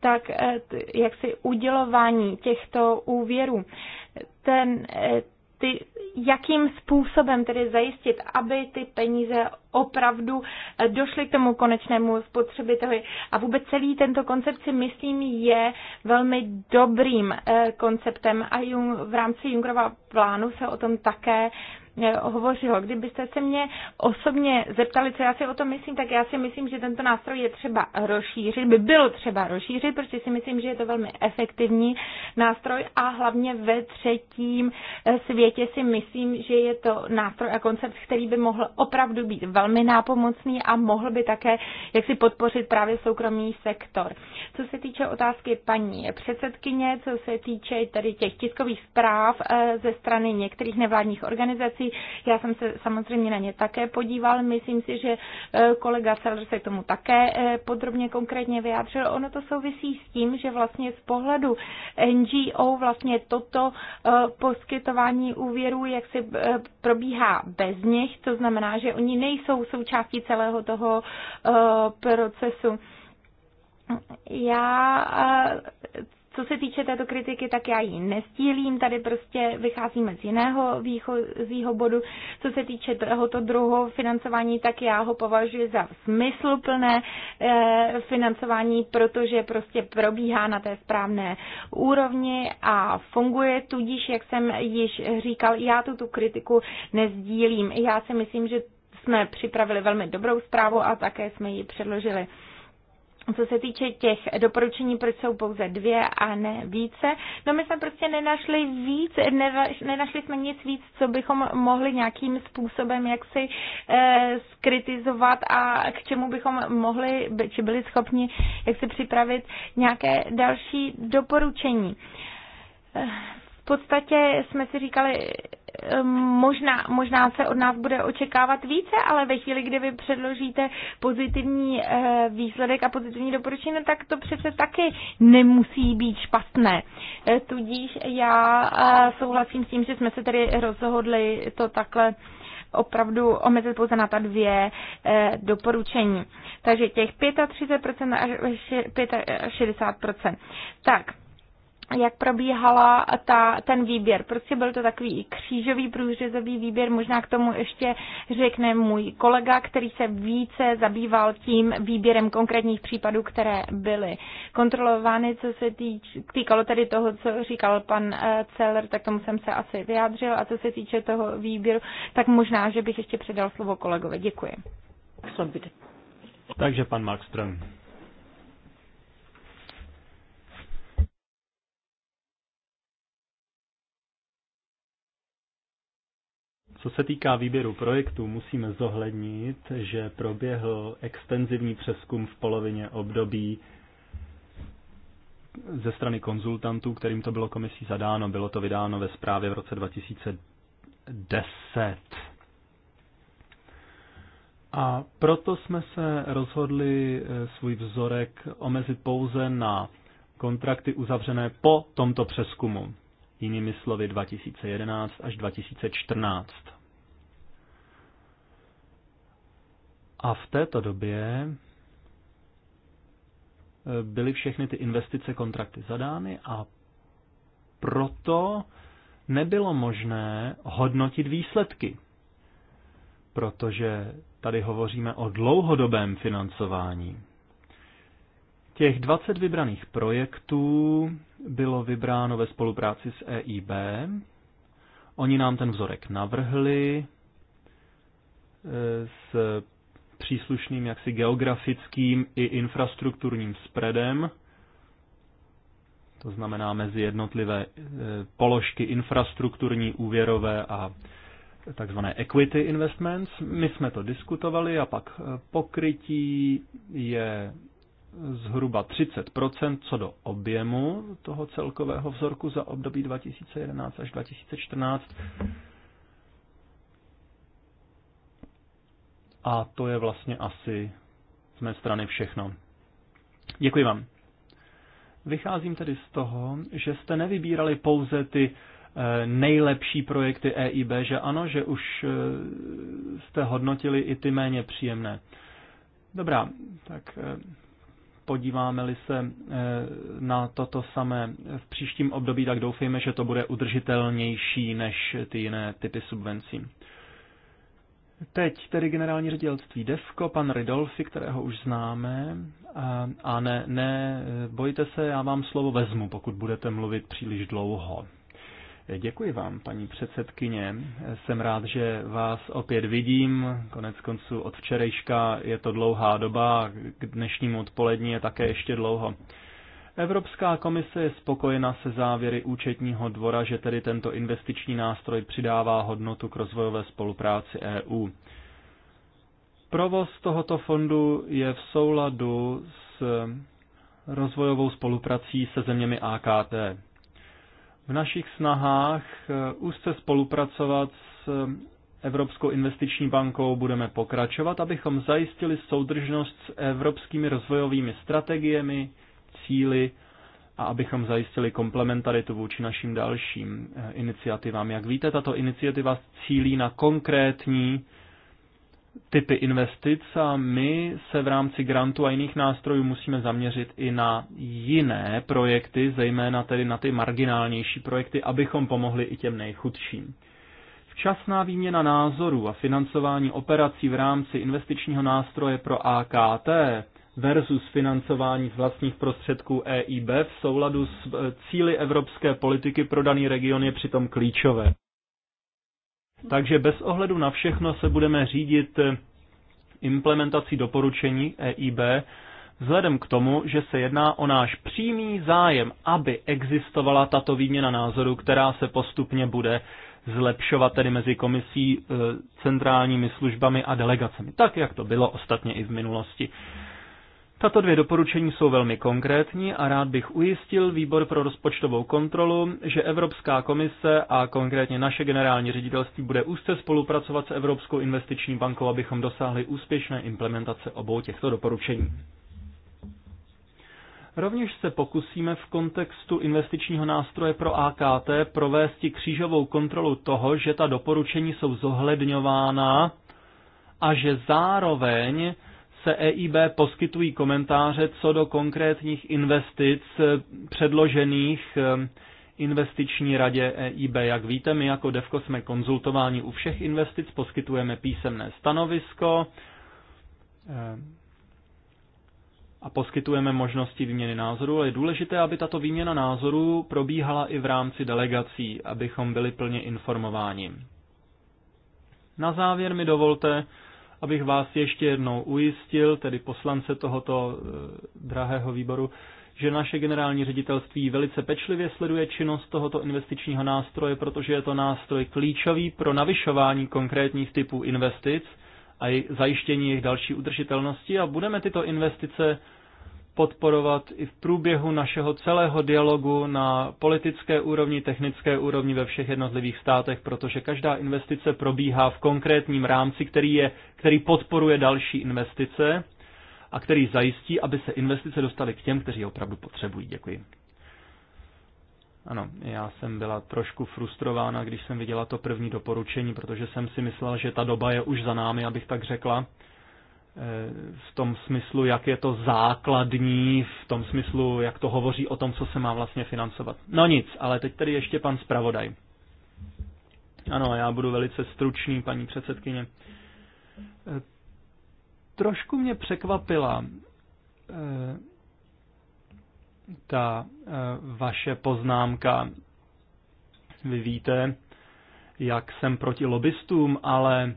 tak e, jak si udělování těchto úvěrů. Ten, e, ty, jakým způsobem tedy zajistit, aby ty peníze opravdu eh, došly k tomu konečnému spotřebiteli. A vůbec celý tento koncept si myslím je velmi dobrým eh, konceptem a v rámci Jungrova plánu se o tom také hovořilo. Kdybyste se mě osobně zeptali, co já si o tom myslím, tak já si myslím, že tento nástroj je třeba rozšířit, by bylo třeba rozšířit, protože si myslím, že je to velmi efektivní nástroj a hlavně ve třetím eh, světě si myslím, že je to nástroj a koncept, který by mohl opravdu být velmi nápomocný a mohl by také jak si podpořit právě soukromý sektor. Co se týče otázky paní předsedkyně, co se týče tady těch tiskových zpráv eh, ze strany některých nevládních organizací, věcí. Já jsem se samozřejmě na ně také podíval. Myslím si, že eh, kolega Celer se tomu také eh, podrobně konkrétně vyjádřil. Ono to souvisí s tím, že vlastně z pohledu NGO vlastně toto eh, poskytování úvěrů, jak si probíhá bez nich, to znamená, že oni nejsou součástí celého toho procesu. Já co se týče této kritiky, tak já ji nestílím, tady prostě vycházíme z jiného výchozího bodu. Co se týče tohoto druhého financování, tak já ho považuji za smysluplné eh, financování, protože prostě probíhá na té správné úrovni a funguje, tudíž, jak jsem již říkal, já tuto kritiku nezdílím. Já si myslím, že jsme připravili velmi dobrou zprávu a také jsme ji předložili co se týče těch doporučení, proč jsou pouze dvě a ne více, no my jsme prostě nenašli víc, nenašli jsme nic víc, co bychom mohli nějakým způsobem jaksi eh, skritizovat a k čemu bychom mohli, či byli schopni jaksi připravit nějaké další doporučení. Eh, v podstatě jsme si říkali, eh, možná, možná se od nás bude očekávat více, ale ve chvíli, kdy vy předložíte pozitivní eh, výsledek a pozitivní doporučení, no tak to přece taky nemusí být špatné. Eh, tudíž já souhlasím s tím, že jsme se tedy rozhodli to takhle opravdu omezit pouze na ta dvě eh, doporučení. Takže těch 35% až 65%. Tak, jak probíhala ta, ten výběr. Prostě byl to takový křížový průřezový výběr, možná k tomu ještě řekne můj kolega, který se více zabýval tím výběrem konkrétních případů, které byly kontrolovány, co se týč, týkalo tedy toho, co říkal pan eh, Celer, tak tomu jsem se asi vyjádřil a co se týče toho výběru, tak možná, že bych ještě předal slovo kolegovi. Děkuji. Takže pan Markström. Co se týká výběru projektů, musíme zohlednit, že proběhl extenzivní přeskum v polovině období ze strany konzultantů, kterým to bylo komisí zadáno. Bylo to vydáno ve zprávě v roce 2010. A proto jsme se rozhodli eh, svůj vzorek omezit pouze na kontrakty uzavřené po tomto přeskumu jinými slovy 2011 až 2014. A v této době eh, byly všechny ty investice kontrakty zadány a proto nebylo možné hodnotit výsledky, protože tady hovoříme o dlouhodobém financování. Těch 20 vybraných projektů bylo vybráno ve spolupráci s EIB. Oni nám ten vzorek navrhli e, s příslušným jaksi geografickým i infrastrukturním spreadem, to znamená mezi jednotlivé e, položky infrastrukturní, úvěrové a takzvané equity investments. My jsme to diskutovali a pak e, pokrytí je zhruba 30 co do objemu toho celkového vzorku za období 2011 až 2014. A to je vlastně asi z mé strany všechno. Děkuji vám. Vycházím tedy z toho, že jste nevybírali pouze ty eh, nejlepší projekty EIB, že ano, že už eh, jste hodnotili i ty méně příjemné. Dobrá, tak eh, podíváme-li se eh, na toto samé v příštím období, tak doufejme, že to bude udržitelnější než ty jiné typy subvencí. Teď tedy generální ředitelství DEFCO, pan Ridolfi, kterého už známe. A ne, ne, eh, bojte se, já vám slovo vezmu, pokud budete mluvit příliš dlouho. Děkuji vám, paní předsedkyně. Jsem rád, že vás opět vidím. Konec konců od včerejška je to dlouhá doba, k dnešnímu odpolední je také ještě dlouho. Evropská komise je spokojena se závěry účetního dvora, že tedy tento investiční nástroj přidává hodnotu k rozvojové spolupráci EU. Provoz tohoto fondu je v souladu s rozvojovou spoluprací se zeměmi AKT v našich snahách úzce eh, spolupracovat s eh, Evropskou investiční bankou budeme pokračovat, abychom zajistili soudržnost s evropskými rozvojovými strategiemi, cíly a abychom zajistili komplementaritu vůči našim dalším eh, iniciativám. Jak víte, tato iniciativa cílí na konkrétní typy investic a my se v rámci grantu a jiných nástrojů musíme zaměřit i na jiné projekty, zejména tedy na ty marginálnější projekty, abychom pomohli i těm nejchudším. Včasná výměna názorů a financování operací v rámci investičního nástroje pro AKT versus financování z vlastních prostředků EIB v souladu s e, cíly evropské politiky pro daný region je přitom klíčové. Takže bez ohledu na všechno se budeme řídit eh, implementací doporučení EIB, vzhledem k tomu, že se jedná o náš přímý zájem, aby existovala tato výměna názorů, která se postupně bude zlepšovat tedy mezi komisí, eh, centrálními službami a delegacemi, tak jak to bylo ostatně i v minulosti. Tato dvě doporučení jsou velmi konkrétní a rád bych ujistil Výbor pro rozpočtovou kontrolu, že Evropská komise a konkrétně naše generální ředitelství bude úzce spolupracovat s Evropskou investiční bankou, abychom dosáhli úspěšné implementace obou těchto doporučení. Rovněž se pokusíme v kontextu investičního nástroje pro AKT provést křížovou kontrolu toho, že ta doporučení jsou zohledňována a že zároveň se EIB poskytují komentáře co do konkrétních investic eh, předložených eh, investiční radě EIB. Jak víte, my jako DEVKO jsme konzultováni u všech investic, poskytujeme písemné stanovisko eh, a poskytujeme možnosti výměny názoru. ale je důležité, aby tato výměna názoru probíhala i v rámci delegací, abychom byli plně informováni. Na závěr mi dovolte abych vás ještě jednou ujistil, tedy poslance tohoto eh, drahého výboru, že naše generální ředitelství velice pečlivě sleduje činnost tohoto investičního nástroje, protože je to nástroj klíčový pro navyšování konkrétních typů investic a zajištění jejich další udržitelnosti a budeme tyto investice podporovat i v průběhu našeho celého dialogu na politické úrovni, technické úrovni ve všech jednotlivých státech, protože každá investice probíhá v konkrétním rámci, který, je, který podporuje další investice a který zajistí, aby se investice dostaly k těm, kteří je opravdu potřebují. Děkuji. Ano, já jsem byla trošku frustrována, když jsem viděla to první doporučení, protože jsem si myslela, že ta doba je už za námi, abych tak řekla. Eh, v tom smyslu, jak je to základní, v tom smyslu, jak to hovoří o tom, co se má vlastně financovat. No nic, ale teď tady ještě pan zpravodaj. Ano, já budu velice stručný, paní předsedkyně. Eh, trošku mě překvapila eh, ta vaše poznámka. Vy víte, jak jsem proti lobbystům, ale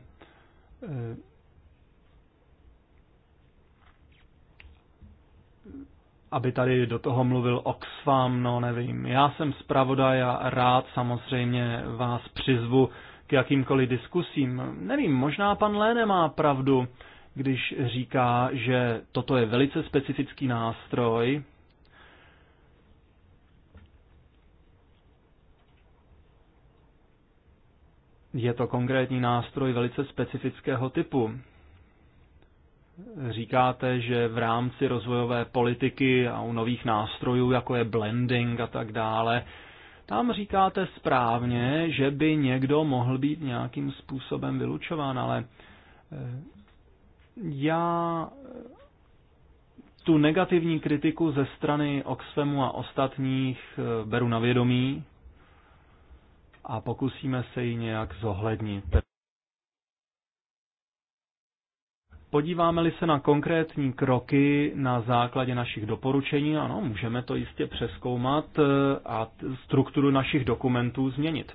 aby tady do toho mluvil Oxfam, no nevím. Já jsem zpravodaj a rád samozřejmě vás přizvu k jakýmkoliv diskusím. Nevím, možná pan Léne má pravdu, když říká, že toto je velice specifický nástroj, Je to konkrétní nástroj velice specifického typu říkáte, že v rámci rozvojové politiky a u nových nástrojů, jako je blending a tak dále, tam říkáte správně, že by někdo mohl být nějakým způsobem vylučován, ale eh, já eh, tu negativní kritiku ze strany Oxfamu a ostatních eh, beru na vědomí a pokusíme se ji nějak zohlednit. Podíváme-li se na konkrétní kroky na základě našich doporučení, ano, můžeme to jistě přeskoumat eh, a strukturu našich dokumentů změnit.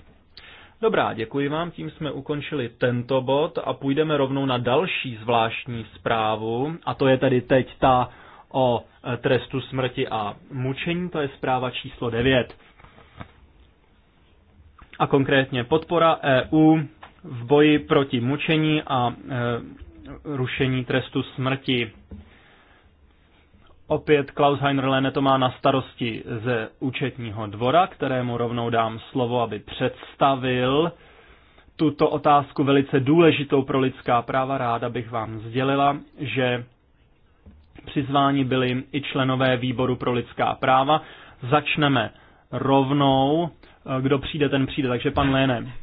Dobrá, děkuji vám, tím jsme ukončili tento bod a půjdeme rovnou na další zvláštní zprávu, a to je tedy teď ta o eh, trestu smrti a mučení, to je zpráva číslo 9. A konkrétně podpora EU v boji proti mučení a eh, rušení trestu smrti. Opět Klaus Heinrlene to má na starosti ze účetního dvora, kterému rovnou dám slovo, aby představil tuto otázku velice důležitou pro lidská práva. Ráda bych vám sdělila, že přizváni byli i členové výboru pro lidská práva. Začneme rovnou. Kdo přijde, ten přijde. Takže pan Léne.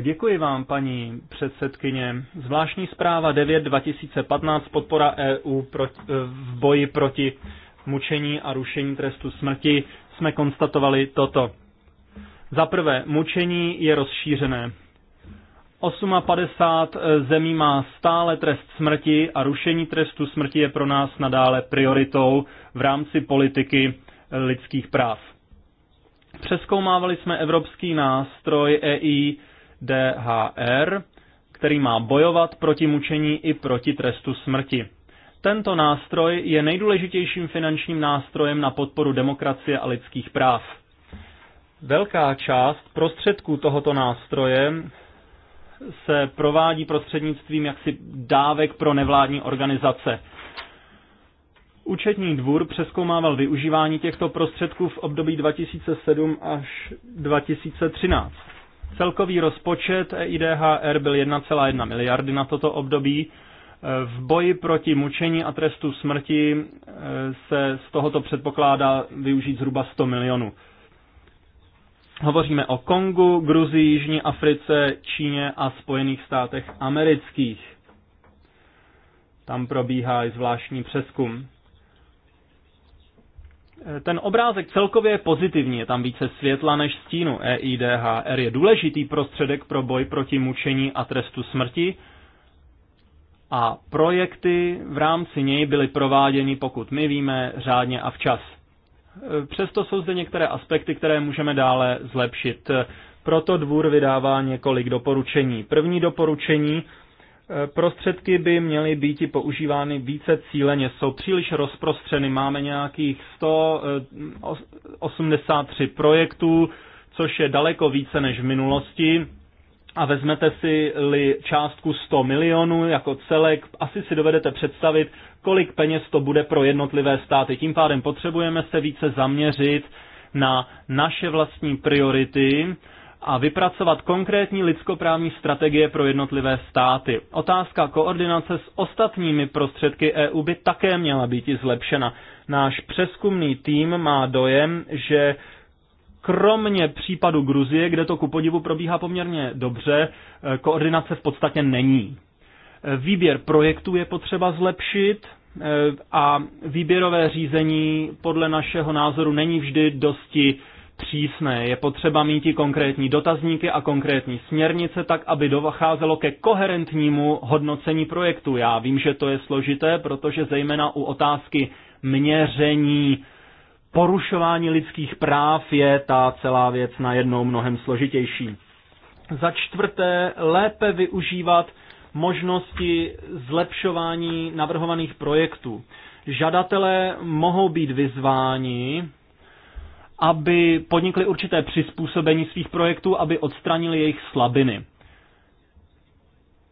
Děkuji vám, paní předsedkyně. Zvláštní zpráva 9 2015 podpora EU proti, eh, v boji proti mučení a rušení trestu smrti jsme konstatovali toto. Za prvé, mučení je rozšířené. 58 eh, zemí má stále trest smrti a rušení trestu smrti je pro nás nadále prioritou v rámci politiky eh, lidských práv. Přeskoumávali jsme evropský nástroj EI DHR, který má bojovat proti mučení i proti trestu smrti. Tento nástroj je nejdůležitějším finančním nástrojem na podporu demokracie a lidských práv. Velká část prostředků tohoto nástroje se provádí prostřednictvím jaksi dávek pro nevládní organizace. Účetní dvůr přeskoumával využívání těchto prostředků v období 2007 až 2013. Celkový rozpočet e IDHR byl 1,1 miliardy na toto období. E, v boji proti mučení a trestu smrti e, se z tohoto předpokládá využít zhruba 100 milionů. Hovoříme o Kongu, Gruzii, Jižní Africe, Číně a Spojených státech amerických. Tam probíhá i zvláštní přeskum ten obrázek celkově je pozitivní, je tam více světla než stínu. EIDHR je důležitý prostředek pro boj proti mučení a trestu smrti a projekty v rámci něj byly prováděny, pokud my víme, řádně a včas. Přesto jsou zde některé aspekty, které můžeme dále zlepšit. Proto dvůr vydává několik doporučení. První doporučení Eh, prostředky by měly být používány více cíleně, jsou příliš rozprostřeny. Máme nějakých 183 eh, projektů, což je daleko více než v minulosti. A vezmete si-li částku 100 milionů jako celek, asi si dovedete představit, kolik peněz to bude pro jednotlivé státy. Tím pádem potřebujeme se více zaměřit na naše vlastní priority a vypracovat konkrétní lidskoprávní strategie pro jednotlivé státy. Otázka koordinace s ostatními prostředky EU by také měla být i zlepšena. Náš přeskumný tým má dojem, že kromě případu Gruzie, kde to ku podivu probíhá poměrně dobře, e, koordinace v podstatě není. E, výběr projektů je potřeba zlepšit e, a výběrové řízení podle našeho názoru není vždy dosti přísné. Je potřeba mít i konkrétní dotazníky a konkrétní směrnice, tak aby docházelo ke koherentnímu hodnocení projektu. Já vím, že to je složité, protože zejména u otázky měření porušování lidských práv je ta celá věc najednou mnohem složitější. Za čtvrté, lépe využívat možnosti zlepšování navrhovaných projektů. Žadatelé mohou být vyzváni aby podnikli určité přizpůsobení svých projektů, aby odstranili jejich slabiny.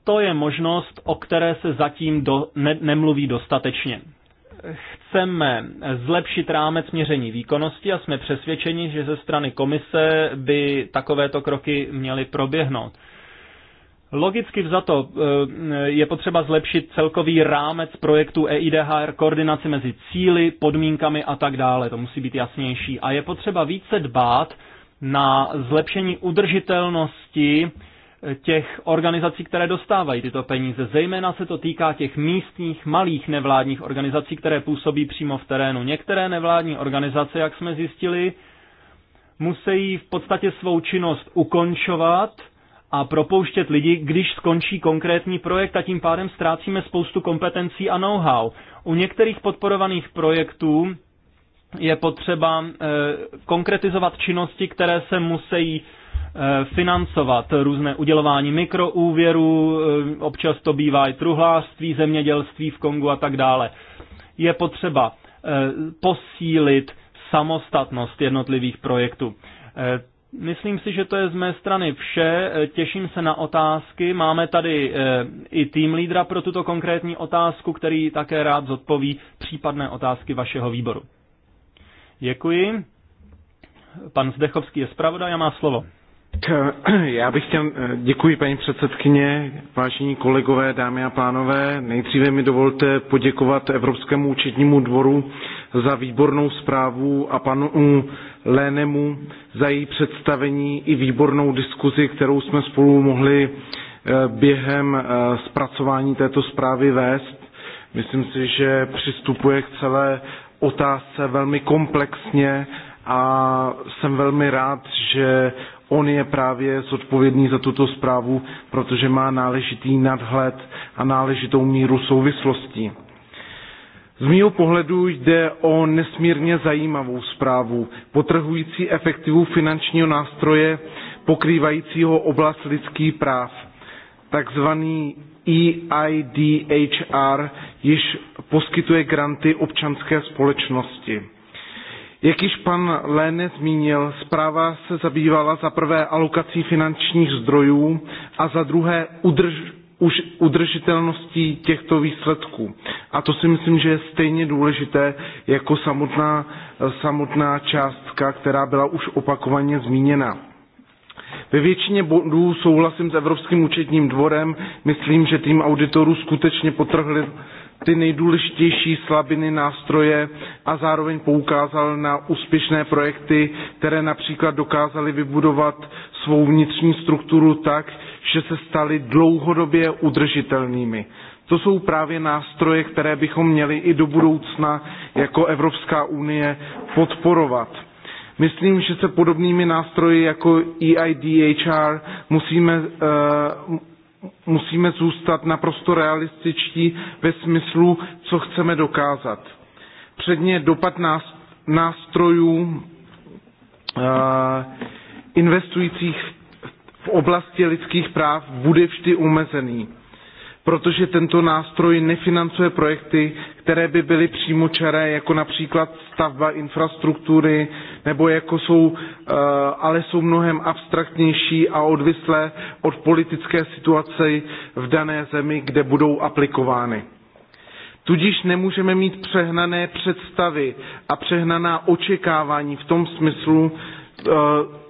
To je možnost, o které se zatím do, ne, nemluví dostatečně. Chceme zlepšit rámec měření výkonnosti a jsme přesvědčeni, že ze strany komise by takovéto kroky měly proběhnout. Logicky vzato eh, je potřeba zlepšit celkový rámec projektu EIDHR, koordinaci mezi cíly, podmínkami a tak dále. To musí být jasnější. A je potřeba více dbát na zlepšení udržitelnosti eh, těch organizací, které dostávají tyto peníze. Zejména se to týká těch místních malých nevládních organizací, které působí přímo v terénu. Některé nevládní organizace, jak jsme zjistili, musí v podstatě svou činnost ukončovat – a propouštět lidi, když skončí konkrétní projekt a tím pádem ztrácíme spoustu kompetencí a know-how. U některých podporovaných projektů je potřeba e, konkretizovat činnosti, které se musí e, eh, financovat. Různé udělování mikroúvěrů, e, občas to bývá i truhlářství, zemědělství v Kongu a tak dále. Je potřeba e, posílit samostatnost jednotlivých projektů. E, Myslím si, že to je z mé strany vše. E, těším se na otázky. Máme tady e, i tým lídra pro tuto konkrétní otázku, který také rád zodpoví případné otázky vašeho výboru. Děkuji. Pan Zdechovský je zpravodaj a má slovo. Eh, já bych chtěl, eh, děkuji paní předsedkyně, vážení kolegové, dámy a pánové. Nejdříve mi dovolte poděkovat Evropskému účetnímu dvoru za výbornou zprávu a panu mm, Lénemu za její představení i výbornou diskuzi, kterou jsme spolu mohli eh, během eh, zpracování této zprávy vést. Myslím si, že přistupuje k celé otázce velmi komplexně a jsem velmi rád, že on je právě zodpovědný za tuto zprávu, protože má náležitý nadhled a náležitou míru souvislostí. Z mého pohledu jde o nesmírně zajímavou zprávu, potrhující efektivu finančního nástroje pokrývajícího oblast lidských práv, takzvaný EIDHR již poskytuje granty občanské společnosti. Jak již pan Léne zmínil, zpráva se zabývala za prvé alokací finančních zdrojů a za druhé udrž, už udržitelností těchto výsledků. A to si myslím, že je stejně důležité jako samotná, samotná částka, která byla už opakovaně zmíněna. Ve většině bodů souhlasím s Evropským účetním dvorem. Myslím, že tým auditorů skutečně potrhli ty nejdůležitější slabiny nástroje a zároveň poukázal na úspěšné projekty, které například dokázaly vybudovat svou vnitřní strukturu tak, že se staly dlouhodobě udržitelnými. To jsou právě nástroje, které bychom měli i do budoucna jako Evropská unie podporovat. Myslím, že se podobnými nástroji jako EIDHR musíme, uh, musíme zůstat naprosto realističtí ve smyslu, co chceme dokázat. Předně dopad nástrojů uh, investujících v oblasti lidských práv bude vždy omezený, protože tento nástroj nefinancuje projekty, které by byly přímočaré, jako například stavba infrastruktury, nebo jako jsou, eh, ale jsou mnohem abstraktnější a odvislé od politické situace v dané zemi, kde budou aplikovány. Tudíž nemůžeme mít přehnané představy a přehnaná očekávání v tom smyslu, eh,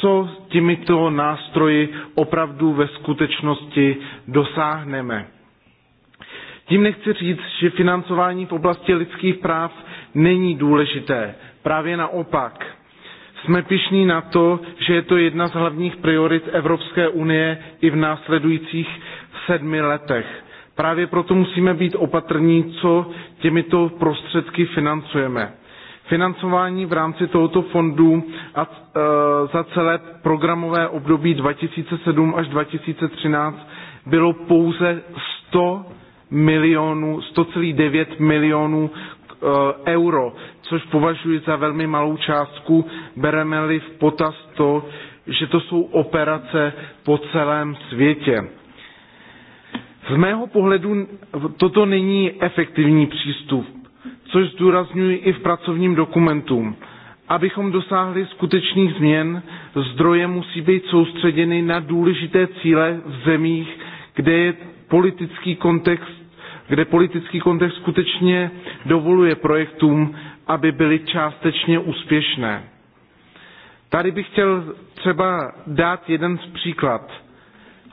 co s těmito nástroji opravdu ve skutečnosti dosáhneme. Tím nechci říct, že financování v oblasti lidských práv není důležité. Právě naopak. Jsme pišní na to, že je to jedna z hlavních priorit Evropské unie i v následujících sedmi letech. Právě proto musíme být opatrní, co těmito prostředky financujeme. Financování v rámci tohoto fondu a e, za celé programové období 2007 až 2013 bylo pouze 100 milionů, 100,9 milionů e, euro, což považuji za velmi malou částku, bereme-li v potaz to, že to jsou operace po celém světě. Z mého pohledu toto není efektivní přístup což zdůrazňuji i v pracovním dokumentu. Abychom dosáhli skutečných změn, zdroje musí být soustředěny na důležité cíle v zemích, kde je politický kontext kde politický kontext skutečně dovoluje projektům, aby byly částečně úspěšné. Tady bych chtěl třeba dát jeden z příklad.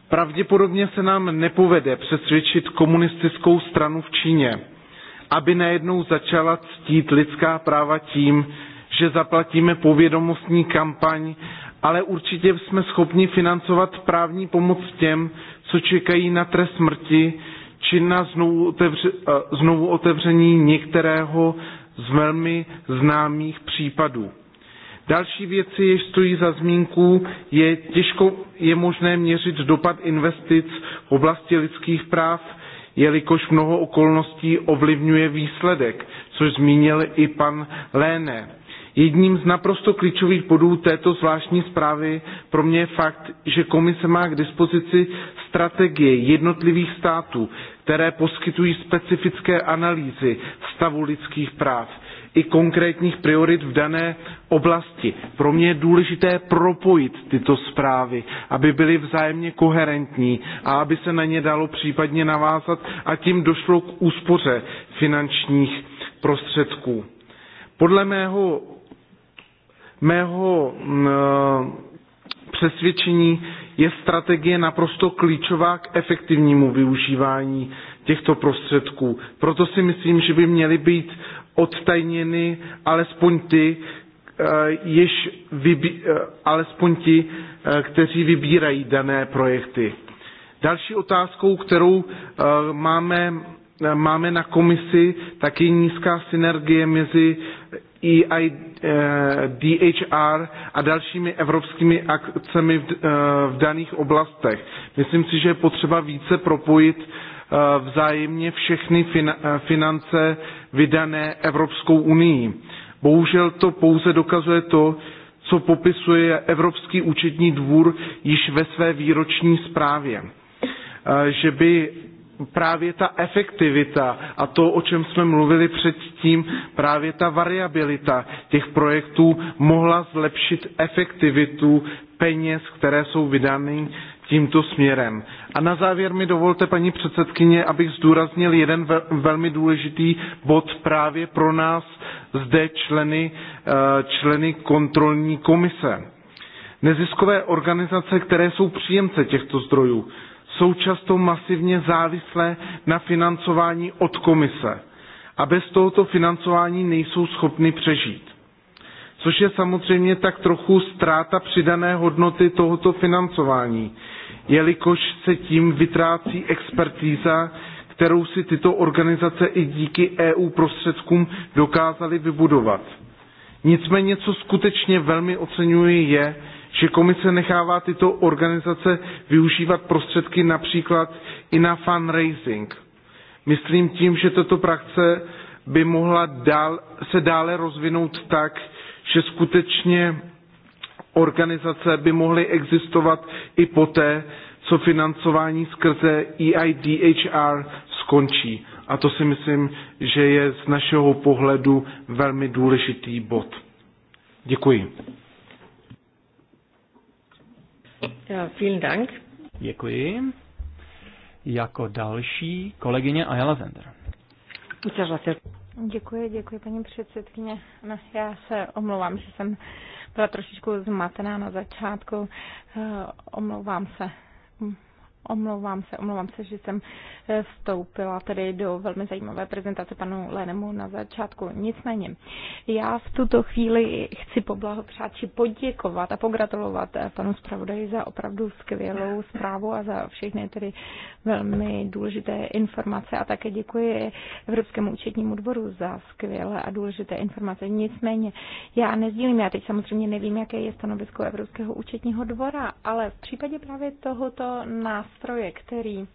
Pravděpodobně se nám nepovede přesvědčit komunistickou stranu v Číně aby najednou začala ctít lidská práva tím, že zaplatíme povědomostní kampaň, ale určitě jsme schopni financovat právní pomoc těm, co čekají na trest smrti, či na znovu, otevře, eh, znovu otevření některého z velmi známých případů. Další věci, jež stojí za zmínku, je těžko je možné měřit dopad investic v oblasti lidských práv, jelikož mnoho okolností ovlivňuje výsledek, což zmínil i pan Léne. Jedním z naprosto klíčových bodů této zvláštní zprávy pro mě je fakt, že komise má k dispozici strategie jednotlivých států, které poskytují specifické analýzy stavu lidských práv i konkrétních priorit v dané oblasti. Pro mě je důležité propojit tyto zprávy, aby byly vzájemně koherentní a aby se na ně dalo případně navázat a tím došlo k úspoře finančních prostředků. Podle mého, mého přesvědčení je strategie naprosto klíčová k efektivnímu využívání těchto prostředků. Proto si myslím, že by měly být odtajněny alespoň ty, eh, jež vybí, eh, alespoň ti, eh, kteří vybírají dané projekty. Další otázkou, kterou máme, máme na komisi, tak je nízká synergie mezi EI, DHR a dalšími evropskými akcemi v, v daných oblastech. Myslím si, že je potřeba více propojit vzájemně všechny finance vydané Evropskou unii. Bohužel to pouze dokazuje to, co popisuje Evropský účetní dvůr již ve své výroční zprávě. E, že by právě ta efektivita a to, o čem jsme mluvili předtím, právě ta variabilita těch projektů mohla zlepšit efektivitu peněz, které jsou vydány tímto směrem. A na závěr mi dovolte, paní předsedkyně, abych zdůraznil jeden ve, velmi důležitý bod právě pro nás zde členy, eh, členy kontrolní komise. Neziskové organizace, které jsou příjemce těchto zdrojů, jsou často masivně závislé na financování od komise a bez tohoto financování nejsou schopny přežít což je samozřejmě tak trochu ztráta přidané hodnoty tohoto financování jelikož se tím vytrácí expertíza, kterou si tyto organizace i díky EU prostředkům dokázaly vybudovat. Nicméně, co skutečně velmi oceňuji, je, že komise nechává tyto organizace využívat prostředky například i na fundraising. Myslím tím, že tato praxe by mohla dál, se dále rozvinout tak, že skutečně organizace by mohly existovat i poté, co financování skrze EIDHR skončí. A to si myslím, že je z našeho pohledu velmi důležitý bod. Děkuji. Ja, vielen Dank. Děkuji. Jako další kolegyně Ayala Zender. Děkuji, děkuji paní předsedkyně. No, já se omlouvám, že jsem byla trošičku zmatená na začátku. Eh, omlouvám se. Omlouvám se, omlouvám se, že jsem eh, vstoupila tedy do velmi zajímavé prezentace panu Lenemu na začátku. Nicméně, já v tuto chvíli chci poblahopřát či poděkovat a pogratulovat eh, panu zpravodaji za opravdu skvělou zprávu a za všechny tedy velmi důležité informace a také děkuji Evropskému účetnímu dvoru za skvělé a důležité informace. Nicméně, já nezdílím, já teď samozřejmě nevím, jaké je stanovisko Evropského účetního dvora, ale v případě právě tohoto nás nástroje, který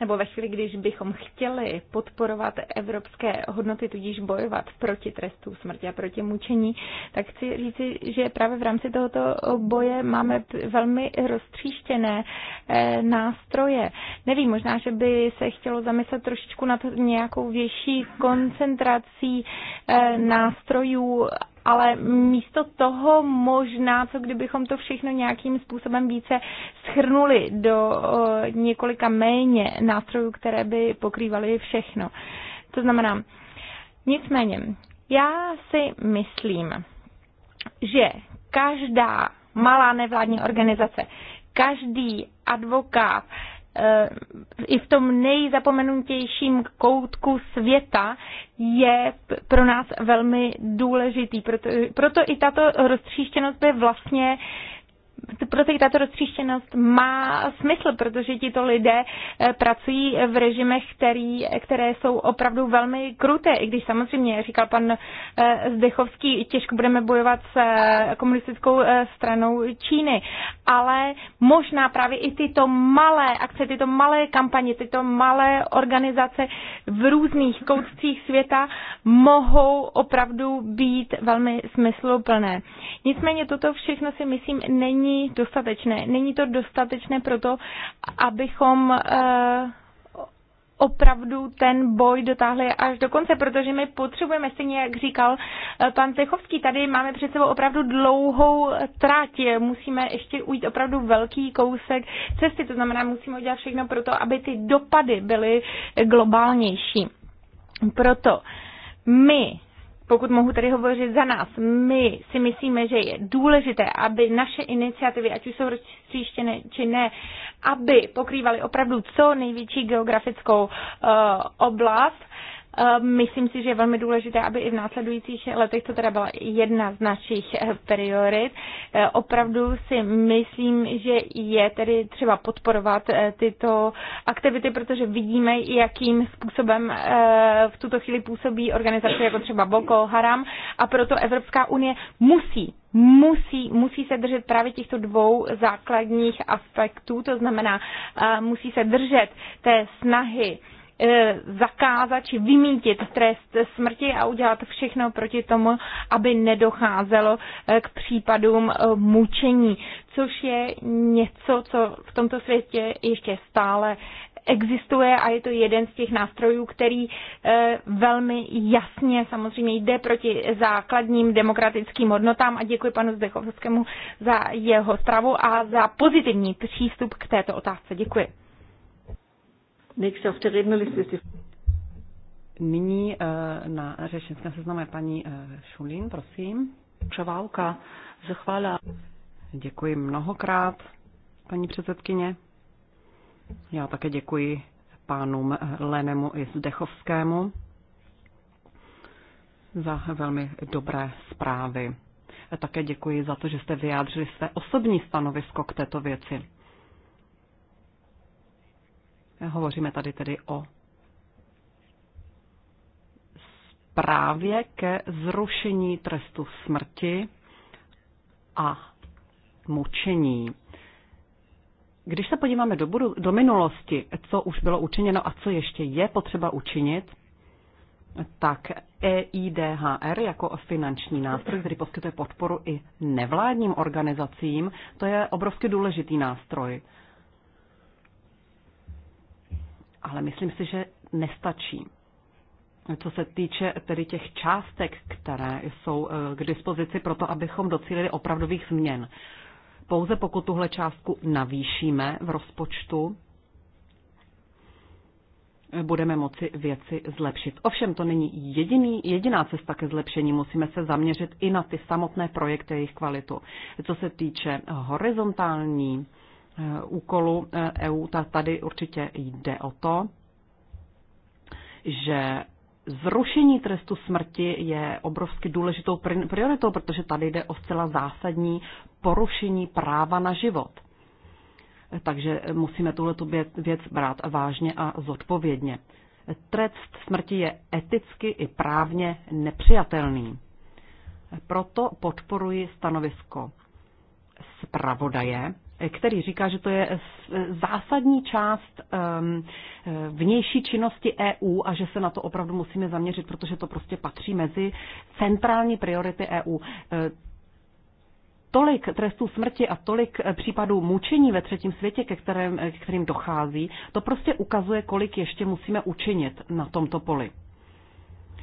nebo ve chvíli, když bychom chtěli podporovat evropské hodnoty, tudíž bojovat proti trestu smrti a proti mučení, tak chci říci, že právě v rámci tohoto boje máme velmi roztříštěné eh, nástroje. Nevím, možná, že by se chtělo zamyslet trošičku nad nějakou větší koncentrací eh, nástrojů ale místo toho možná, co kdybychom to všechno nějakým způsobem více schrnuli do několika méně nástrojů, které by pokrývaly všechno. To znamená, nicméně, já si myslím, že každá malá nevládní organizace, každý advokát, i v tom nejzapomenutějším koutku světa je pro nás velmi důležitý. Proto, proto i tato roztříštěnost by vlastně pro ty tato roztříštěnost má smysl, protože tito lidé eh, pracují v režimech, který, které jsou opravdu velmi kruté, i když samozřejmě, říkal pan eh, Zdechovský, těžko budeme bojovat s eh, komunistickou stranou Číny, ale možná právě i tyto malé akce, tyto malé kampaně, tyto malé organizace v různých koutcích světa mohou opravdu být velmi smysluplné. Nicméně toto všechno si myslím není není dostatečné. Není to dostatečné proto, abychom eh, opravdu ten boj dotáhli až do konce, protože my potřebujeme, stejně jak říkal eh, pan Cechovský, tady máme před sebou opravdu dlouhou tráť. Musíme ještě ujít opravdu velký kousek cesty, to znamená, musíme udělat všechno pro to, aby ty dopady byly globálnější. Proto my pokud mohu tady hovořit za nás, my si myslíme, že je důležité, aby naše iniciativy, ať už jsou rozstříštěné či ne, aby pokrývaly opravdu co největší geografickou uh, oblast Ehm, myslím si, že je velmi důležité, aby i v následujících letech, to teda byla jedna z našich eh, priorit, eh, opravdu si myslím, že je tedy třeba podporovat eh, tyto aktivity, protože vidíme, jakým způsobem v tuto chvíli působí organizace jako třeba Boko Haram a proto Evropská unie musí musí, musí se držet právě těchto dvou základních aspektů, to znamená, musí se držet té snahy Eh, zakázat či vymítit trest smrti a udělat všechno proti tomu, aby nedocházelo eh, k případům eh, mučení, což je něco, co v tomto světě ještě stále existuje a je to jeden z těch nástrojů, který velmi jasně samozřejmě jde proti základním demokratickým hodnotám a děkuji panu Zdechovskému za jeho stravu a za pozitivní přístup k této otázce. Děkuji. Nächste auf der Rednerliste ist die Nyní eh, na řečnickém seznamu je paní eh, Šulín, prosím. Čaválka, zachvála. Děkuji mnohokrát, paní předsedkyně. Já také děkuji pánům eh, Lenemu i Zdechovskému za velmi dobré zprávy. Také děkuji za to, že jste vyjádřili své osobní stanovisko k této věci. Hovoříme tady tedy o zprávě ke zrušení trestu smrti a mučení. Když se podíváme do, budu- do minulosti, co už bylo učiněno a co ještě je potřeba učinit, tak EIDHR jako finanční nástroj, který poskytuje podporu i nevládním organizacím, to je obrovsky důležitý nástroj ale myslím si, že nestačí. Co se týče tedy těch částek, které jsou eh, k dispozici pro to, abychom docílili opravdových změn. Pouze pokud tuhle částku navýšíme v rozpočtu, budeme moci věci zlepšit. Ovšem to není jediný, jediná cesta ke zlepšení. Musíme se zaměřit i na ty samotné projekty, jejich kvalitu. Co se týče horizontální Eh, úkolu EU, eh, e tak tady určitě jde o to, že zrušení trestu smrti je obrovsky důležitou prioritou, protože tady jde o zcela zásadní porušení práva na život. Eh, takže musíme tuhle věc brát vážně a zodpovědně. Trest smrti je eticky i právně nepřijatelný. Proto podporuji stanovisko zpravodaje který říká, že to je zásadní část ehm, vnější činnosti EU a že se na to opravdu musíme zaměřit, protože to prostě patří mezi centrální priority EU eh, tolik trestů smrti a tolik eh, případů mučení ve třetím světě, ke kterým, eh, kterým dochází, to prostě ukazuje, kolik ještě musíme učinit na tomto poli.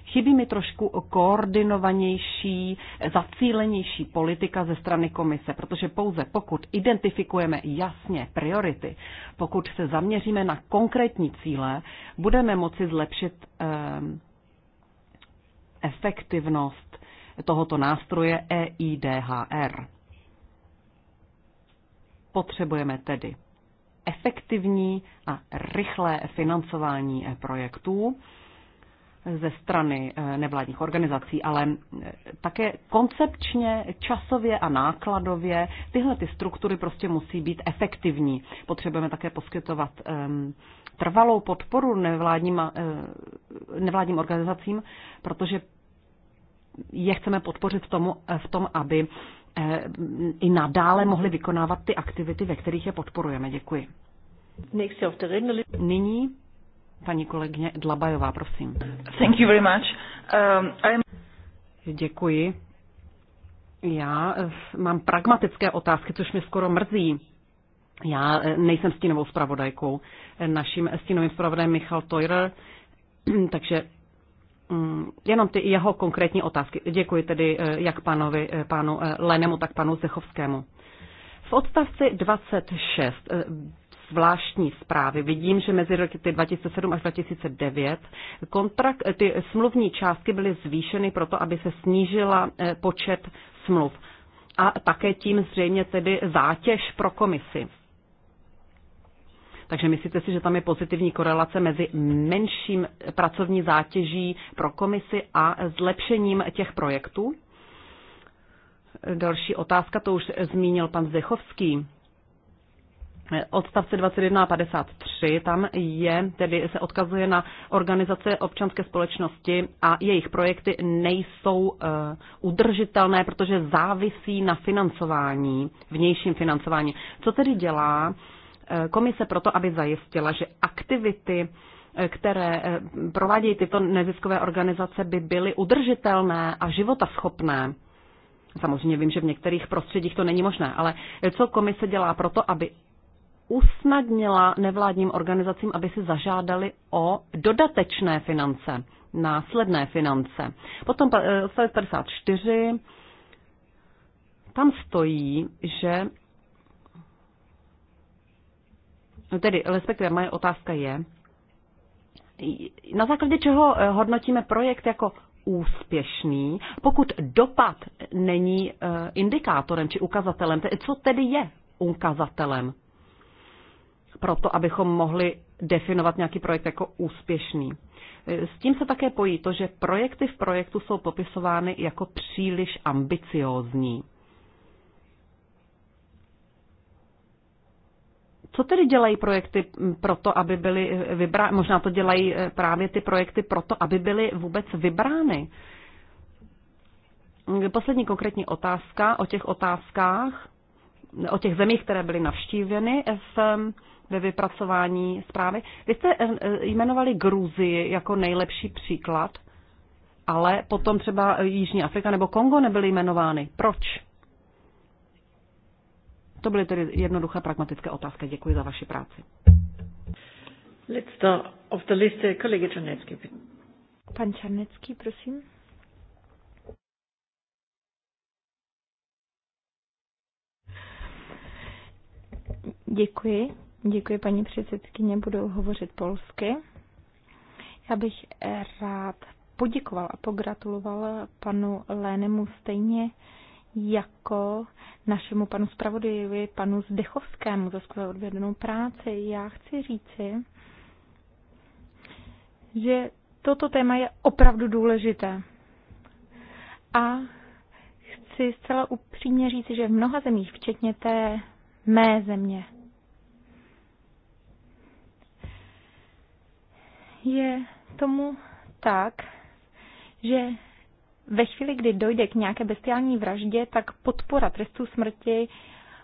Chybí mi trošku koordinovanější, zacílenější politika ze strany komise, protože pouze pokud identifikujeme jasně priority, pokud se zaměříme na konkrétní cíle, budeme moci zlepšit ehm, efektivnost tohoto nástroje EIDHR. Potřebujeme tedy efektivní a rychlé financování eh, projektů ze strany eh, nevládních organizací, ale eh, také koncepčně, časově a nákladově tyhle ty struktury prostě musí být efektivní. Potřebujeme také poskytovat ehm, trvalou podporu nevládním, eh, nevládním organizacím, protože je chceme podpořit v, tomu, v tom, aby i nadále mohli vykonávat ty aktivity, ve kterých je podporujeme. Děkuji. Nyní Paní kolegyně Dlabajová, prosím. Thank you very much. Um, Děkuji. Já eh, mám pragmatické otázky, což mě skoro mrzí. Já eh, nejsem stínovou zpravodajkou. Eh, naším stínovým zpravodajem Michal Teurer, (clears throat) takže mm, jenom ty jeho konkrétní otázky. Děkuji tedy jak panovi, panu Lenemu, tak panu Zechovskému. V odstavci 26 zvláštní zprávy. Vidím, že mezi roky 2007 až 2009 kontrakt, ty smluvní částky byly zvýšeny proto, aby se snížila eh, počet smluv. A také tím zřejmě tedy zátěž pro komisi. Takže myslíte si, že tam je pozitivní korelace mezi menším pracovní zátěží pro komisi a zlepšením těch projektů? Další otázka, to už zmínil pan Zdechovský odstavce 21.53. tam je, tedy se odkazuje na organizace občanské společnosti a jejich projekty nejsou uh, udržitelné, protože závisí na financování, vnějším financování. Co tedy dělá eh, komise proto, aby zajistila, že aktivity eh, které provádějí tyto neziskové organizace, by byly udržitelné a životaschopné. Samozřejmě vím, že v některých prostředích to není možné, ale co komise dělá proto, aby usnadnila nevládním organizacím, aby si zažádali o dodatečné finance, následné finance. Potom eh, odstavec 54, tam stojí, že no tedy respektive moje otázka je, na základě čeho eh, hodnotíme projekt jako úspěšný, pokud dopad není eh, indikátorem či ukazatelem, co tedy je ukazatelem? proto, abychom mohli definovat nějaký projekt jako úspěšný. S tím se také pojí to, že projekty v projektu jsou popisovány jako příliš ambiciózní. Co tedy dělají projekty proto, aby byly vybrány? Možná to dělají eh, právě ty projekty proto, aby byly vůbec vybrány. Poslední konkrétní otázka o těch otázkách, o těch zemích, které byly navštíveny v ve vypracování zprávy. Vy jste eh, eh, jmenovali Gruzii jako nejlepší příklad, ale potom třeba eh, Jižní Afrika nebo Kongo nebyly jmenovány. Proč? To byly tedy jednoduché pragmatické otázky. Děkuji za vaši práci. Let's start the list, kolega Černecký. Pan Černecký, prosím. Děkuji. Děkuji, paní předsedkyně, budu hovořit polsky. Já bych rád poděkoval a pogratuloval panu Lénemu stejně jako našemu panu zpravodajovi, panu Zdechovskému za skvěle odvedenou práci. Já chci říci, že toto téma je opravdu důležité. A chci zcela upřímně říci, že v mnoha zemích, včetně té mé země, je tomu tak, že ve chvíli, kdy dojde k nějaké bestiální vraždě, tak podpora trestu smrti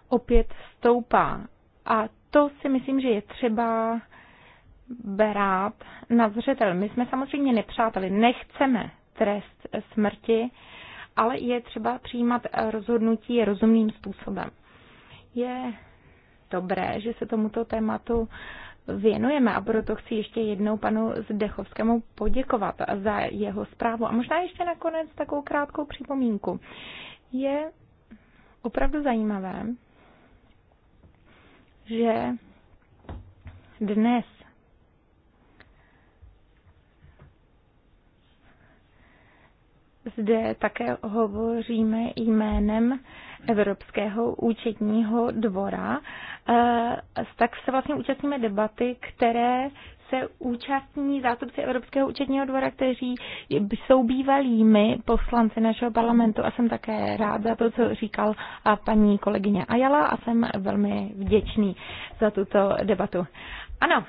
opět stoupá. A to si myslím, že je třeba berát na zřetel. My jsme samozřejmě nepřáteli, nechceme trest smrti, ale je třeba přijímat rozhodnutí rozumným způsobem. Je dobré, že se tomuto tématu věnujeme a proto chci ještě jednou panu Zdechovskému poděkovat za jeho zprávu. A možná ještě nakonec takovou krátkou připomínku. Je opravdu zajímavé, že dnes zde také hovoříme jménem Evropského účetního dvora Eh, tak se vlastně účastníme debaty, které se účastní zástupci Evropského účetního dvora, kteří jsou bývalými poslanci našeho parlamentu a jsem také rád za to, co říkal a paní kolegyně Ajala a jsem velmi vděčný za tuto debatu. Ano,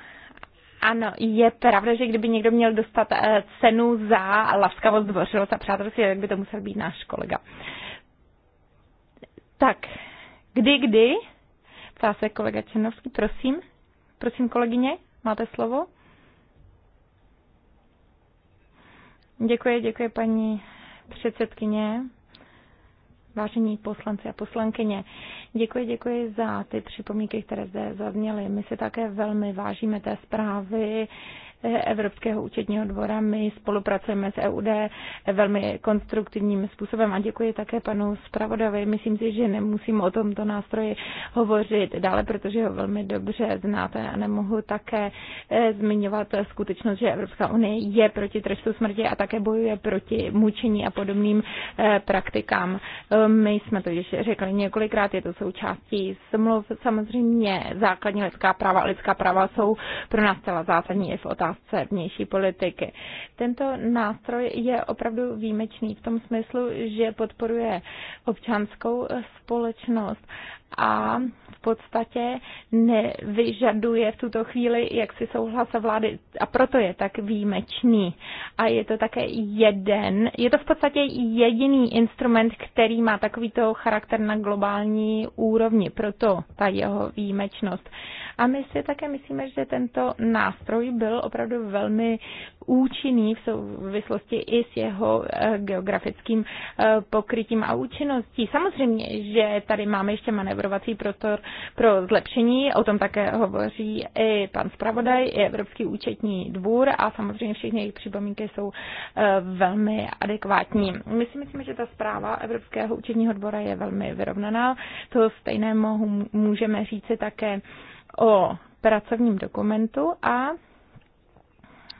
ano, je pravda, že kdyby někdo měl dostat eh, cenu za laskavost, dvořilost a přátelství, tak by to musel být náš kolega. Tak, kdy, kdy Ptá se kolega Černovský, prosím. Prosím, kolegyně, máte slovo. Děkuji, děkuji paní předsedkyně, vážení poslanci a poslankyně. Děkuji, děkuji za ty připomínky, které zde zazněly. My si také velmi vážíme té zprávy, Evropského účetního dvora. My spolupracujeme s EUD velmi konstruktivním způsobem a děkuji také panu zpravodavi. Myslím si, že nemusím o tomto nástroji hovořit dále, protože ho velmi dobře znáte a nemohu také eh, zmiňovat skutečnost, že Evropská unie je proti trestu smrti a také bojuje proti mučení a podobným eh, praktikám. Eh, my jsme to již řekli několikrát, je to součástí smluv. Samozřejmě základní lidská práva a lidská práva jsou pro nás celá zásadní i v otázce otázce vnější politiky. Tento nástroj je opravdu výjimečný v tom smyslu, že podporuje občanskou společnost a podstatě nevyžaduje v tuto chvíli jaksi souhlas vlády a proto je tak výjimečný. A je to také jeden, je to v podstatě jediný instrument, který má takovýto charakter na globální úrovni, proto ta jeho výjimečnost. A my si také myslíme, že tento nástroj byl opravdu velmi účinný v souvislosti i s jeho eh, geografickým eh, pokrytím a účinností. Samozřejmě, že tady máme ještě manevrovací prostor pro zlepšení. O tom také hovoří i pan zpravodaj, i Evropský účetní dvůr a samozřejmě všechny jejich připomínky jsou eh, velmi adekvátní. My si myslíme, že ta zpráva Evropského účetního dvora je velmi vyrovnaná. To stejné můžeme říci také o pracovním dokumentu a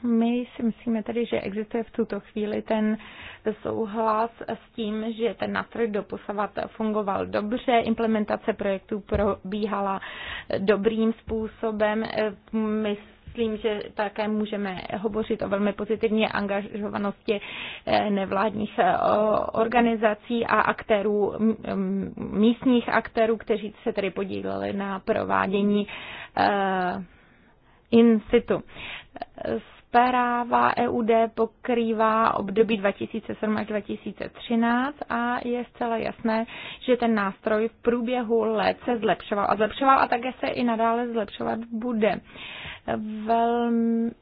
my si myslíme tedy, že existuje v tuto chvíli ten souhlas s tím, že ten nástroj doposavat fungoval dobře, implementace projektů probíhala dobrým způsobem. My myslím, že také můžeme hovořit o velmi pozitivní angažovanosti eh, nevládních eh, organizací a aktérů, místních aktérů, kteří se tedy podíleli na provádění eh, in situ. Práva EUD pokrývá období 2007 až 2013 a je zcela jasné, že ten nástroj v průběhu let se zlepšoval a zlepšoval a také se i nadále zlepšovat bude. Velmi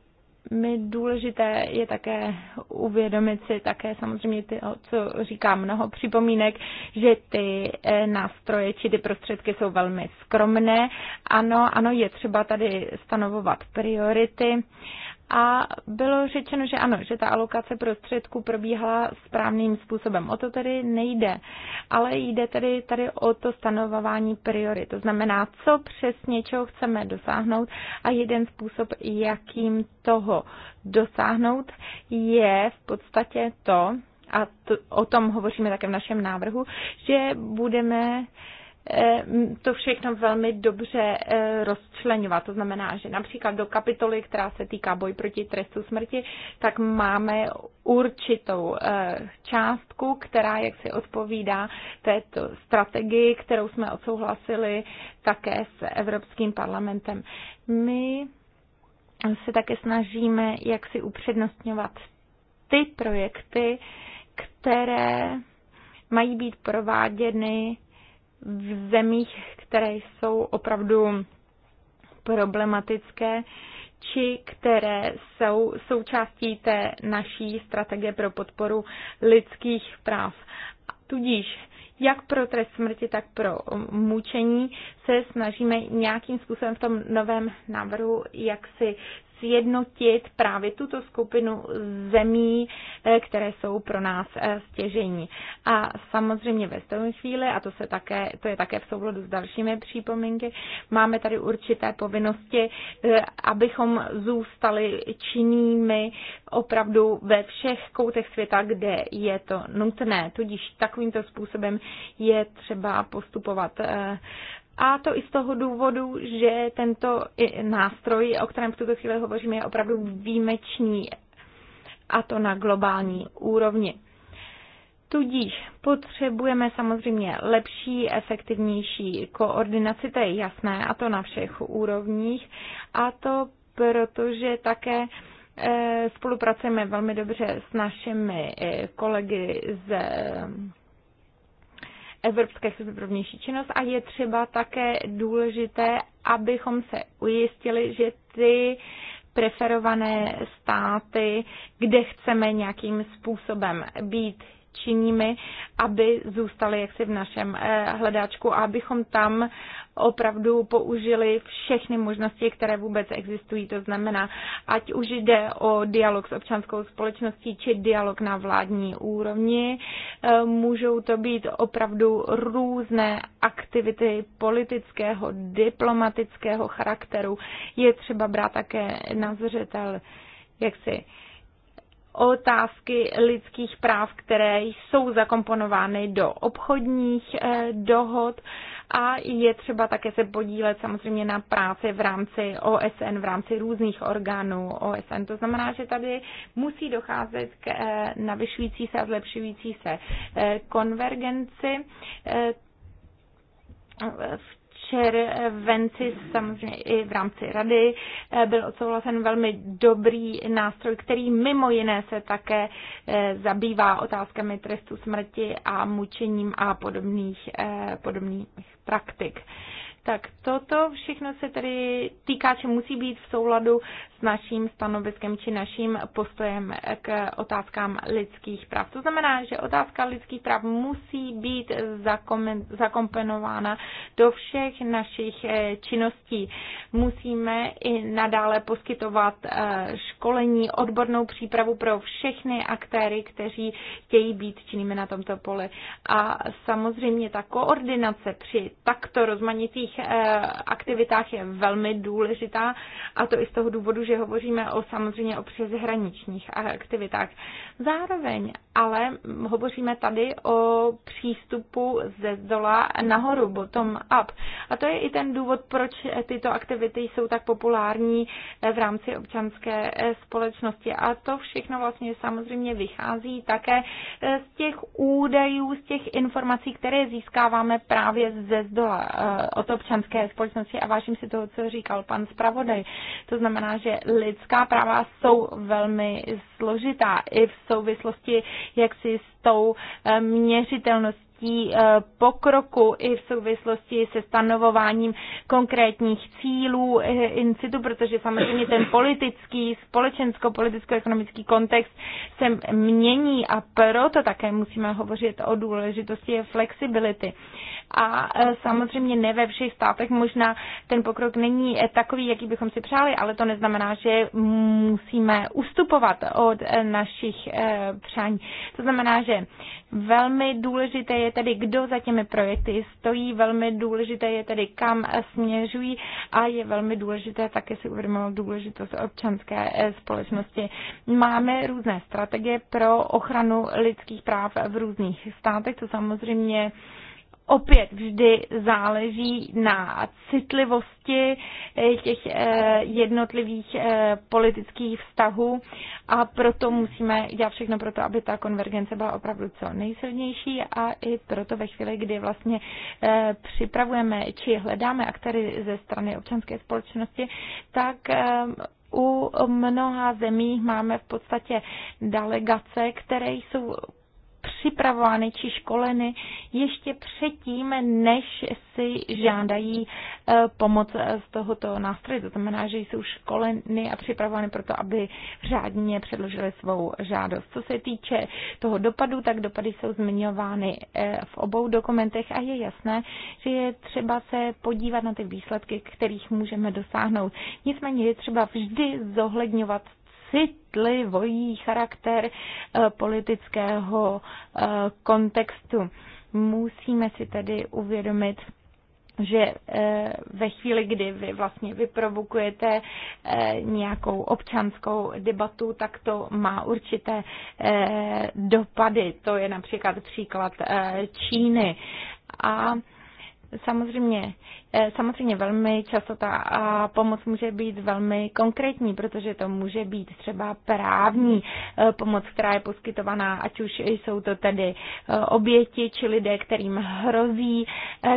důležité je také uvědomit si také samozřejmě ty, co říká mnoho připomínek, že ty e, nástroje či ty prostředky jsou velmi skromné. Ano, ano, je třeba tady stanovovat priority a bylo řečeno, že ano, že ta alokace prostředků probíhala správným způsobem. O to tedy nejde, ale jde tedy tady o to stanovování priorit. To znamená, co přesně čeho chceme dosáhnout a jeden způsob, jakým toho dosáhnout, je v podstatě to, a to, o tom hovoříme také v našem návrhu, že budeme Eh, to všechno velmi dobře eh, rozčlenovat. To znamená, že například do kapitoly, která se týká boj proti trestu smrti, tak máme určitou eh, částku, která jak si odpovídá této strategii, kterou jsme odsouhlasili také s Evropským parlamentem. My se také snažíme jak si upřednostňovat ty projekty, které mají být prováděny v zemích, které jsou opravdu problematické, či které jsou součástí té naší strategie pro podporu lidských práv. Tudíž jak pro trest smrti, tak pro mučení se snažíme nějakým způsobem v tom novém návrhu jak si sjednotit právě tuto skupinu zemí, eh, které jsou pro nás eh, stěžení. A samozřejmě ve stejné chvíli, a to, se také, to je také v souladu s dalšími přípomínky, máme tady určité povinnosti, eh, abychom zůstali činnými opravdu ve všech koutech světa, kde je to nutné. Tudíž takovýmto způsobem je třeba postupovat a to i z toho důvodu, že tento nástroj, o kterém v tuto chvíli hovoříme, je opravdu výjimečný a to na globální úrovni. Tudíž potřebujeme samozřejmě lepší, efektivnější koordinaci, to je jasné, a to na všech úrovních, a to protože také e, spolupracujeme velmi dobře s našimi e, kolegy z Evropské služby pro vnější činnost a je třeba také důležité, abychom se ujistili, že ty preferované státy, kde chceme nějakým způsobem být činíme, aby zůstaly jaksi v našem eh, hledáčku a abychom tam opravdu použili všechny možnosti, které vůbec existují. To znamená, ať už jde o dialog s občanskou společností či dialog na vládní úrovni, eh, můžou to být opravdu různé aktivity politického, diplomatického charakteru. Je třeba brát také na zřetel, jak si otázky lidských práv, které jsou zakomponovány do obchodních eh, dohod a je třeba také se podílet samozřejmě na práci v rámci OSN, v rámci různých orgánů OSN. To znamená, že tady musí docházet k eh, navyšující se a zlepšující se eh, konvergenci v červenci, samozřejmě i v rámci rady, eh, byl odsouhlasen velmi dobrý nástroj, který mimo jiné se také eh, zabývá otázkami trestu smrti a mučením a podobných, eh, podobných praktik. Tak toto všechno se tedy týká, že musí být v souladu s naším stanoviskem či naším postojem k otázkám lidských práv. To znamená, že otázka lidských práv musí být zakomponována do všech našich eh, činností. Musíme i nadále poskytovat eh, školení, odbornou přípravu pro všechny aktéry, kteří chtějí být činnými na tomto poli. A samozřejmě ta koordinace při takto rozmanitých Eh, aktivitách je velmi důležitá a to i z toho důvodu, že hovoříme o samozřejmě o přeshraničních aktivitách. Zároveň ale hovoříme tady o přístupu ze dola nahoru, bottom up. A to je i ten důvod, proč tyto aktivity jsou tak populární eh, v rámci občanské eh, společnosti. A to všechno vlastně samozřejmě vychází také z těch údajů, z těch informací, které získáváme právě ze zdola O to občanské společnosti a vážím si toho, co říkal pan zpravodaj. To znamená, že lidská práva jsou velmi složitá i v souvislosti jaksi s tou eh, měřitelností dosáhnutí eh, pokroku i v souvislosti se stanovováním konkrétních cílů eh, institu, protože samozřejmě ten politický, společensko-politicko-ekonomický kontext se mění a proto také musíme hovořit o důležitosti flexibility. A eh, samozřejmě ne ve všech státech možná ten pokrok není takový, jaký bychom si přáli, ale to neznamená, že musíme ustupovat od našich přání. To znamená, že Velmi důležité je tedy, kdo za těmi projekty stojí, velmi důležité je tedy, kam směřují a je velmi důležité také si uvědomovat důležitost občanské eh, společnosti. Máme různé strategie pro ochranu lidských práv v různých státech, to samozřejmě opět vždy záleží na citlivosti eh, těch eh, jednotlivých eh, politických vztahů a proto musíme dělat všechno pro to, aby ta konvergence byla opravdu co nejsilnější a i proto ve chvíli, kdy vlastně připravujeme či hledáme aktéry ze strany občanské společnosti, tak u mnoha zemí máme v podstatě delegace, které jsou připravovány či školeny ještě předtím, než si žádají eh, pomoc eh, z tohoto nástroje. To znamená, že jsou školeny a připravovány proto, aby řádně předložili svou žádost. Co se týče toho dopadu, tak dopady jsou zmiňovány eh, v obou dokumentech a je jasné, že je třeba se podívat na ty výsledky, kterých můžeme dosáhnout. Nicméně je třeba vždy zohledňovat citlivý charakter eh, politického eh, kontextu. Musíme si tedy uvědomit, že eh, ve chvíli, kdy vy vlastně vyprovokujete nějakou občanskou debatu, tak to má určité dopady. To je například příklad Číny. A Samozřejmě, eh, samozřejmě velmi často ta pomoc může být velmi konkrétní, protože to může být třeba právní eh, pomoc, která je poskytovaná, ať už jsou to tedy eh, oběti či lidé, kterým hrozí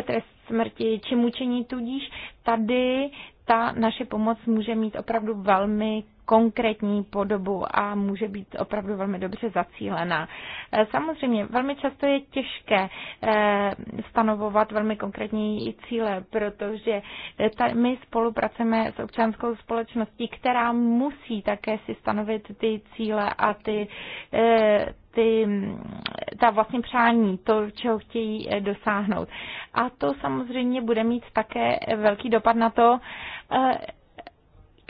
trest smrti či mučení, tudíž tady ta naše pomoc může mít opravdu velmi konkrétní podobu a může být opravdu velmi dobře zacílená. Eh, samozřejmě velmi často je těžké eh, stanovovat velmi konkrétní cíle, protože eh, my spolupracujeme s občanskou společností, která musí také si stanovit ty cíle a ty ty, ta vlastně přání, to, čeho chtějí dosáhnout. A to samozřejmě bude mít také velký dopad na to,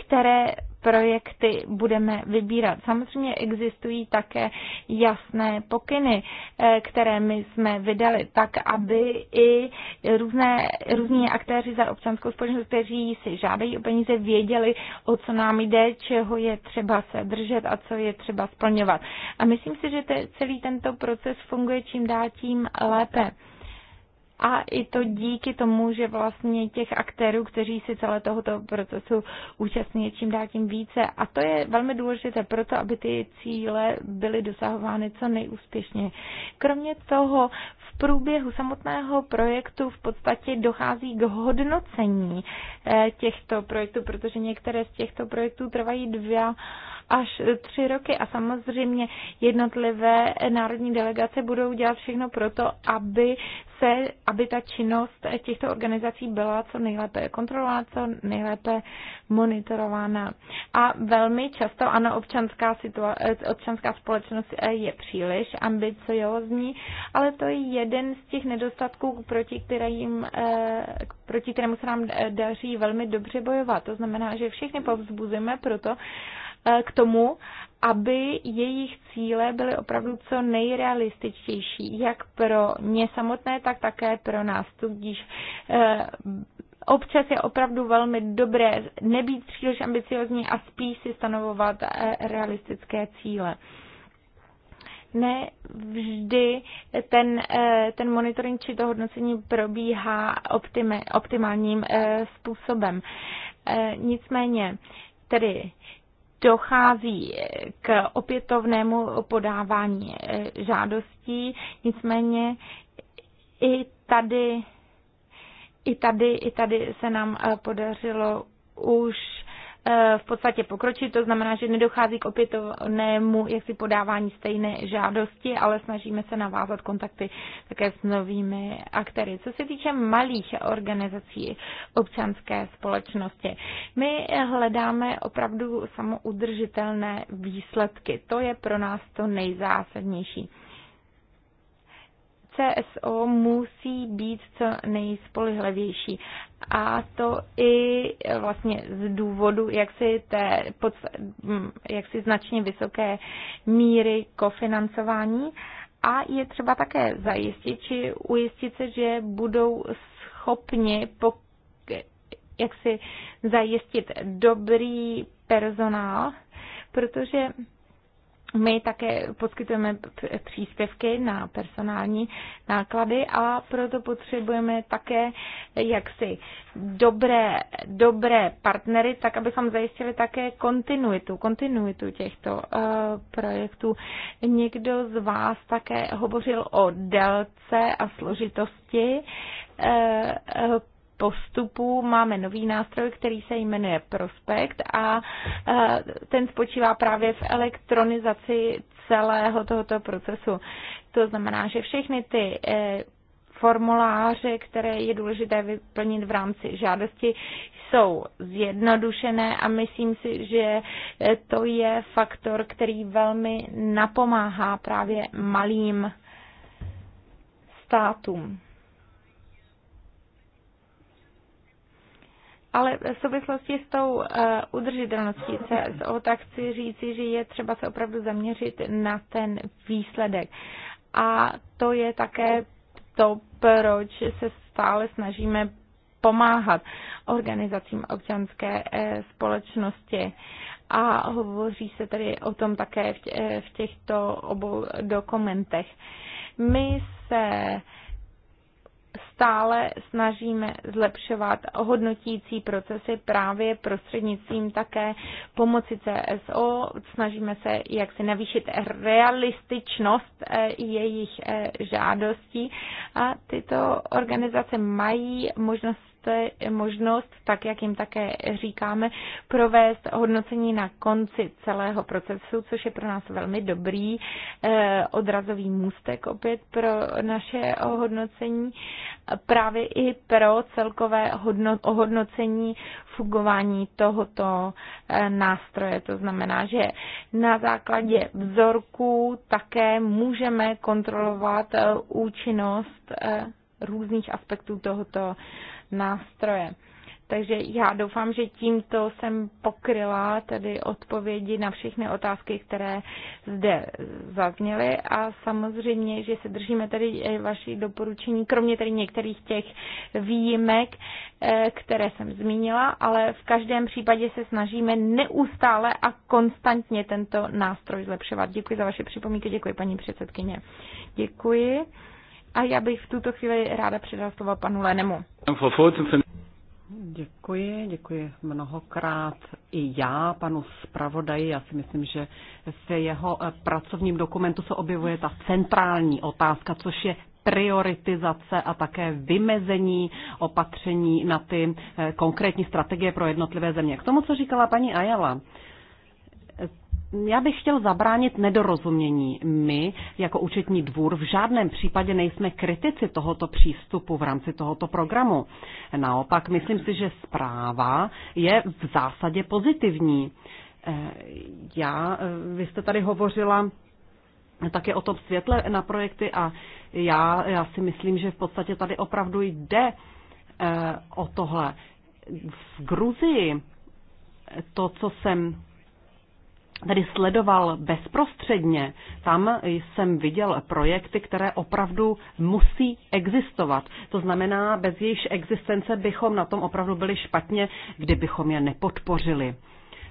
které projekty budeme vybírat. Samozřejmě existují také jasné pokyny, eh, které my jsme vydali, tak aby i různé, různí aktéři za občanskou společnost, kteří si žádají o peníze, věděli, o co nám jde, čeho je třeba se držet a co je třeba splňovat. A myslím si, že te, celý tento proces funguje čím dál tím lépe. A i to díky tomu, že vlastně těch aktérů, kteří si celé tohoto procesu účastní, je čím dál tím více. A to je velmi důležité proto, aby ty cíle byly dosahovány co nejúspěšněji. Kromě toho v průběhu samotného projektu v podstatě dochází k hodnocení eh, těchto projektů, protože některé z těchto projektů trvají dvě až tři roky. A samozřejmě jednotlivé národní delegace budou dělat všechno proto, aby, se, aby ta činnost těchto organizací byla co nejlépe kontrolována, co nejlépe monitorována. A velmi často, ano, občanská, situa- občanská společnost je příliš ambiciozní, ale to je jeden z těch nedostatků, proti, kterým, eh, proti kterému se nám eh, daří velmi dobře bojovat. To znamená, že všechny povzbuzujeme proto, Eh, k tomu, aby jejich cíle byly opravdu co nejrealističtější, jak pro ně samotné, tak také pro nás. Tudíž eh, občas je opravdu velmi dobré nebýt příliš ambiciozní a spíš si stanovovat eh, realistické cíle ne vždy ten, ten monitoring či to hodnocení probíhá optimálním způsobem. Nicméně, tedy dochází k opětovnému podávání eh, žádostí, nicméně i tady, i tady, i tady se nám eh, podařilo už Eh, v podstatě pokročit, to znamená, že nedochází k opětovnému jaksi podávání stejné žádosti, ale snažíme se navázat kontakty také s novými aktéry. Co se týče malých organizací občanské společnosti, my hledáme opravdu samoudržitelné výsledky. To je pro nás to nejzásadnější. CSO musí být co nejspolehlivější. A to i vlastně z důvodu jak si, té si značně vysoké míry kofinancování. A je třeba také zajistit, či ujistit se, že budou schopni jak si zajistit dobrý personál, protože my také poskytujeme příspěvky na personální náklady a proto potřebujeme také jaksi dobré, dobré partnery, tak abychom zajistili také kontinuitu, kontinuitu těchto uh, projektů. Někdo z vás také hovořil o délce a složitosti uh, postupů máme nový nástroj, který se jmenuje Prospekt a ten spočívá právě v elektronizaci celého tohoto procesu. To znamená, že všechny ty e, formuláře, které je důležité vyplnit v rámci žádosti, jsou zjednodušené a myslím si, že e, to je faktor, který velmi napomáhá právě malým státům. Ale v souvislosti s tou eh, udržitelností CSO, tak chci říci, že je třeba se opravdu zaměřit na ten výsledek. A to je také to, proč se stále snažíme pomáhat organizacím občanské eh, společnosti. A hovoří se tedy o tom také v eh, těchto obou dokumentech. My se stále snažíme zlepšovat hodnotící procesy právě prostřednictvím také pomoci CSO. Snažíme se jak si navýšit realističnost eh, jejich eh, žádostí a tyto organizace mají možnost máte možnost, tak jak jim také říkáme, provést hodnocení na konci celého procesu, což je pro nás velmi dobrý eh, odrazový můstek opět pro naše hodnocení, právě i pro celkové ohodnocení fungování tohoto eh, nástroje. To znamená, že na základě vzorků také můžeme kontrolovat eh, účinnost různých aspektů tohoto nástroje. Takže já doufám, že tímto jsem pokryla tedy odpovědi na všechny otázky, které zde zazněly a samozřejmě, že se držíme i vašich doporučení, kromě tady některých těch výjimek, eh, které jsem zmínila, ale v každém případě se snažíme neustále a konstantně tento nástroj zlepšovat. Děkuji za vaše připomínky, děkuji paní předsedkyně. Děkuji. A já bych v tuto chvíli ráda předala slovo panu Lenemu. Děkuji, děkuji mnohokrát i já, panu zpravodaji. Já si myslím, že v jeho eh, pracovním dokumentu se objevuje ta centrální otázka, což je prioritizace a také vymezení opatření na ty eh, konkrétní strategie pro jednotlivé země. K tomu, co říkala paní Ajala, já bych chtěl zabránit nedorozumění. My, jako účetní dvůr, v žádném případě nejsme kritici tohoto přístupu v rámci tohoto programu. Naopak, myslím si, že zpráva je v zásadě pozitivní. Eh, já, eh, vy jste tady hovořila také o tom světle na projekty a já, já si myslím, že v podstatě tady opravdu jde eh, o tohle. V Gruzii to, co jsem tedy sledoval bezprostředně. Tam jsem viděl projekty, které opravdu musí existovat. To znamená, bez jejich existence bychom na tom opravdu byli špatně, kdybychom je nepodpořili.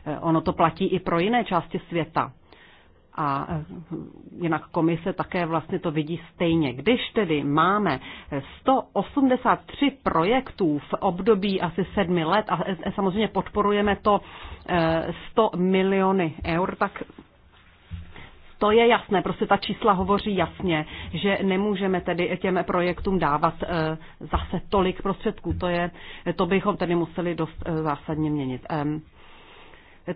Eh, ono to platí i pro jiné části světa a e, jinak komise také vlastně to vidí stejně. Když tedy máme 183 projektů v období asi sedmi let a e, e, samozřejmě podporujeme to 100 miliony eur, tak to je jasné, prostě ta čísla hovoří jasně, že nemůžeme tedy těm projektům dávat zase tolik prostředků. To, je, to bychom tedy museli dost zásadně měnit.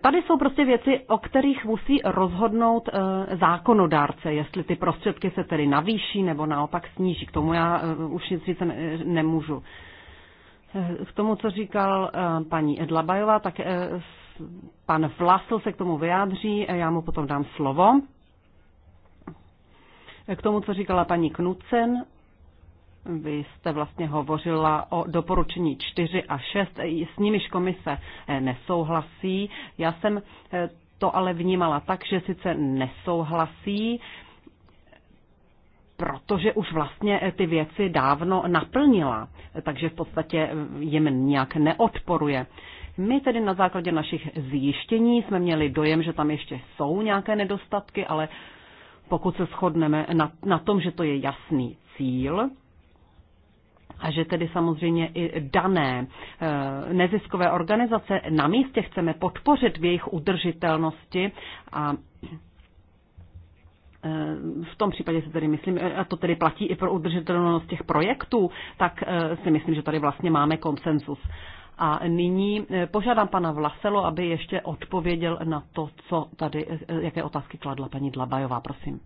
Tady jsou prostě věci, o kterých musí rozhodnout eh, zákonodárce, jestli ty prostředky se tedy navýší nebo naopak sníží. K tomu já eh, už nic více nemůžu. Eh, k tomu, co říkal paní Edlabajová, tak pan Vlasl se k tomu vyjádří, já mu potom dám slovo. K tomu, co říkala paní Knucen, vy jste vlastně hovořila o doporučení 4 a 6, s nimiž komise eh, nesouhlasí. Já jsem eh, to ale vnímala tak, že sice nesouhlasí, protože už vlastně eh, ty věci dávno naplnila, takže v podstatě jim nějak neodporuje. My tedy na základě našich zjištění jsme měli dojem, že tam ještě jsou nějaké nedostatky, ale pokud se shodneme na, na tom, že to je jasný cíl, a že tedy samozřejmě i dané eh, neziskové organizace na místě chceme podpořit v jejich udržitelnosti a eh, v tom případě se tedy myslím, eh, a to tedy platí i pro udržitelnost těch projektů, tak si myslím, že tady vlastně máme konsensus. A nyní požádám pana Vlaselo, aby ještě odpověděl na to, co tady, jaké otázky kladla paní Dlabajová, prosím.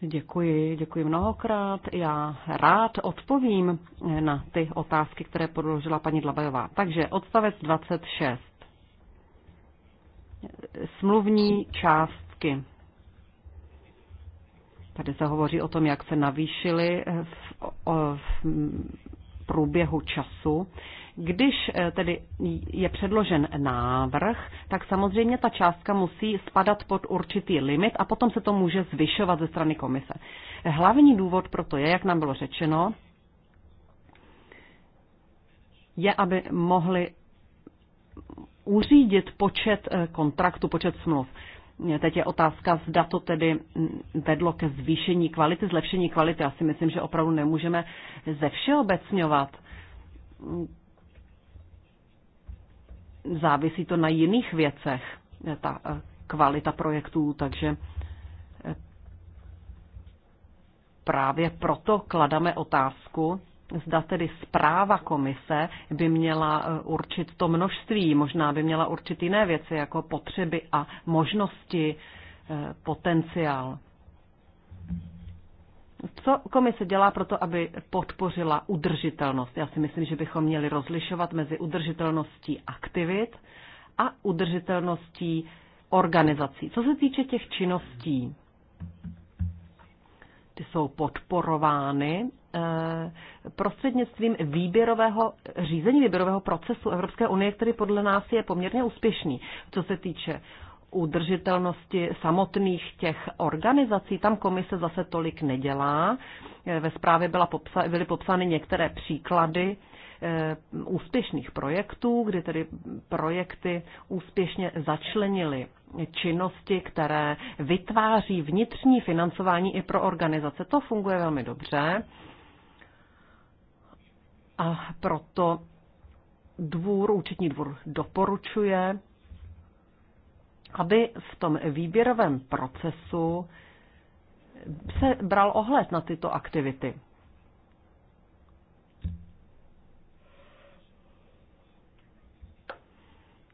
Děkuji, děkuji mnohokrát. Já rád odpovím na ty otázky, které podložila paní Dlabajová. Takže odstavec 26. Smluvní částky. Tady se hovoří o tom, jak se navýšily v, v průběhu času. Když eh, tedy je předložen návrh, tak samozřejmě ta částka musí spadat pod určitý limit a potom se to může zvyšovat ze strany komise. Hlavní důvod to je, jak nám bylo řečeno, je, aby mohli uřídit počet eh, kontraktu, počet smluv. Teď je otázka, zda to tedy mm, vedlo ke zvýšení kvality, zlepšení kvality. Já si myslím, že opravdu nemůžeme zevšeobecňovat závisí to na jiných věcech, ta eh, kvalita projektů, takže eh, právě proto klademe otázku, zda tedy zpráva komise by měla eh, určit to množství, možná by měla určit jiné věci jako potřeby a možnosti, potenciál. Co komise dělá pro to, aby podpořila udržitelnost? Já si myslím, že bychom měli rozlišovat mezi udržitelností aktivit a udržitelností organizací. Co se týče těch činností, ty jsou podporovány eh, prostřednictvím výběrového řízení, výběrového procesu Evropské unie, který podle nás je poměrně úspěšný, co se týče udržitelnosti samotných těch organizací. Tam komise zase tolik nedělá. Eh, ve zprávě byla popsa- byly popsány některé příklady eh, úspěšných projektů, kdy tedy projekty úspěšně začlenily činnosti, které vytváří vnitřní financování i pro organizace. To funguje velmi dobře a proto dvůr, účetní dvůr doporučuje aby v tom výběrovém procesu se bral ohled na tyto aktivity.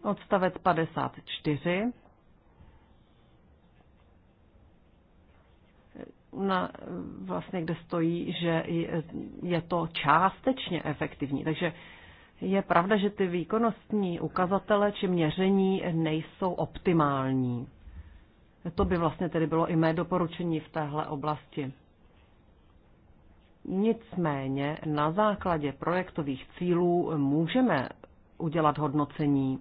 Odstavec 54. na, vlastně, kde stojí, že je to částečně efektivní. Takže je pravda, že ty výkonnostní ukazatele či měření nejsou optimální. To by vlastně tedy bylo i mé doporučení v téhle oblasti. Nicméně na základě projektových cílů můžeme udělat hodnocení.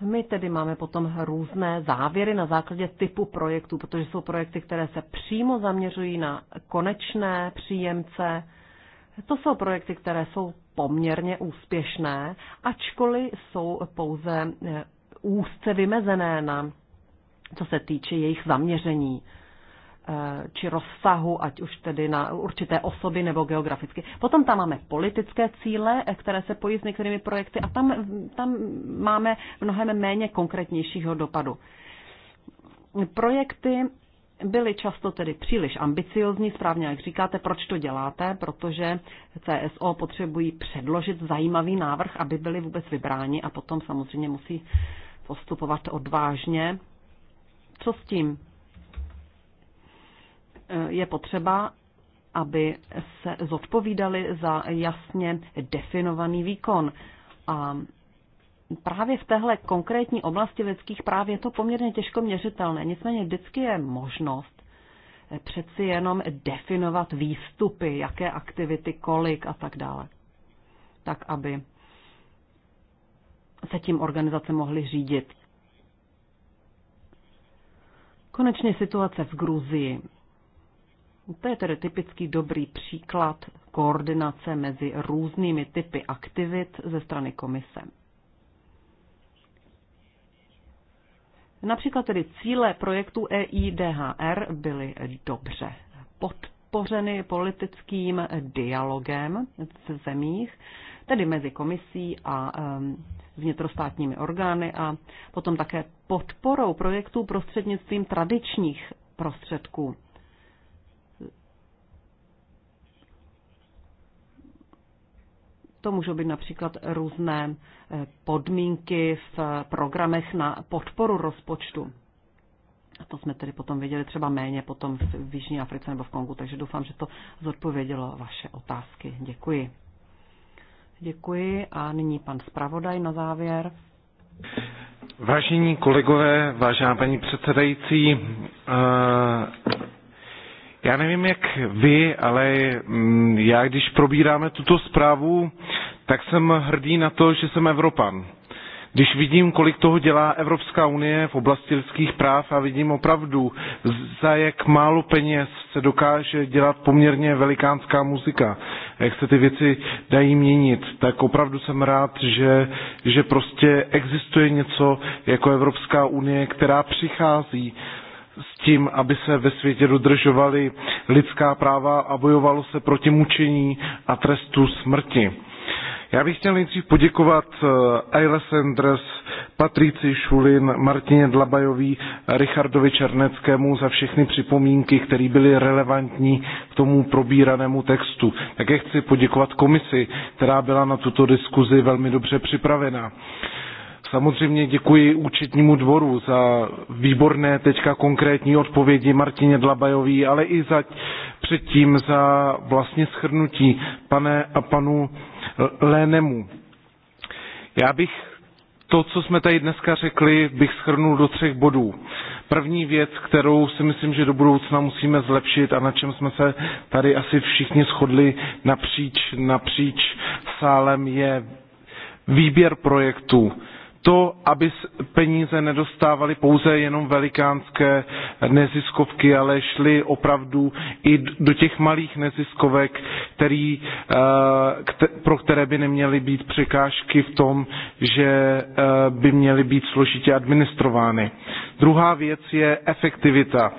My tedy máme potom různé závěry na základě typu projektů, protože jsou projekty, které se přímo zaměřují na konečné příjemce. To jsou projekty, které jsou poměrně úspěšné, ačkoliv jsou pouze eh, úzce vymezené na co se týče jejich zaměření eh, či rozsahu, ať už tedy na určité osoby nebo geograficky. Potom tam máme politické cíle, eh, které se pojí s některými projekty a tam, tam máme mnohem méně konkrétnějšího dopadu. Projekty byli často tedy příliš ambiciozní, správně jak říkáte, proč to děláte, protože CSO potřebují předložit zajímavý návrh, aby byli vůbec vybráni a potom samozřejmě musí postupovat odvážně. Co s tím? Eh, je potřeba, aby se zodpovídali za jasně definovaný výkon. A právě v téhle konkrétní oblasti lidských práv je to poměrně těžko měřitelné. Nicméně vždycky je možnost eh, přeci jenom definovat výstupy, jaké aktivity, kolik a tak dále. Tak, aby se tím organizace mohly řídit. Konečně situace v Gruzii. To je tedy typický dobrý příklad koordinace mezi různými typy aktivit ze strany komise. Například tedy cíle projektu EIDHR byly dobře podpořeny politickým dialogem v zemích, tedy mezi komisí a vnitrostátními orgány a potom také podporou projektů prostřednictvím tradičních prostředků. To můžou být například různé eh, podmínky v eh, programech na podporu rozpočtu. A to jsme tedy potom viděli třeba méně potom v Jižní Africe nebo v Kongu, takže doufám, že to zodpovědělo vaše otázky. Děkuji. Děkuji a nyní pan zpravodaj na závěr. Vážení kolegové, vážená paní předsedající, eh, já nevím, jak vy, ale mm, já, když probíráme tuto zprávu, tak jsem hrdý na to, že jsem Evropan. Když vidím, kolik toho dělá Evropská unie v oblasti lidských práv a vidím opravdu, za jak málo peněz se dokáže dělat poměrně velikánská muzika, jak se ty věci dají měnit, tak opravdu jsem rád, že, že prostě existuje něco jako Evropská unie, která přichází s tím, aby se ve světě dodržovaly lidská práva a bojovalo se proti mučení a trestu smrti. Já bych chtěl nejdřív poděkovat eh, Aile Sanders, Patrici Šulin, Martině Dlabajový, Richardovi Černeckému za všechny připomínky, které byly relevantní k tomu probíranému textu. Také chci poděkovat komisi, která byla na tuto diskuzi velmi dobře připravena. Uh, Samozřejmě děkuji účetnímu dvoru za výborné teďka konkrétní odpovědi Martině Dlabajový, ale i za předtím za vlastně schrnutí pane a panu Lénemu. Já bych to, co jsme tady dneska řekli, bych schrnul do třech bodů. První věc, kterou si myslím, že do budoucna musíme zlepšit a na čem jsme se tady asi všichni shodli napříč, napříč sálem, je výběr projektů to, aby peníze nedostávaly pouze jenom velikánské neziskovky, ale šly opravdu i do těch malých neziskovek, který, eh, pro které by neměly být překážky v tom, že eh, by měly být složitě administrovány. Druhá věc je efektivita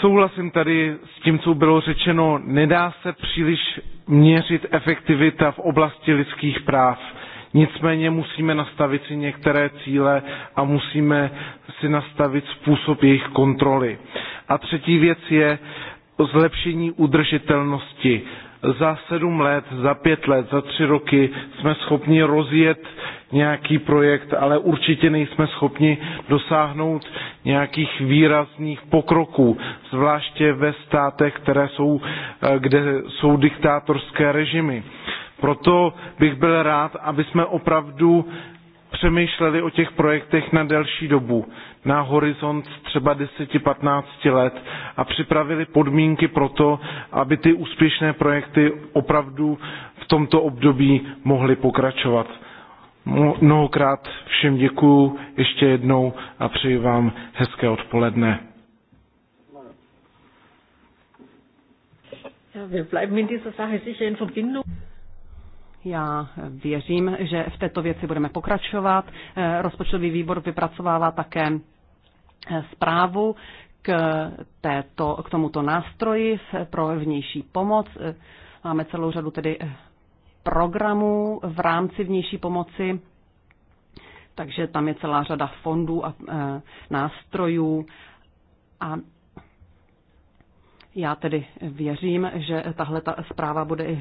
souhlasím tady s tím, co bylo řečeno, nedá se příliš měřit efektivita v oblasti lidských práv. Nicméně musíme nastavit si některé cíle a musíme si nastavit způsob jejich kontroly. A třetí věc je zlepšení udržitelnosti. Za sedm let, za pět let, za tři roky jsme schopni rozjet nějaký projekt, ale určitě nejsme schopni dosáhnout nějakých výrazných pokroků, zvláště ve státech, které jsou, eh, kde jsou diktátorské režimy. Proto bych byl rád, aby jsme opravdu přemýšleli o těch projektech na delší dobu, na horizont třeba 10-15 let a připravili podmínky pro to, aby ty úspěšné projekty opravdu v tomto období mohly pokračovat. Mnohokrát všem děkuju ještě jednou a přeji vám hezké odpoledne. Ja, wir bleiben in dieser Sache sicher in Verbindung. Já věřím, že v této věci budeme pokračovat. Eh, rozpočtový výbor vypracovává také eh, zprávu k, této, k tomuto nástroji pro vnější pomoc. Eh, máme celou řadu tedy programů v rámci vnější pomoci, takže tam je celá řada fondů a nástrojů a já tedy věřím, že tahle ta zpráva bude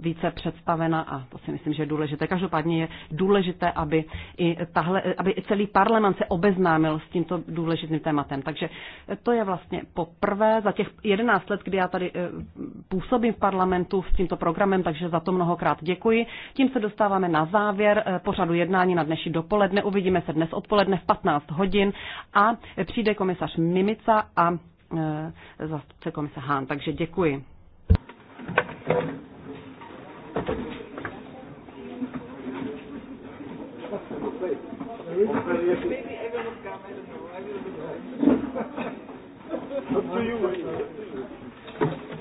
více představena a to si myslím, že je důležité. Každopádně je důležité, aby i, tahle, aby i celý parlament se obeznámil s tímto důležitým tématem. Takže to je vlastně poprvé za těch 11 let, kdy já tady eh, působím v parlamentu s tímto programem, takže za to mnohokrát děkuji. Tím se dostáváme na závěr eh, pořadu jednání na dnešní dopoledne. Uvidíme se dnes odpoledne v 15 hodin a přijde komisař Mimica a Eh, zastupce komise Hán. Takže děkuji. Up you.